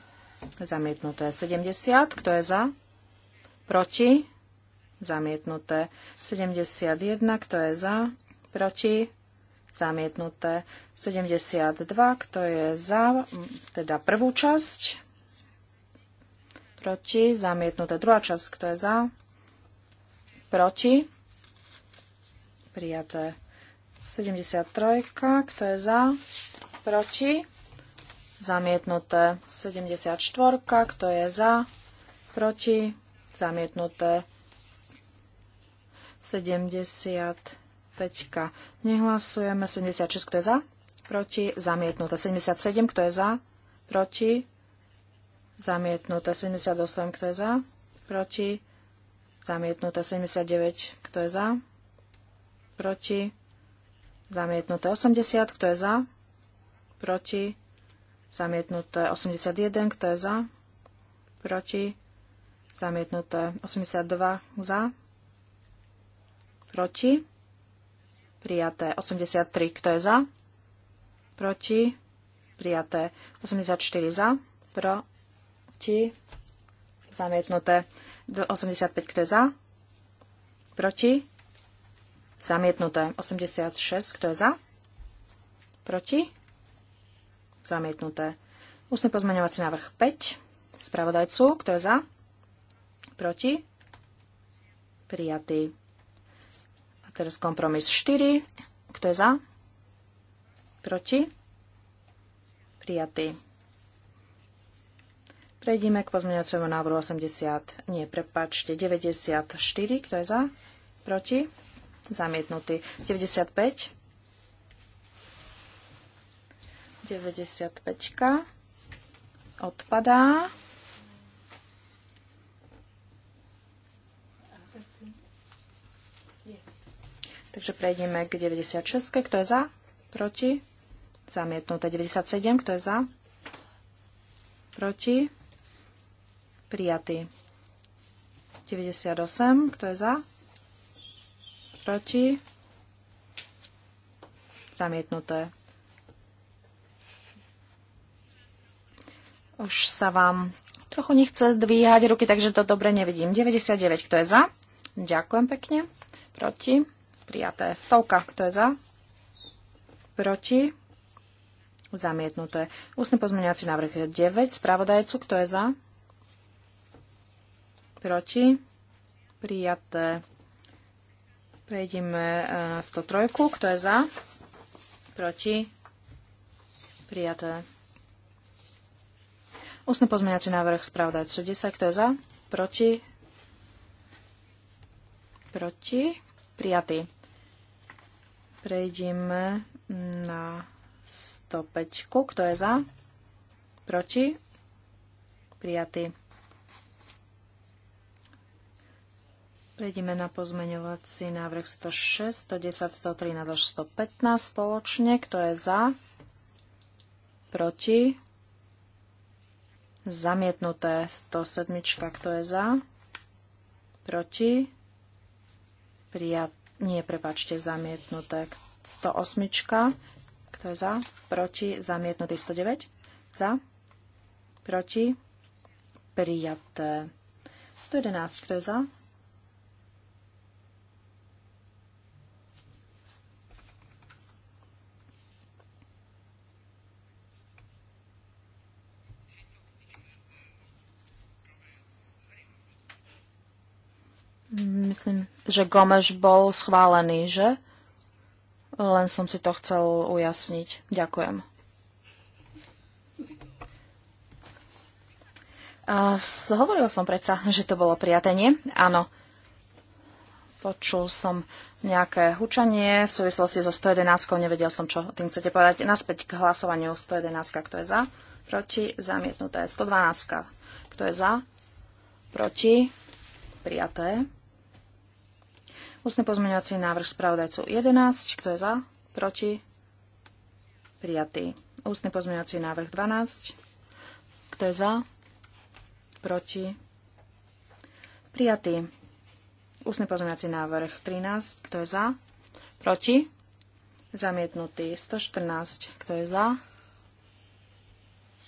Zamietnuté. 70, kto je za? Proti? Zamietnuté. 71, kto je za? Proti? Zamietnuté. 72, kto je za? Teda prvú časť proti, zamietnuté. Druhá časť, kto je za, proti, prijaté. 73, kto je za, proti, zamietnuté. 74, kto je za, proti, zamietnuté. 75, nehlasujeme. 76, kto je za, proti, zamietnuté. 77, kto je za, proti, Zamietnuté 78, kto je za? Proti? Zamietnuté 79, kto je za? Proti? Zamietnuté 80, kto je za? Proti? Zamietnuté 81, kto je za? Proti? Zamietnuté 82 za? Proti? Prijaté 83, kto je za? Proti? Prijaté 84 za? Pro, proti, zamietnuté. 85, kto je za, proti, zamietnuté. 86, kto je za, proti, zamietnuté. Ústny pozmeňovací návrh 5, spravodajcu, kto je za, proti, prijatý. A teraz kompromis 4, kto je za, proti, prijatý prejdeme k pozmeňujúcemu návrhu 80, nie, prepačte, 94, kto je za? Proti? Zamietnutý. 95. 95 odpadá. Takže prejdeme k 96. Kto je za? Proti? Zamietnuté. 97. Kto je za? Proti? Prijatý. 98. Kto je za? Proti? Zamietnuté. Už sa vám trochu nechce zdvíhať ruky, takže to dobre nevidím. 99. Kto je za? Ďakujem pekne. Proti? Prijaté. Stovka. Kto je za? Proti? Zamietnuté. Ústny pozmeňovací návrh 9. Spravodajcu. Kto je za? proti, prijaté. Prejdeme e, na 103, kto je za, proti, prijaté. Ústne pozmeňací návrh spravodajcu 30, kto je za, proti, proti, prijatý. Prejdeme na 105, kto je za, proti, prijatý. Prejdeme na pozmeňovací návrh 106, 110, 113 až 115 spoločne. Kto je za? Proti? Zamietnuté 107. Kto je za? Proti? Prijat... Nie, prepačte, zamietnuté 108. Kto je za? Proti? Zamietnutý 109? Za? Proti? Prijaté. 111. Kto je za? Myslím, že Gomeš bol schválený, že? Len som si to chcel ujasniť. Ďakujem. A hovoril som predsa, že to bolo prijatenie. Áno. Počul som nejaké hučanie v súvislosti so 111. Nevedel som, čo tým chcete povedať. Naspäť k hlasovaniu 111. Kto je za? Proti? Zamietnuté. 112. Kto je za? Proti? Prijaté. Ústny pozmeňovací návrh spravodajcu 11. Kto je za? Proti? Prijatý. Ústny pozmeňovací návrh 12. Kto je za? Proti? Prijatý. Ústny pozmeňovací návrh 13. Kto je za? Proti? Zamietnutý. 114. Kto je za?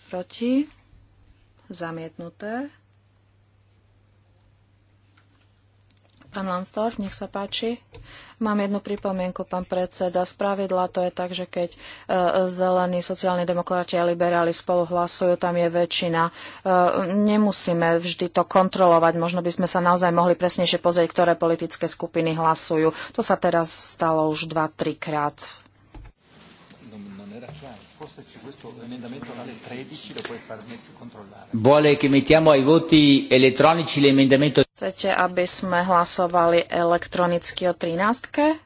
Proti? Zamietnuté. Pán Lansdorf, nech sa páči. Mám jednu pripomienku, pán predseda. Spravidla to je tak, že keď e, zelení, sociálni demokrati a liberáli spolu hlasujú, tam je väčšina. E, nemusíme vždy to kontrolovať. Možno by sme sa naozaj mohli presnejšie pozrieť, ktoré politické skupiny hlasujú. To sa teraz stalo už 2-3 krát questo emendamento dalle 13 lo puoi far controllare. Vuole che mettiamo ai voti elettronici l'emendamento... Chcete, aby sme hlasovali elektronicky o 13?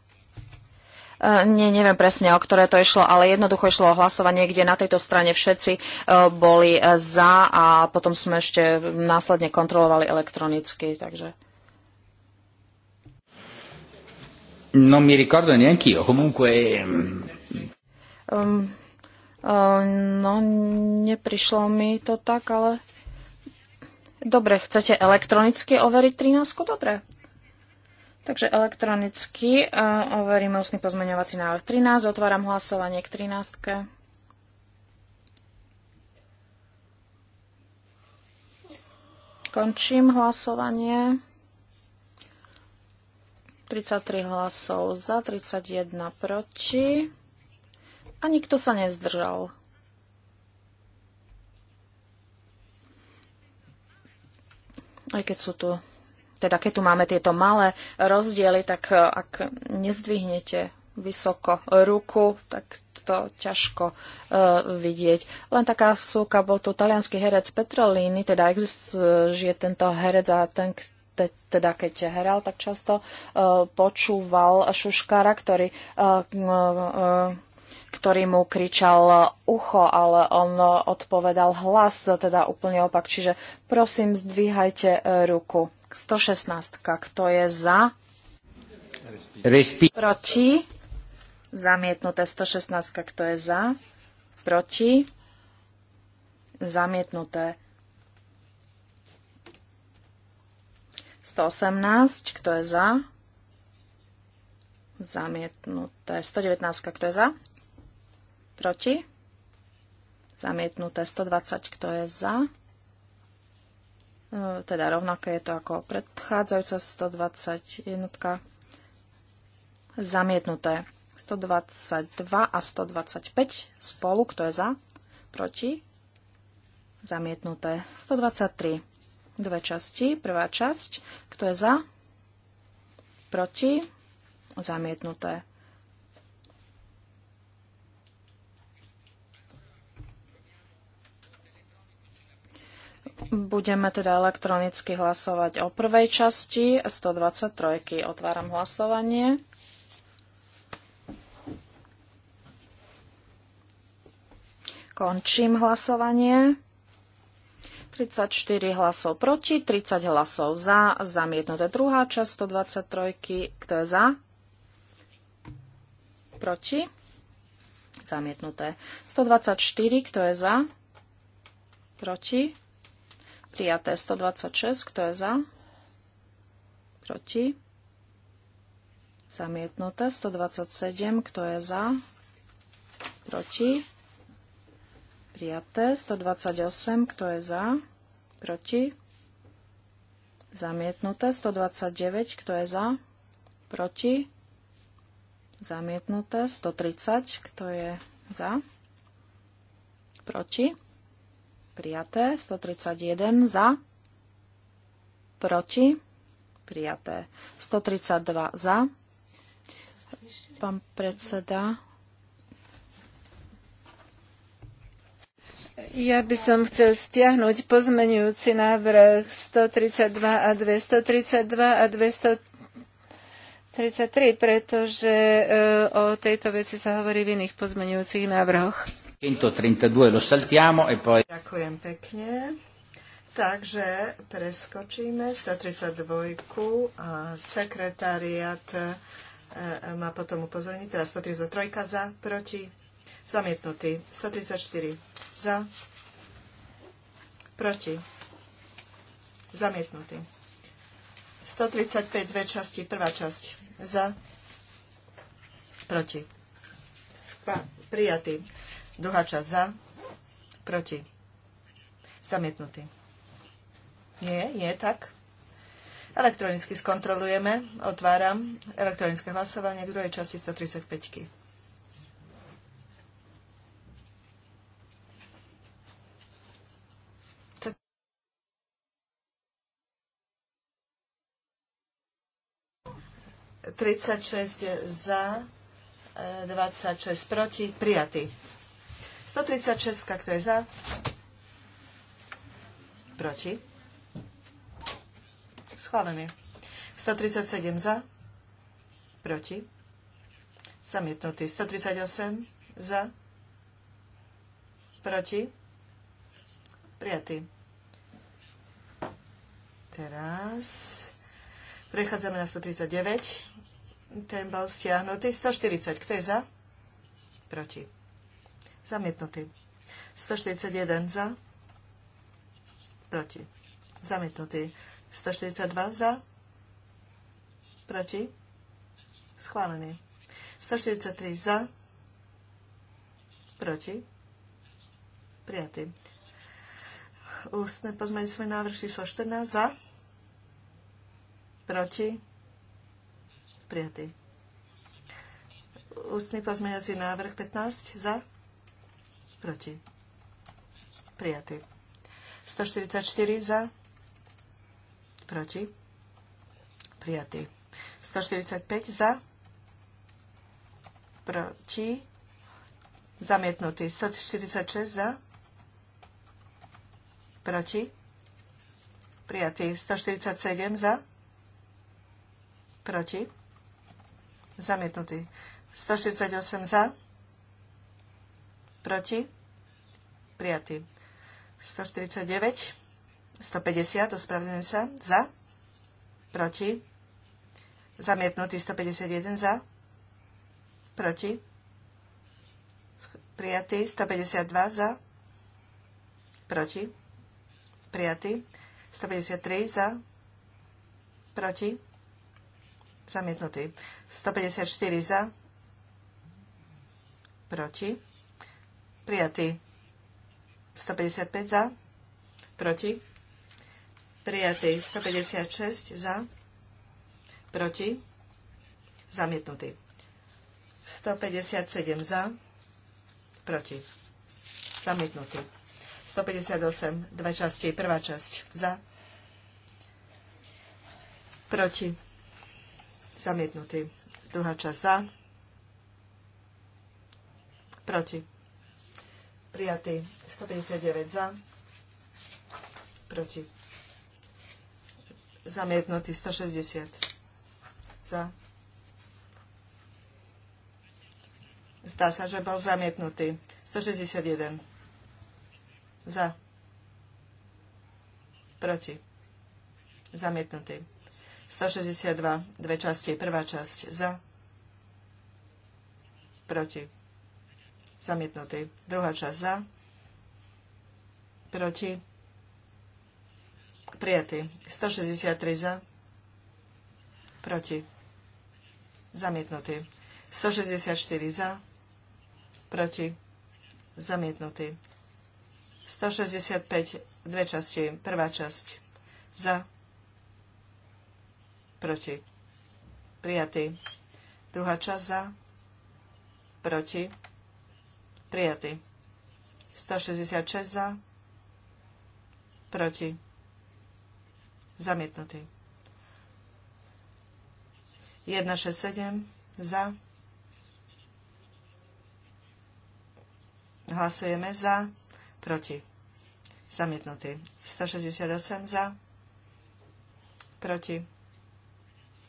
E, nie, neviem presne, o ktoré to išlo, ale jednoducho išlo o hlasovanie, kde na tejto strane všetci e, boli e, za a potom sme ešte následne kontrolovali elektronicky, takže... Non mi ricordo neanch'io, comunque... Um, No, neprišlo mi to tak, ale... Dobre, chcete elektronicky overiť 13? Dobre. Takže elektronicky overíme ústny pozmeňovací návrh 13. Otváram hlasovanie k 13. -ke. Končím hlasovanie. 33 hlasov za, 31 proti. A nikto sa nezdržal. Aj keď sú tu, teda keď tu máme tieto malé rozdiely, tak e, ak nezdvihnete vysoko ruku, tak to ťažko uh, vidieť. Len taká súka bol tu talianský herec Petrolini, teda existuje e, tento herec a ten, te, teda keď hral, tak často uh, počúval Šuškara, ktorý uh, uh, ktorý mu kričal ucho, ale on odpovedal hlas, teda úplne opak. Čiže prosím, zdvíhajte e, ruku. 116. Kto je za? Respi- Proti? Zamietnuté 116. Kto je za? Proti? Zamietnuté 118. Kto je za? Zamietnuté 119. Kto je za? Proti? Zamietnuté 120, kto je za? E, teda rovnaké je to ako predchádzajúca 120 jednotka. Zamietnuté 122 a 125 spolu, kto je za? Proti? Zamietnuté 123. Dve časti. Prvá časť, kto je za? Proti? Zamietnuté Budeme teda elektronicky hlasovať o prvej časti 123. Otváram hlasovanie. Končím hlasovanie. 34 hlasov proti, 30 hlasov za, zamietnuté druhá časť 123. Kto je za? Proti? Zamietnuté. 124. Kto je za? Proti? Prijaté 126, kto je za? Proti? Zamietnuté 127, kto je za? Proti? Prijaté 128, kto je za? Proti? Zamietnuté 129, kto je za? Proti? Zamietnuté 130, kto je za? Proti? prijaté. 131 za, proti, prijaté. 132 za. Pán predseda. Ja by som chcel stiahnuť pozmenujúci návrh 132 a 232 a 233, pretože e, o tejto veci sa hovorí v iných pozmenujúcich návrhoch. 132 lo saltiamo e poi... Ďakujem pekne. Takže preskočíme 132 a sekretariat e, e, má potom upozorniť. Teraz 133 za, proti, zamietnutý. 134 za, proti, zamietnutý. 135 dve časti, prvá časť za, proti. Skva, prijatý Druhá časť za, proti. Zamietnutý. Nie, nie tak. Elektronicky skontrolujeme. Otváram elektronické hlasovanie k druhej časti 135. -ky. Tridsať za, 26 proti, prijatý. 136, kto je za? Proti? Schválený. 137 za? Proti? Zamietnutý. 138 za? Proti? Prijatý. Teraz prechádzame na 139. Ten bol stiahnutý. 140. Kto je za? Proti. Zamietnutý. 141 za. Proti. Zamietnutý. 142 za. Proti. Schválený. 143 za. Proti. Prijatý. Ústne pozmeň svoj návrh číslo 14 za. Proti. Prijatý. Ústny pozmeňací návrh 15 za proti. Prijatý. 144 za, proti. Prijatý. 145 za, proti. Zamietnutý. 146 za, proti. Prijatý. 147 za, proti. Zamietnutý. 148 za, proti prijatý. 149, 150, ospravedlňujem sa, za, proti, zamietnutý 151 za, proti, prijatý 152 za, proti, prijatý 153 za, proti, zamietnutý 154 za, proti, prijatý 155 za, proti, prijatý 156 za, proti, zamietnutý 157 za, proti, zamietnutý 158, dve časti, prvá časť za, proti, zamietnutý, druhá časť za, proti prijatý. 159 za, proti. Zamietnutý 160 za. Zdá sa, že bol zamietnutý. 161 za. Proti. Zamietnutý. 162. Dve časti. Prvá časť za. Proti Zamietnutý. Druhá časť za. Proti. Prijatý. 163 za. Proti. Zamietnutý. 164 za. Proti. Zamietnutý. 165. Dve časti. Prvá časť. Za. Proti. Prijatý. Druhá časť za. Proti Prijatý. 166 za. Proti. Zamietnutý. 167 za. Hlasujeme za. Proti. Zamietnutý. 168 za. Proti.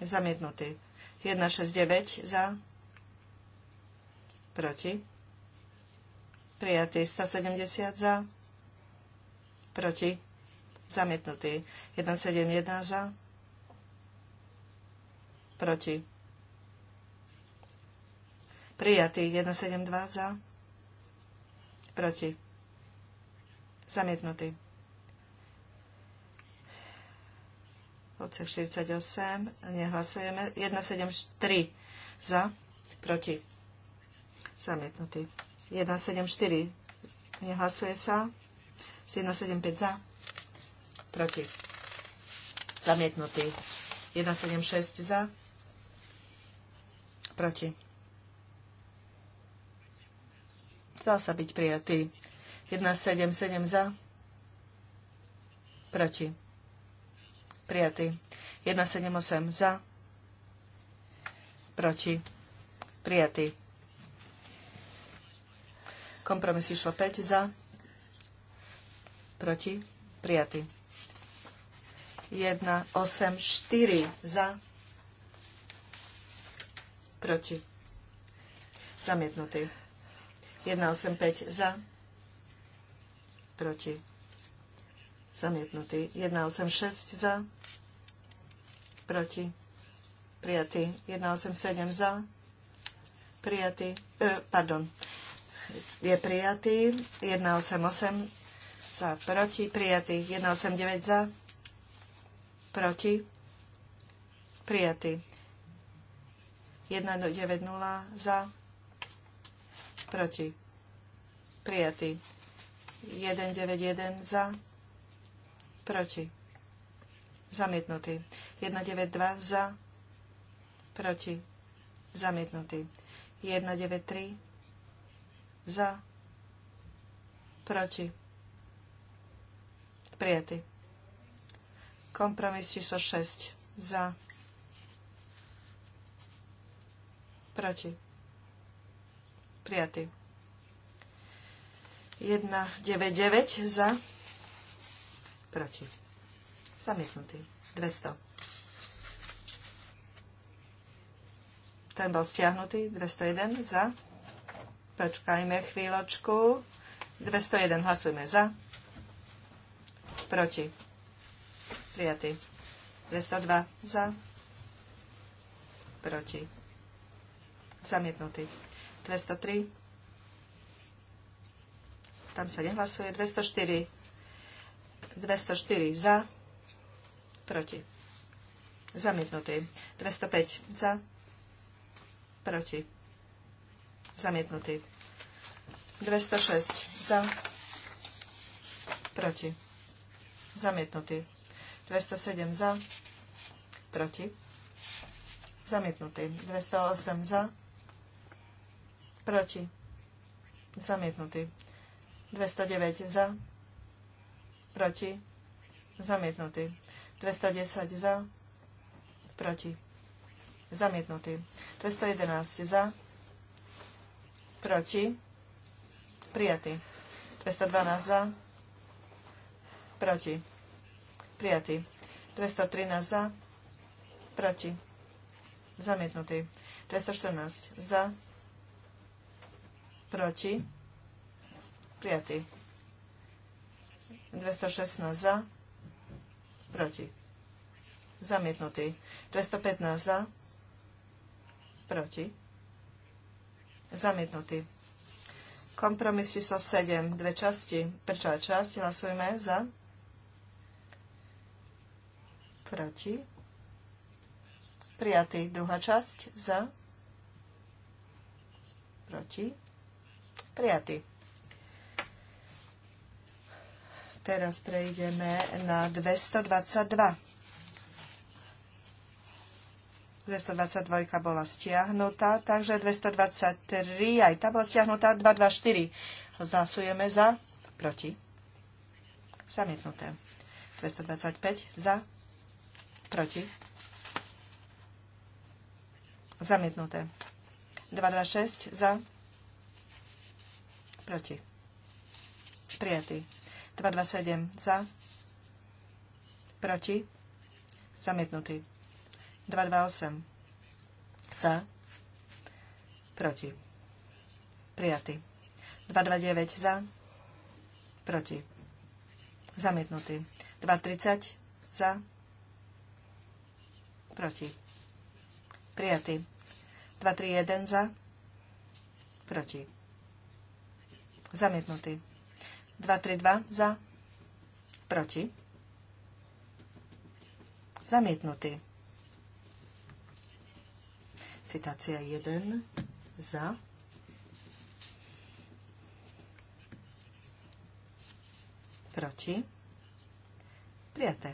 Zamietnutý. 169 za. Proti Prijatý 170 za. Proti. Zamietnutý 171 za. Proti. Prijatý 172 za. Proti. Zamietnutý. Odsek 48. Nehlasujeme. 173 za. Proti. Zamietnutý. 174. Nehlasuje sa. 175 za. Proti. Zamietnutý. 176 za. Proti. Zdal sa byť prijatý. 177 za. Proti. Prijatý. 178 za. Proti. Prijatý. Kompromis išlo 5 za, proti, prijatý. 1, 8, 4 za, proti, zamietnutý. 1, 8, 5 za, proti, zamietnutý. 1, 8, 6 za, proti, prijatý. 1, 8, 7 za, prijatý, e, pardon, je prijatý. 188 za, proti, prijatý. 189 za, proti, prijatý. 190 za, proti, prijatý. 191 za, proti, zamietnutý. 192 za, proti, zamietnutý. 193 za, proti, prijatý. Kompromis číslo 6 za, proti, prijatý. 9. za, proti, zamietnutý. 200. Ten bol stiahnutý, 201 za, Počkajme chvíľočku. 201 hlasujme za. Proti. Prijatý. 202 za. Proti. Zamietnutý. 203. Tam sa nehlasuje. 204. 204 za. Proti. Zamietnutý. 205 za. Proti Zamietnutý. 206 za. Proti. Zamietnutý. 207 za. Proti. Zamietnutý. 208 za. Proti. Zamietnutý. 209 za. Proti. Zamietnutý. 210 za. Proti. Zamietnutý. 211 za proti, prijatý. 212 za, proti, prijatý. 213 za, proti, zamietnutý. 214 za, proti, prijatý. 216 za, proti, zamietnutý. 215 za, proti, Zamietnutý. Kompromis číslo 7, dve časti. Prvá časť, hlasujme za. Proti. Prijatý. Druhá časť, za. Proti. Prijatý. Teraz prejdeme na 222. 222 bola stiahnutá, takže 223, aj tá bola stiahnutá, 224. Zasujeme za, proti. Zamietnuté. 225 za, proti. Zamietnuté. 226 za, proti. Prijatý. 227 za, proti. Zamietnutý. 228 za, proti, prijatý. 229 za, proti, zamietnutý. 230 za, proti, prijatý. 231 za, proti, zamietnutý. 232 za, proti, zamietnutý. Citácia 1 za. Proti. Prijaté.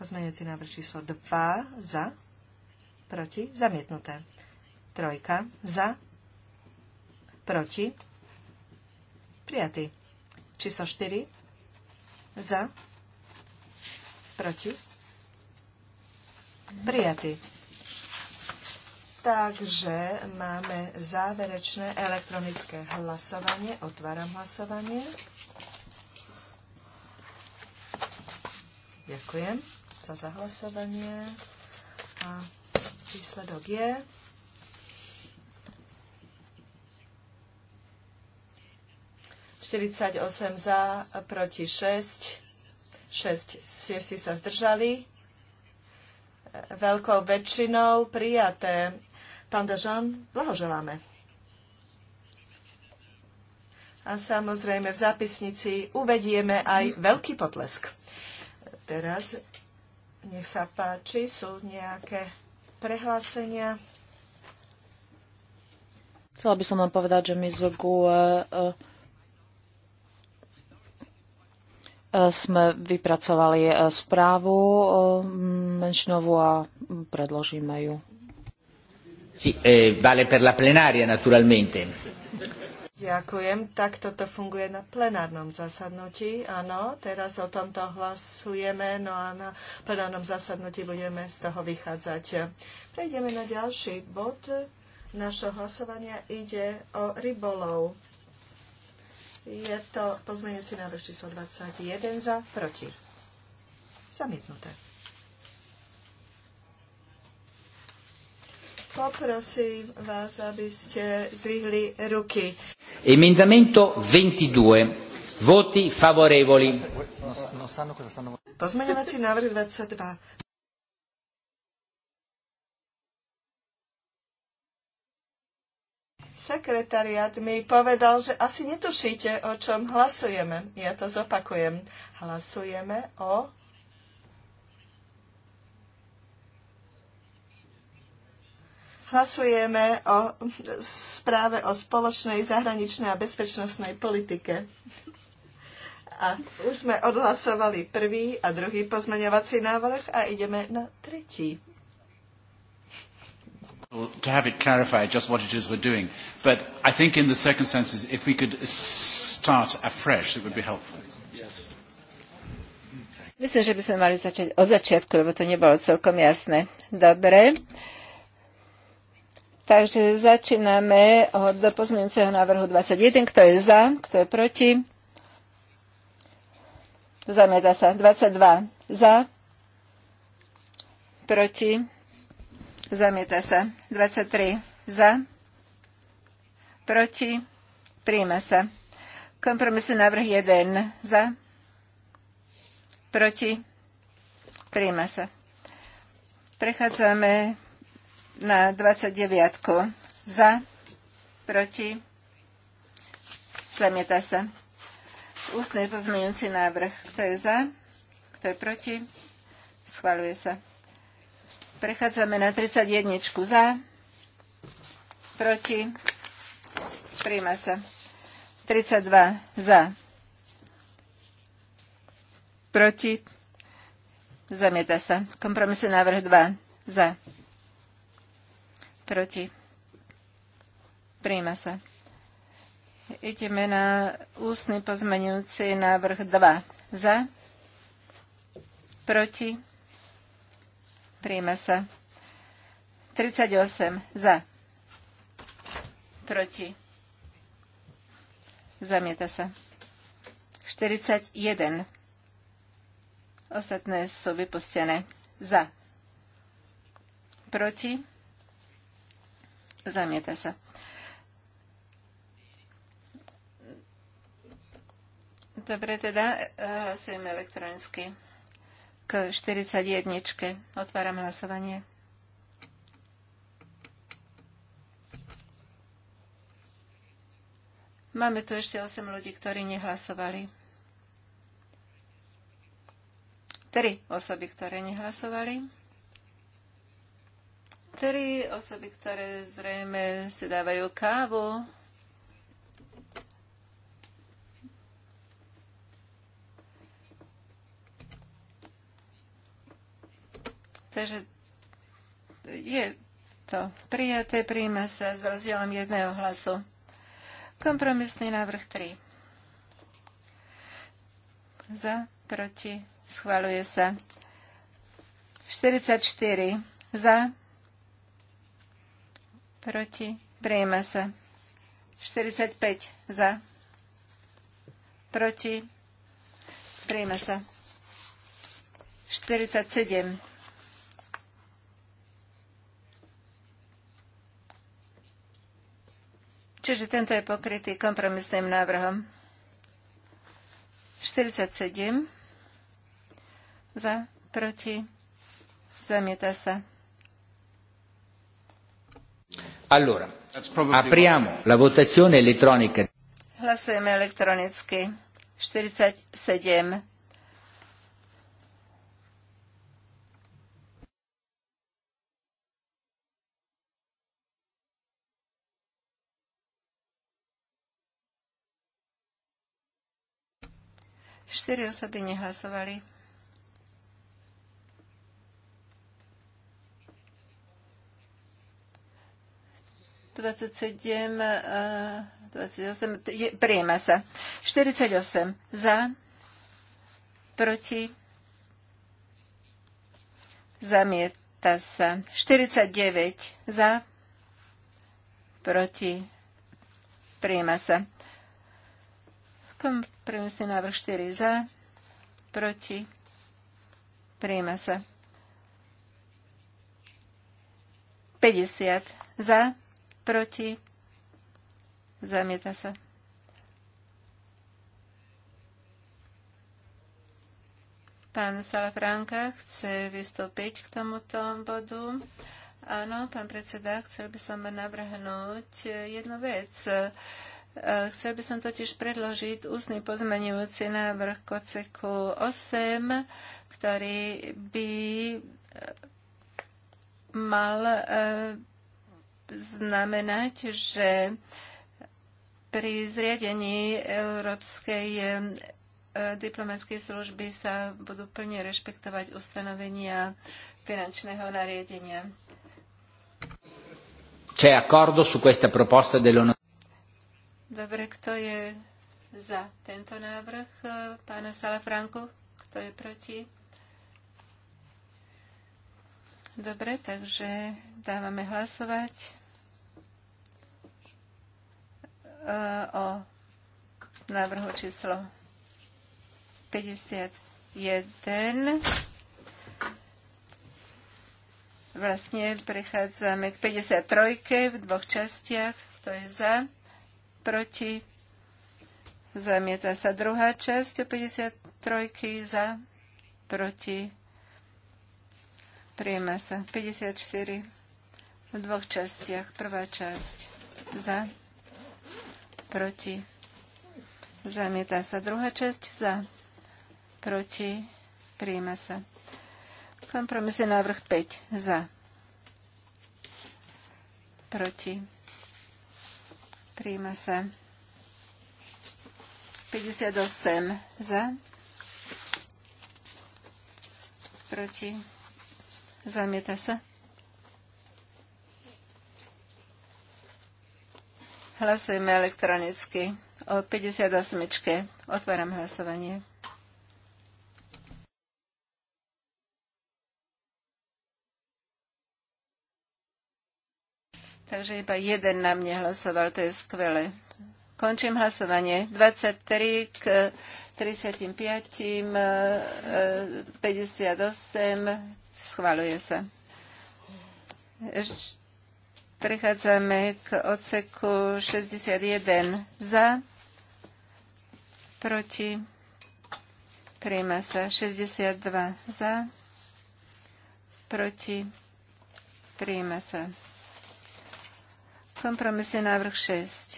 Pozmeňujúci návrh číslo 2 za. Proti. Zamietnuté. Trojka za. Proti. Prijatý. Číslo 4 za. Proti. Prijatý. Takže máme záverečné elektronické hlasovanie. Otváram hlasovanie. Ďakujem za zahlasovanie. A výsledok je... Štyridsaťosem za, proti šesť. Šesť, si sa zdržali veľkou väčšinou prijaté. Pán Dažan, blahoželáme. A samozrejme v zápisnici uvedieme aj veľký potlesk. Teraz nech sa páči, sú nejaké prehlásenia. Chcela by som vám povedať, že my z GUE e, sme vypracovali e, správu e, menšinovú a predložíme ju. Sí, eh, vale per la plenária, naturalmente. Ďakujem. Tak toto funguje na plenárnom zasadnutí. Áno, teraz o tomto hlasujeme, no a na plenárnom zasadnutí budeme z toho vychádzať. Prejdeme na ďalší bod. Našho hlasovania ide o rybolov. Je to pozmeňujúci návrh číslo 21 za, proti. Zamietnuté. Poprosím vás, aby ste zdvihli ruky. Emendamento 22. Voti favorevoli. No, no, no, Pozmeňovací návrh 22. Sekretariat mi povedal, že asi netušíte, o čom hlasujeme. Ja to zopakujem. Hlasujeme o hlasujeme o správe o spoločnej zahraničnej a bezpečnostnej politike. A už sme odhlasovali prvý a druhý pozmeňovací návrh a ideme na tretí. Well, To have it clarified just what it is we're doing. But I think in the circumstances, if we could start afresh, it would be helpful. Myslím, že by sme mali začať od začiatku, lebo to nebolo celkom jasné. Dobre. Takže začíname od pozmeňujúceho návrhu 21. Kto je za? Kto je proti? Zamieta sa. 22. Za? Proti? Zamieta sa. 23 za. Proti. Príjma sa. Kompromisný návrh 1 za. Proti. Príjme sa. Prechádzame na 29 za. Proti. Zamieta sa. Ústny pozmeňujúci návrh. Kto je za? Kto je proti? Schváľuje sa. Prechádzame na 31 za, proti, príjma sa. 32 za, proti, zamieta sa. Kompromisný návrh 2 za, proti, príjma sa. Ideme na ústny pozmenujúci návrh 2 za, proti, Príjme sa. 38 za. Proti. Zamieta sa. 41. Ostatné sú vypustené. Za. Proti. Zamieta sa. Dobre, teda eh, hlasujeme elektronicky. 41. Otváram hlasovanie. Máme tu ešte 8 ľudí, ktorí nehlasovali. 3 osoby, ktoré nehlasovali. 3 osoby, ktoré zrejme si dávajú kávu. Takže je to prijaté, príjme sa s rozdielom jedného hlasu. Kompromisný návrh 3. Za, proti, schvaluje sa. 44. Za, proti, príjma sa. 45. Za, proti, príjma sa. 47 Čiže tento je pokrytý kompromisným návrhom. 47 za, proti, zamieta sa. Allora, apriamo la votazione elettronica. Hlasujeme elektronicky. 47 Štyri osoby nehlasovali. dvadsať eh, osem, prijema sa. osem za, proti, zamieta sa. Štyridsaťdeväť za, proti, prijema sa. Kompromisný návrh 4 za, proti, prijíma sa. 50 za, proti, zamieta sa. Pán Salafranka chce vystúpiť k tomuto bodu. Áno, pán predseda, chcel by som navrhnúť jednu vec. Eh, chcel by som totiž predložiť ústny pozmenujúci návrh k oceku 8, ktorý by eh, mal eh, znamenať, že pri zriadení Európskej diplomatskej služby sa budú plne rešpektovať ustanovenia finančného nariadenia. C'è accordo su questa proposta dell'on Dobre, kto je za tento návrh e, pána Salafranku? Kto je proti? Dobre, takže dávame hlasovať e, o návrhu číslo 51. Vlastne prechádzame k 53. v dvoch častiach. Kto je za? proti, zamieta sa druhá časť 53 za, proti, Prijema sa 54 v dvoch častiach. Prvá časť za, proti, zamieta sa druhá časť za, proti, Prijema sa. Kompromisný návrh 5 za, proti, Príjme sa. 58 za. Proti. Zamieta sa. Hlasujeme elektronicky o 58. Otváram hlasovanie. Takže iba jeden na mne hlasoval, to je skvelé. Končím hlasovanie. 23 k 35, 58, schvaluje sa. Prechádzame k odseku 61 za, proti, príjma sa 62 za, proti, príjma sa. Kompromisný návrh 6.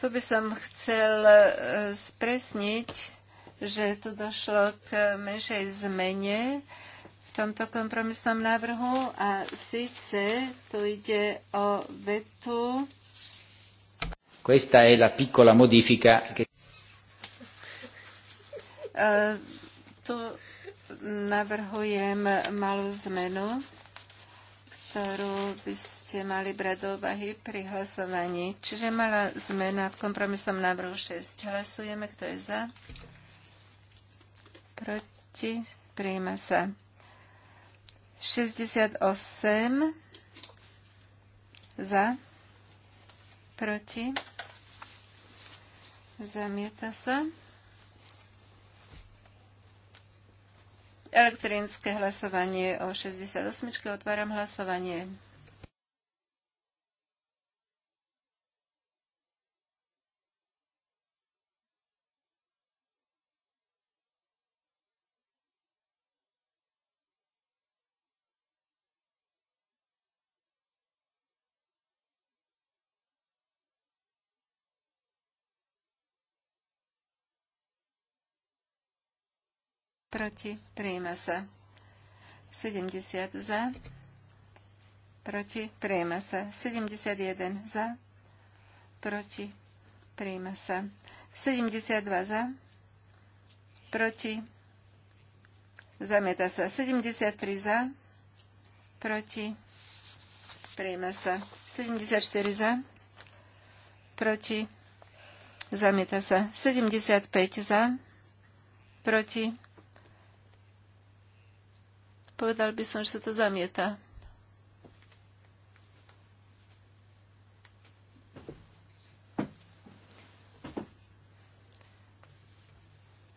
Tu by som chcel e, spresniť, že tu došlo k menšej zmene v tomto kompromisnom návrhu a síce tu ide o vetu. Questa è la piccola modifica che... E, tu navrhujem malú zmenu ktorú by ste mali brať do úvahy pri hlasovaní. Čiže malá zmena v kompromisnom návrhu 6. Hlasujeme, kto je za. Proti. Prijíma sa. 68 za. Proti. Zamieta sa. Elektronické hlasovanie o 68. Otváram hlasovanie. proti, prijíma sa. 70 za, proti, prijíma sa. 71 za, proti, prijíma sa. 72 za, proti, zamieta sa. 73 za, proti, prijíma sa. 74 za, proti, zamieta sa. 75 za, proti, Povedal by som, že sa to zamieta.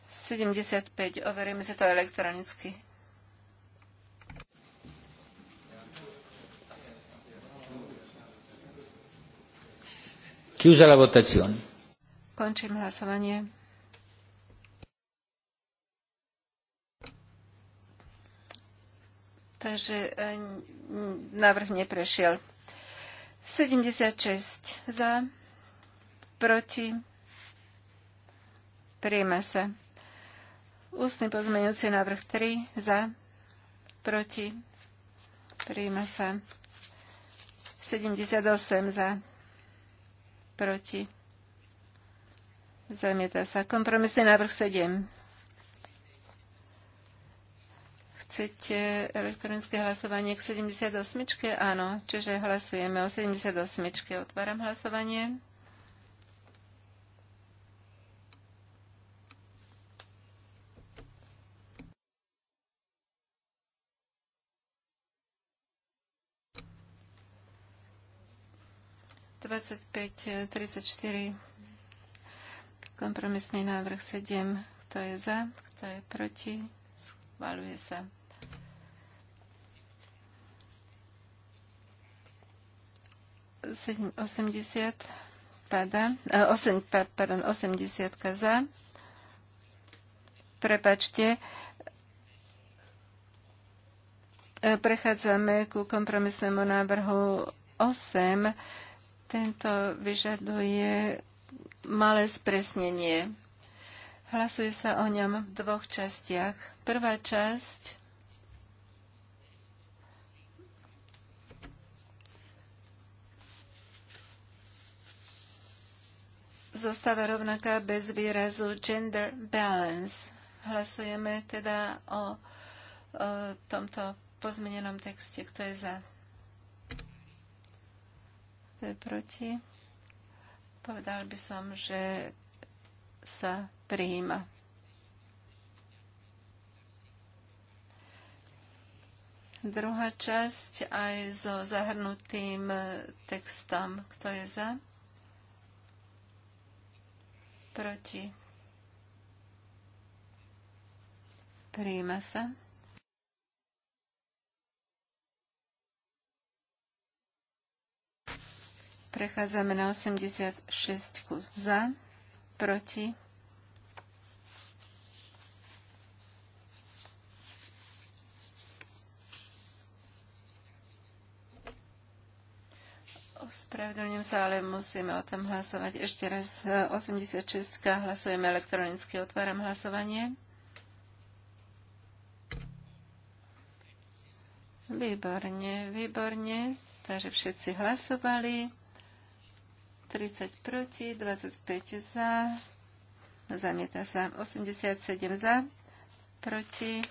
Sedemdesiatpäť. Overíme si to elektronicky. Chiusa la votazione. Končím hlasovanie. Takže e, návrh neprešiel. 76 za, proti, príjme sa. Ústny pozmeňujúci návrh 3 za, proti, príjme sa. 78 za, proti, zamieta sa. Kompromisný návrh 7 Chcete elektronické hlasovanie k 78? Áno, čiže hlasujeme o 78. Otváram hlasovanie. Kompromisný návrh sedem. Kto je za? Kto je proti? Schváluje sa. 80 pada, 8, pardon, 80 e, za. Prepačte. E, prechádzame ku kompromisnému návrhu 8. Tento vyžaduje malé spresnenie. Hlasuje sa o ňom v dvoch častiach. Prvá časť zostáva rovnaká bez výrazu gender balance. Hlasujeme teda o, o tomto pozmenenom texte. Kto je za? Kto je proti? Povedal by som, že sa prijíma. Druhá časť aj so zahrnutým textom. Kto je za? proti, príjma sa. Prechádzame na 86 za, proti, Spravedlňujem sa, ale musíme o tom hlasovať. Ešte raz 86. E, hlasujeme elektronicky. Otváram hlasovanie. Výborne, výborne. Takže všetci hlasovali. 30 proti, 25 za. Zamieta sa 87 za, proti.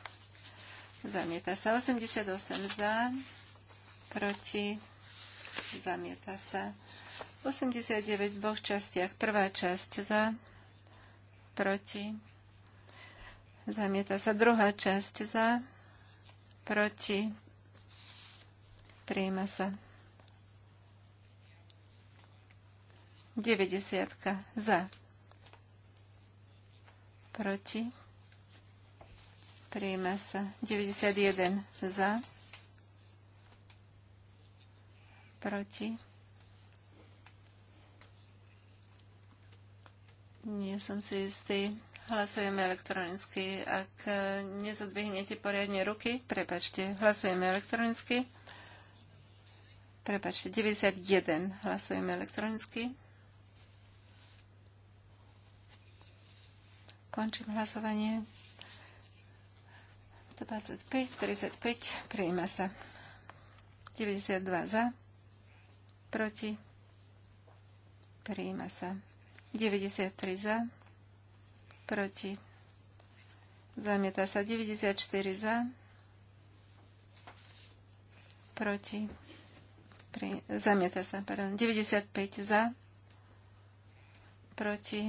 Zamieta sa 88 za, proti zamieta sa. 89 v dvoch častiach. Prvá časť za, proti, zamieta sa. Druhá časť za, proti, prijíma sa. 90 za, proti, prijíma sa. 91 za, proti. Nie som si istý. Hlasujeme elektronicky. Ak nezodvihnete poriadne ruky, prepačte, hlasujeme elektronicky. Prepačte, 91. Hlasujeme elektronicky. Končím hlasovanie. 25, 35, prijíma sa. 92 za, proti, prijíma sa. 93 za, proti, zamieta sa. 94 za, proti, pri, zamieta sa, pardon, 95 za, proti,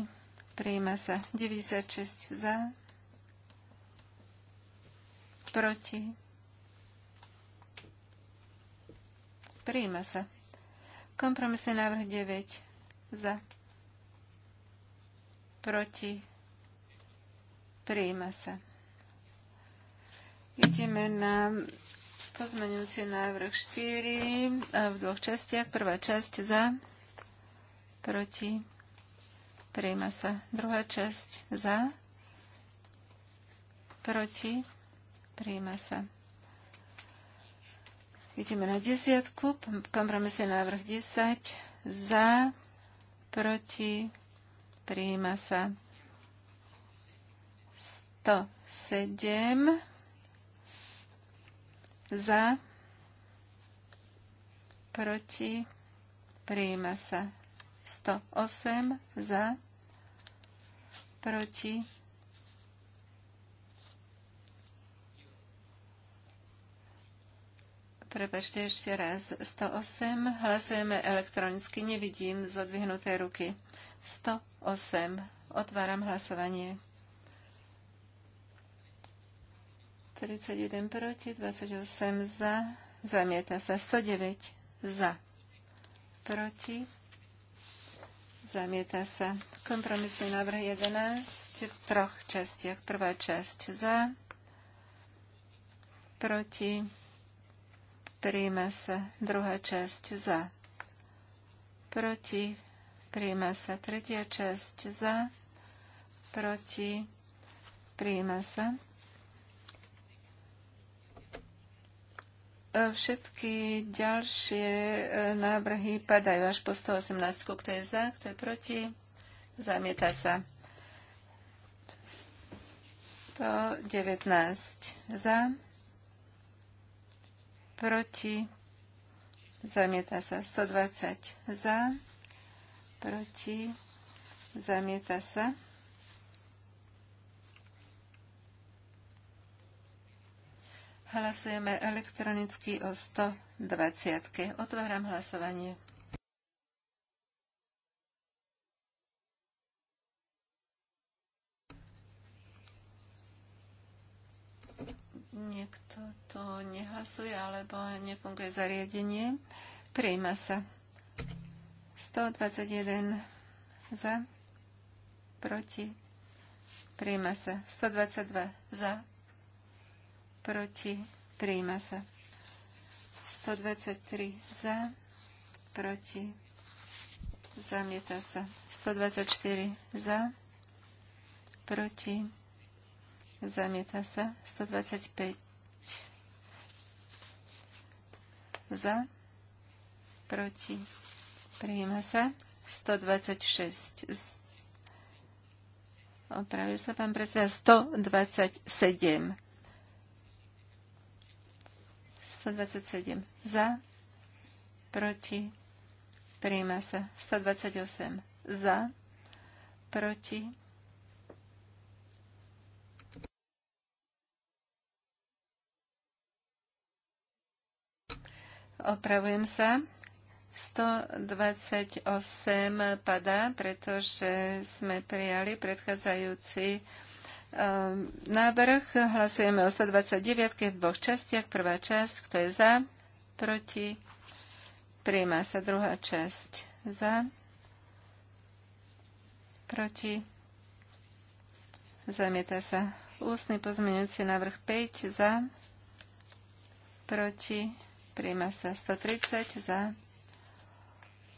prijíma sa, 96 za, proti, prijíma sa. Kompromisný návrh 9 za. Proti. Prijíma sa. Ideme na pozmeňujúci návrh 4 v dvoch častiach. Prvá časť za. Proti. Prijíma sa. Druhá časť za. Proti. Prijíma sa. Ideme na desiatku. Kompromisný návrh 10. Za, proti, prijíma sa 107 za proti prijíma sa 108 za proti Prepačte ešte raz. 108. Hlasujeme elektronicky. Nevidím zodvihnuté ruky. 108. Otváram hlasovanie. 31 proti, 28 za. Zamieta sa. 109 za. Proti. Zamieta sa. Kompromisný návrh 11 v troch častiach. Prvá časť za. Proti príjme sa druhá časť za. Proti. príjme sa tretia časť za. Proti. príjme sa. E, všetky ďalšie e, návrhy padajú až po 118. Kto je za, kto je proti, zamieta sa. 119 za, proti, zamieta sa 120 za, proti, zamieta sa. Hlasujeme elektronicky o 120. Otváram hlasovanie. Niekto tu nehlasuje alebo nefunguje zariadenie. Prijíma sa. 121 za, proti. Prijíma sa. 122 za, proti. Prijíma sa. 123 za, proti. Zamieta sa. 124 za, proti. Zamieta sa. 125 za, proti, prijíma sa. 126 opravil sa pán predseda 127 127 za proti prijíma sa 128 za proti Opravujem sa. 128 padá, pretože sme prijali predchádzajúci ehm, návrh. Hlasujeme o 129 v dvoch častiach. Prvá časť, kto je za, proti, prijíma sa druhá časť za, proti, zamieta sa ústny pozmeňujúci návrh 5 za, proti, Príjma sa 130 za,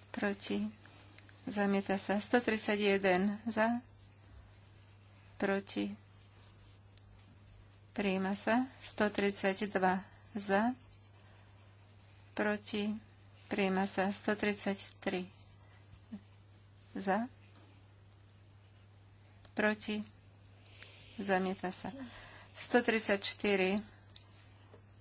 proti. Zamieta sa 131 za, proti. Príjma sa 132 za, proti. Príjma sa 133 za, proti. Zamieta sa 134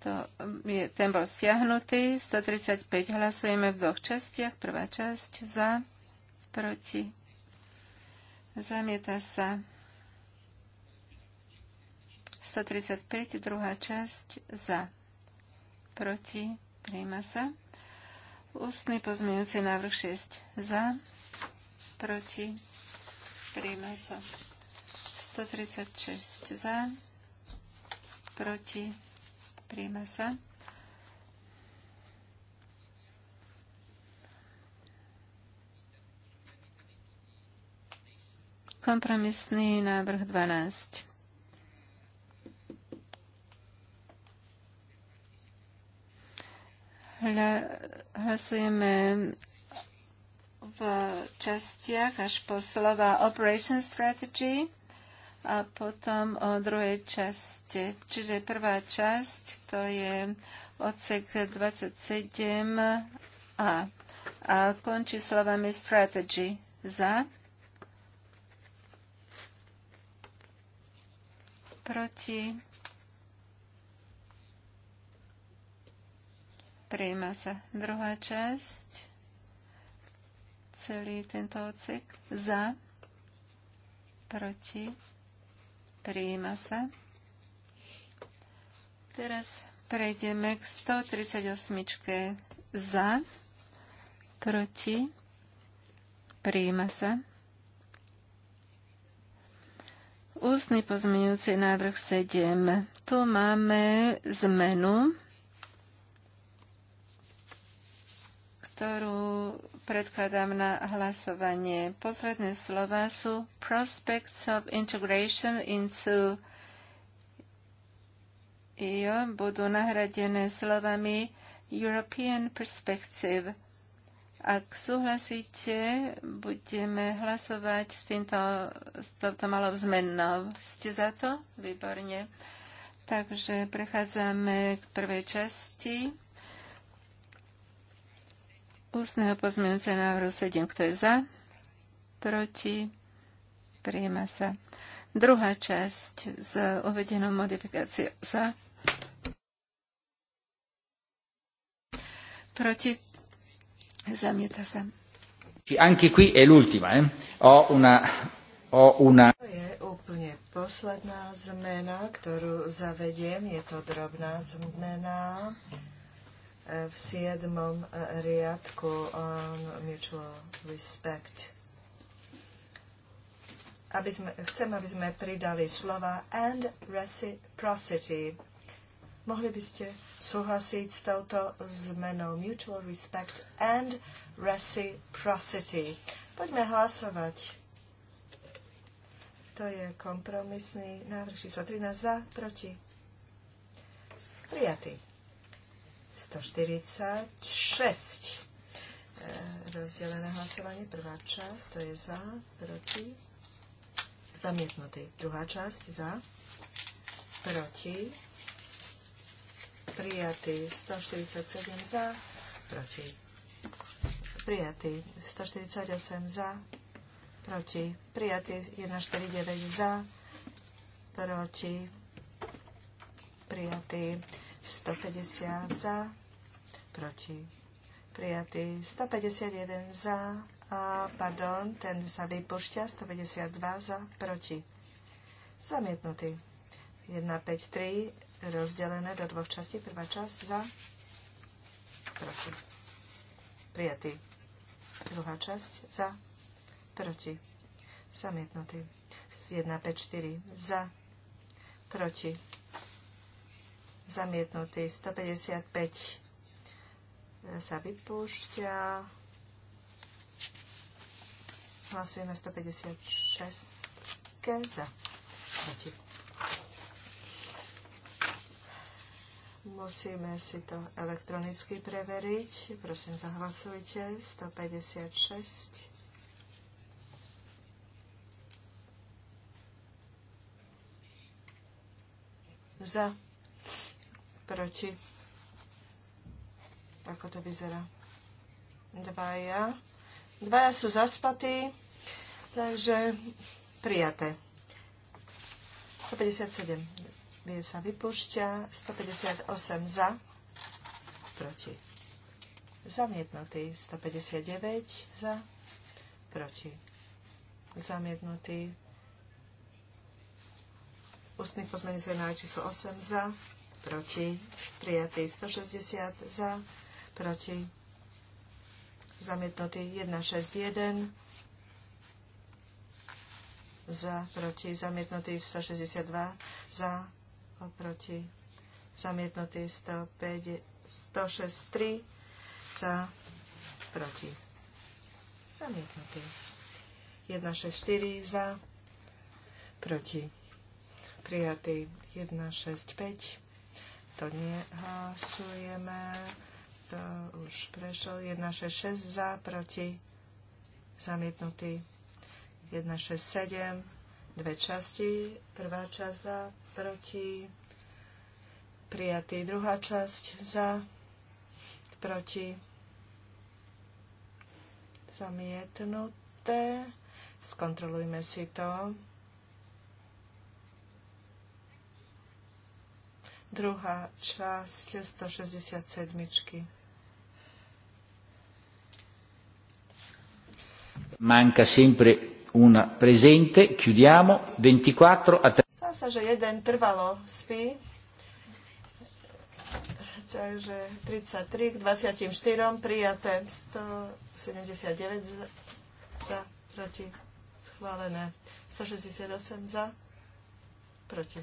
to um, je, ten bol stiahnutý. 135 hlasujeme v dvoch častiach. Prvá časť za, proti. Zamieta sa. 135, druhá časť za, proti. Príjma sa. Ústny pozmeňujúci návrh 6 za, proti. Príjma sa. 136 za, proti príjme sa. Kompromisný návrh 12. Hlasujeme v častiach až po slova Operation Strategy a potom o druhej časti. Čiže prvá časť to je odsek 27a a končí slovami strategy za, proti, prijíma sa druhá časť, celý tento odsek za, proti, Prijíma sa. Teraz prejdeme k 138. Za. Proti. Prijíma sa. Ústny pozmeňujúci návrh 7. Tu máme zmenu, ktorú predkladám na hlasovanie. Posledné slova sú Prospects of Integration into EU budú nahradené slovami European Perspective. Ak súhlasíte, budeme hlasovať s, týmto, s touto malou zmenou. Ste za to? Výborne. Takže prechádzame k prvej časti. Ústneho pozmeňujúceho návrhu 7. Kto je za? Proti? Prijema sa. Druhá časť s uvedenou modifikáciou za. Proti? Zamieta sa. Anche qui è l'ultima, eh? Ho una, ho una... To je úplne posledná zmena, ktorú zavediem. Je to drobná zmena v siedmom e, riadku on mutual respect. Aby sme, chcem, aby sme pridali slova and reciprocity. Mohli by ste súhlasiť s touto zmenou mutual respect and reciprocity. Poďme hlasovať. To je kompromisný návrh číslo 13 za, proti. Prijatý. 146. E, Rozdelené hlasovanie, prvá časť, to je za, proti, zamietnutý. Druhá časť, za, proti, prijatý, 147 za, proti, prijatý, 148 za, proti, prijatý, 149 za, proti, prijatý, 150 za, proti. Prijatý 151 za, a, pardon, ten sa vypušťa, 152 za, proti. Zamietnutý. 1, 5, 3, rozdelené do dvoch častí. Prvá časť za, proti. Prijatý. Druhá časť za, proti. Zamietnutý. 1, 5, 4, za, proti. Zamietnutý. 155 sa vypúšťa. Hlasujeme 156 za. Proti. Musíme si to elektronicky preveriť. Prosím, zahlasujte. 156. Za. Proti ako to vyzerá. Dvaja. Dvaja sú zaspatí, takže prijaté. 157 sa vypúšťa, 158 za, proti. Zamietnutý 159 za, proti. Zamietnutý pozmení pozmeňujúci návrh číslo 8 za, proti. Prijatý 160 za, proti, zamietnutý 161, za, proti, zamietnutý 162, za, proti, zamietnutý 105, 163, za, proti, zamietnutý 164, za, proti, prijatý 165, to nehlasujeme to už prešlo. 1,6,6 za, proti, zamietnutý. 1,6,7, dve časti. Prvá časť za, proti, prijatý. Druhá časť za, proti, zamietnuté. Skontrolujme si to. Druhá časť 167. Manca sempre una presente, chiudiamo, 24 a 3. Zdá sa, že jeden trvalo spí, takže 33 k 24, prijaté 179 za, proti, schválené 168 za, proti.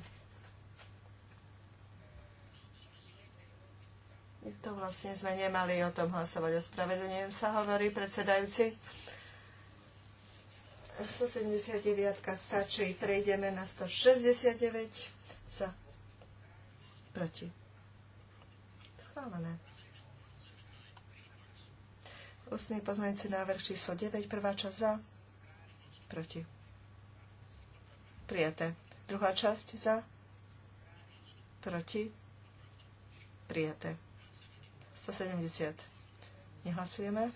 To vlastne sme nemali o tom hlasovať, ospravedlňujem sa, hovorí predsedajúci. 179 stačí, prejdeme na 169 za, proti. Schválené. Ústny pozmeňujúci návrh číslo 9, prvá časť za, proti. Prijaté. Druhá časť za, proti. Prijaté. 170. Nehlasujeme.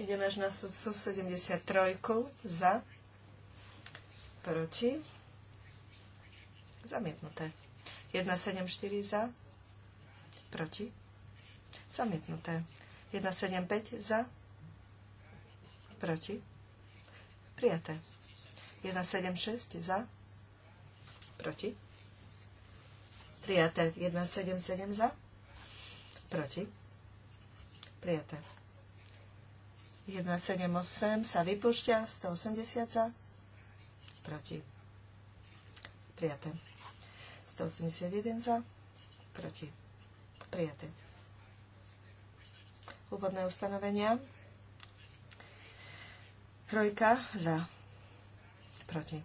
Ideme až na 173 za, proti, zamietnuté. 174 za, proti, zamietnuté. 175 za, proti, prijaté. 176 za, proti, prijaté. 177 za, proti, prijaté. 178 sa vypúšťa, 180 za, proti. Prijaté. 181 za, proti. Prijaté. Úvodné ustanovenia. Trojka za, proti.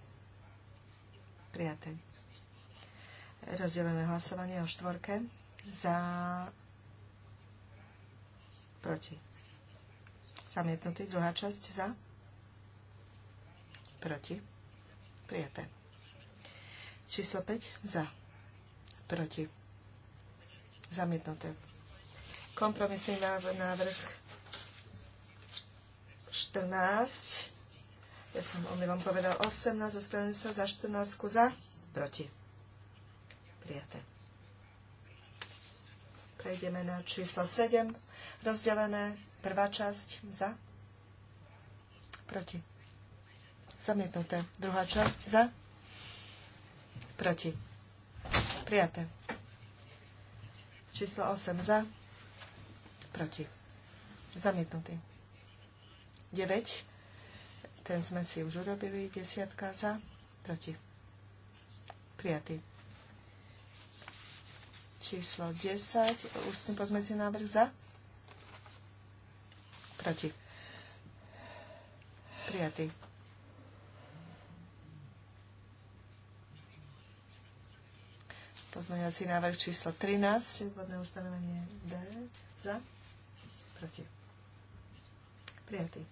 Prijaté. Rozdelené hlasovanie o štvorke za, proti zamietnutý. Druhá časť za, proti, prijaté. Číslo 5 za, proti, zamietnuté. Kompromisný návrh 14, ja som omylom povedal 18, ospravedlňujem sa za 14 za, proti, prijaté prejdeme na číslo 7, rozdelené Prvá časť za, proti. Zamietnuté. Druhá časť za, proti. Prijaté. Číslo 8 za, proti. Zamietnutý. 9. Ten sme si už urobili. Desiatka za, proti. Prijatý. Číslo 10. Ústny pozmeci návrh za, proti Proti. Prijatý. Pozmeňovací návrh číslo 13, vodné ustanovenie D. Za? Proti. Prijatý.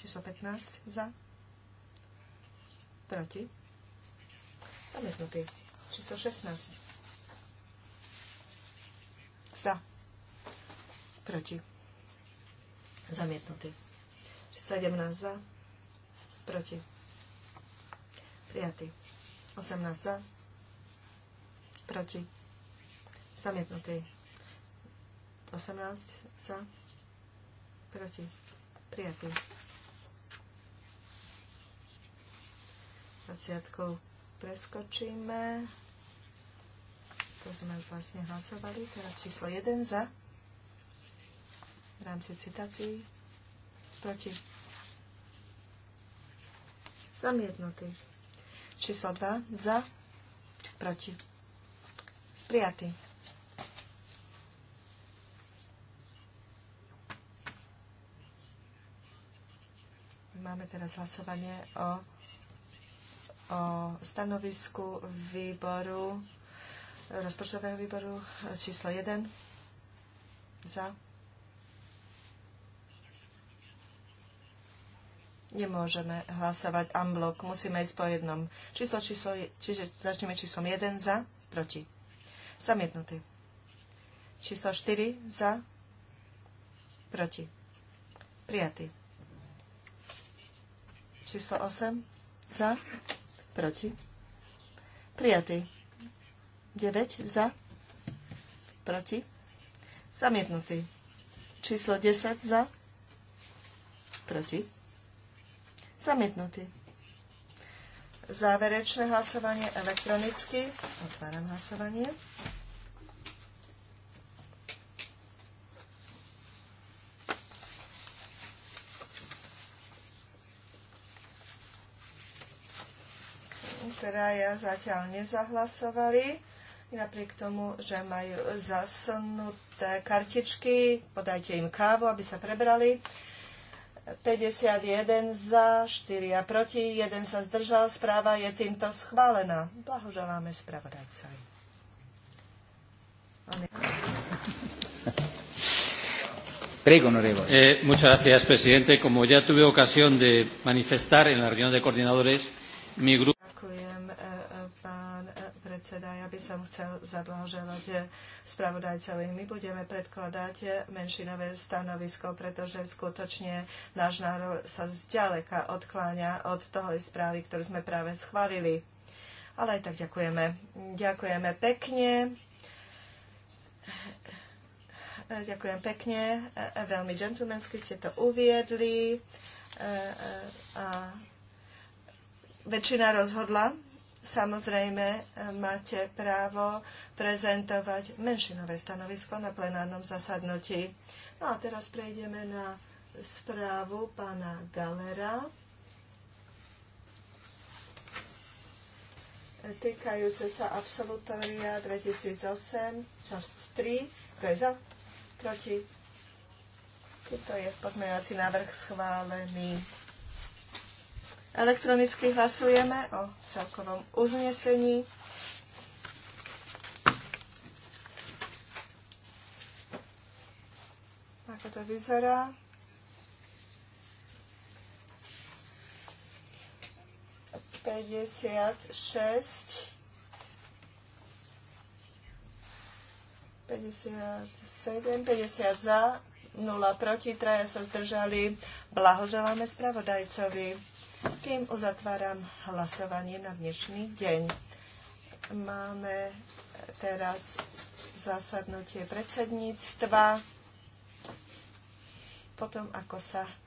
Číslo 15. Za? Proti. Zamietnutý. Číslo 16. Za. Proti. Zamietnutý. 17 za. Proti. Prijatý. 18 za. Proti. Zamietnutý. 18 za. Proti. Prijatý. 20 preskočíme. To sme vlastne hlasovali. Teraz číslo 1 za v rámci citácií. Proti. Zamietnutý. Číslo 2. Za. Proti. Sprijatý. Máme teraz hlasovanie o, o stanovisku výboru, rozpočtového výboru číslo 1. Za. nemôžeme hlasovať unblock, musíme ísť po jednom. Číslo, číslo, čiže začneme číslom 1 za, proti. Zamietnutý. Číslo 4 za, proti. Prijatý. Číslo 8 za, proti. Prijatý. 9 za, proti. Zamietnutý. Číslo 10 za, proti Zamietnutý. Záverečné hlasovanie elektronicky. Otváram hlasovanie. Traja teda zatiaľ nezahlasovali, napriek tomu, že majú zasunuté kartičky, podajte im kávu, aby sa prebrali. 51 za, 4 a proti, 1 sa zdržal. Správa je týmto schválená. Blahoželáme spravodajcovi. Prego, onorevole. Eh, muchas gracias, presidente. Como ya tuve ocasión de manifestar en la reunión de coordinadores, mi grupo predseda. Ja by som chcel zablahoželať spravodajcovi. My budeme predkladať menšinové stanovisko, pretože skutočne náš národ sa zďaleka odkláňa od toho správy, ktorú sme práve schválili. Ale aj tak ďakujeme. Ďakujeme pekne. Ďakujem pekne. Veľmi džentlmensky ste to uviedli. A väčšina rozhodla. Samozrejme, e, máte právo prezentovať menšinové stanovisko na plenárnom zasadnutí. No a teraz prejdeme na správu pána Galera. týkajúce sa absolutória 2008, časť 3. Kto je za? Proti? Tuto je pozmeňovací návrh schválený. Elektronicky hlasujeme o celkovom uznesení. Ako to vyzerá? Päťdesiat šesť. 57, 50 za, 0 proti, traja sa zdržali. Blahoželáme spravodajcovi. Tým uzatváram hlasovanie na dnešný deň. Máme teraz zasadnutie predsedníctva. Potom, ako sa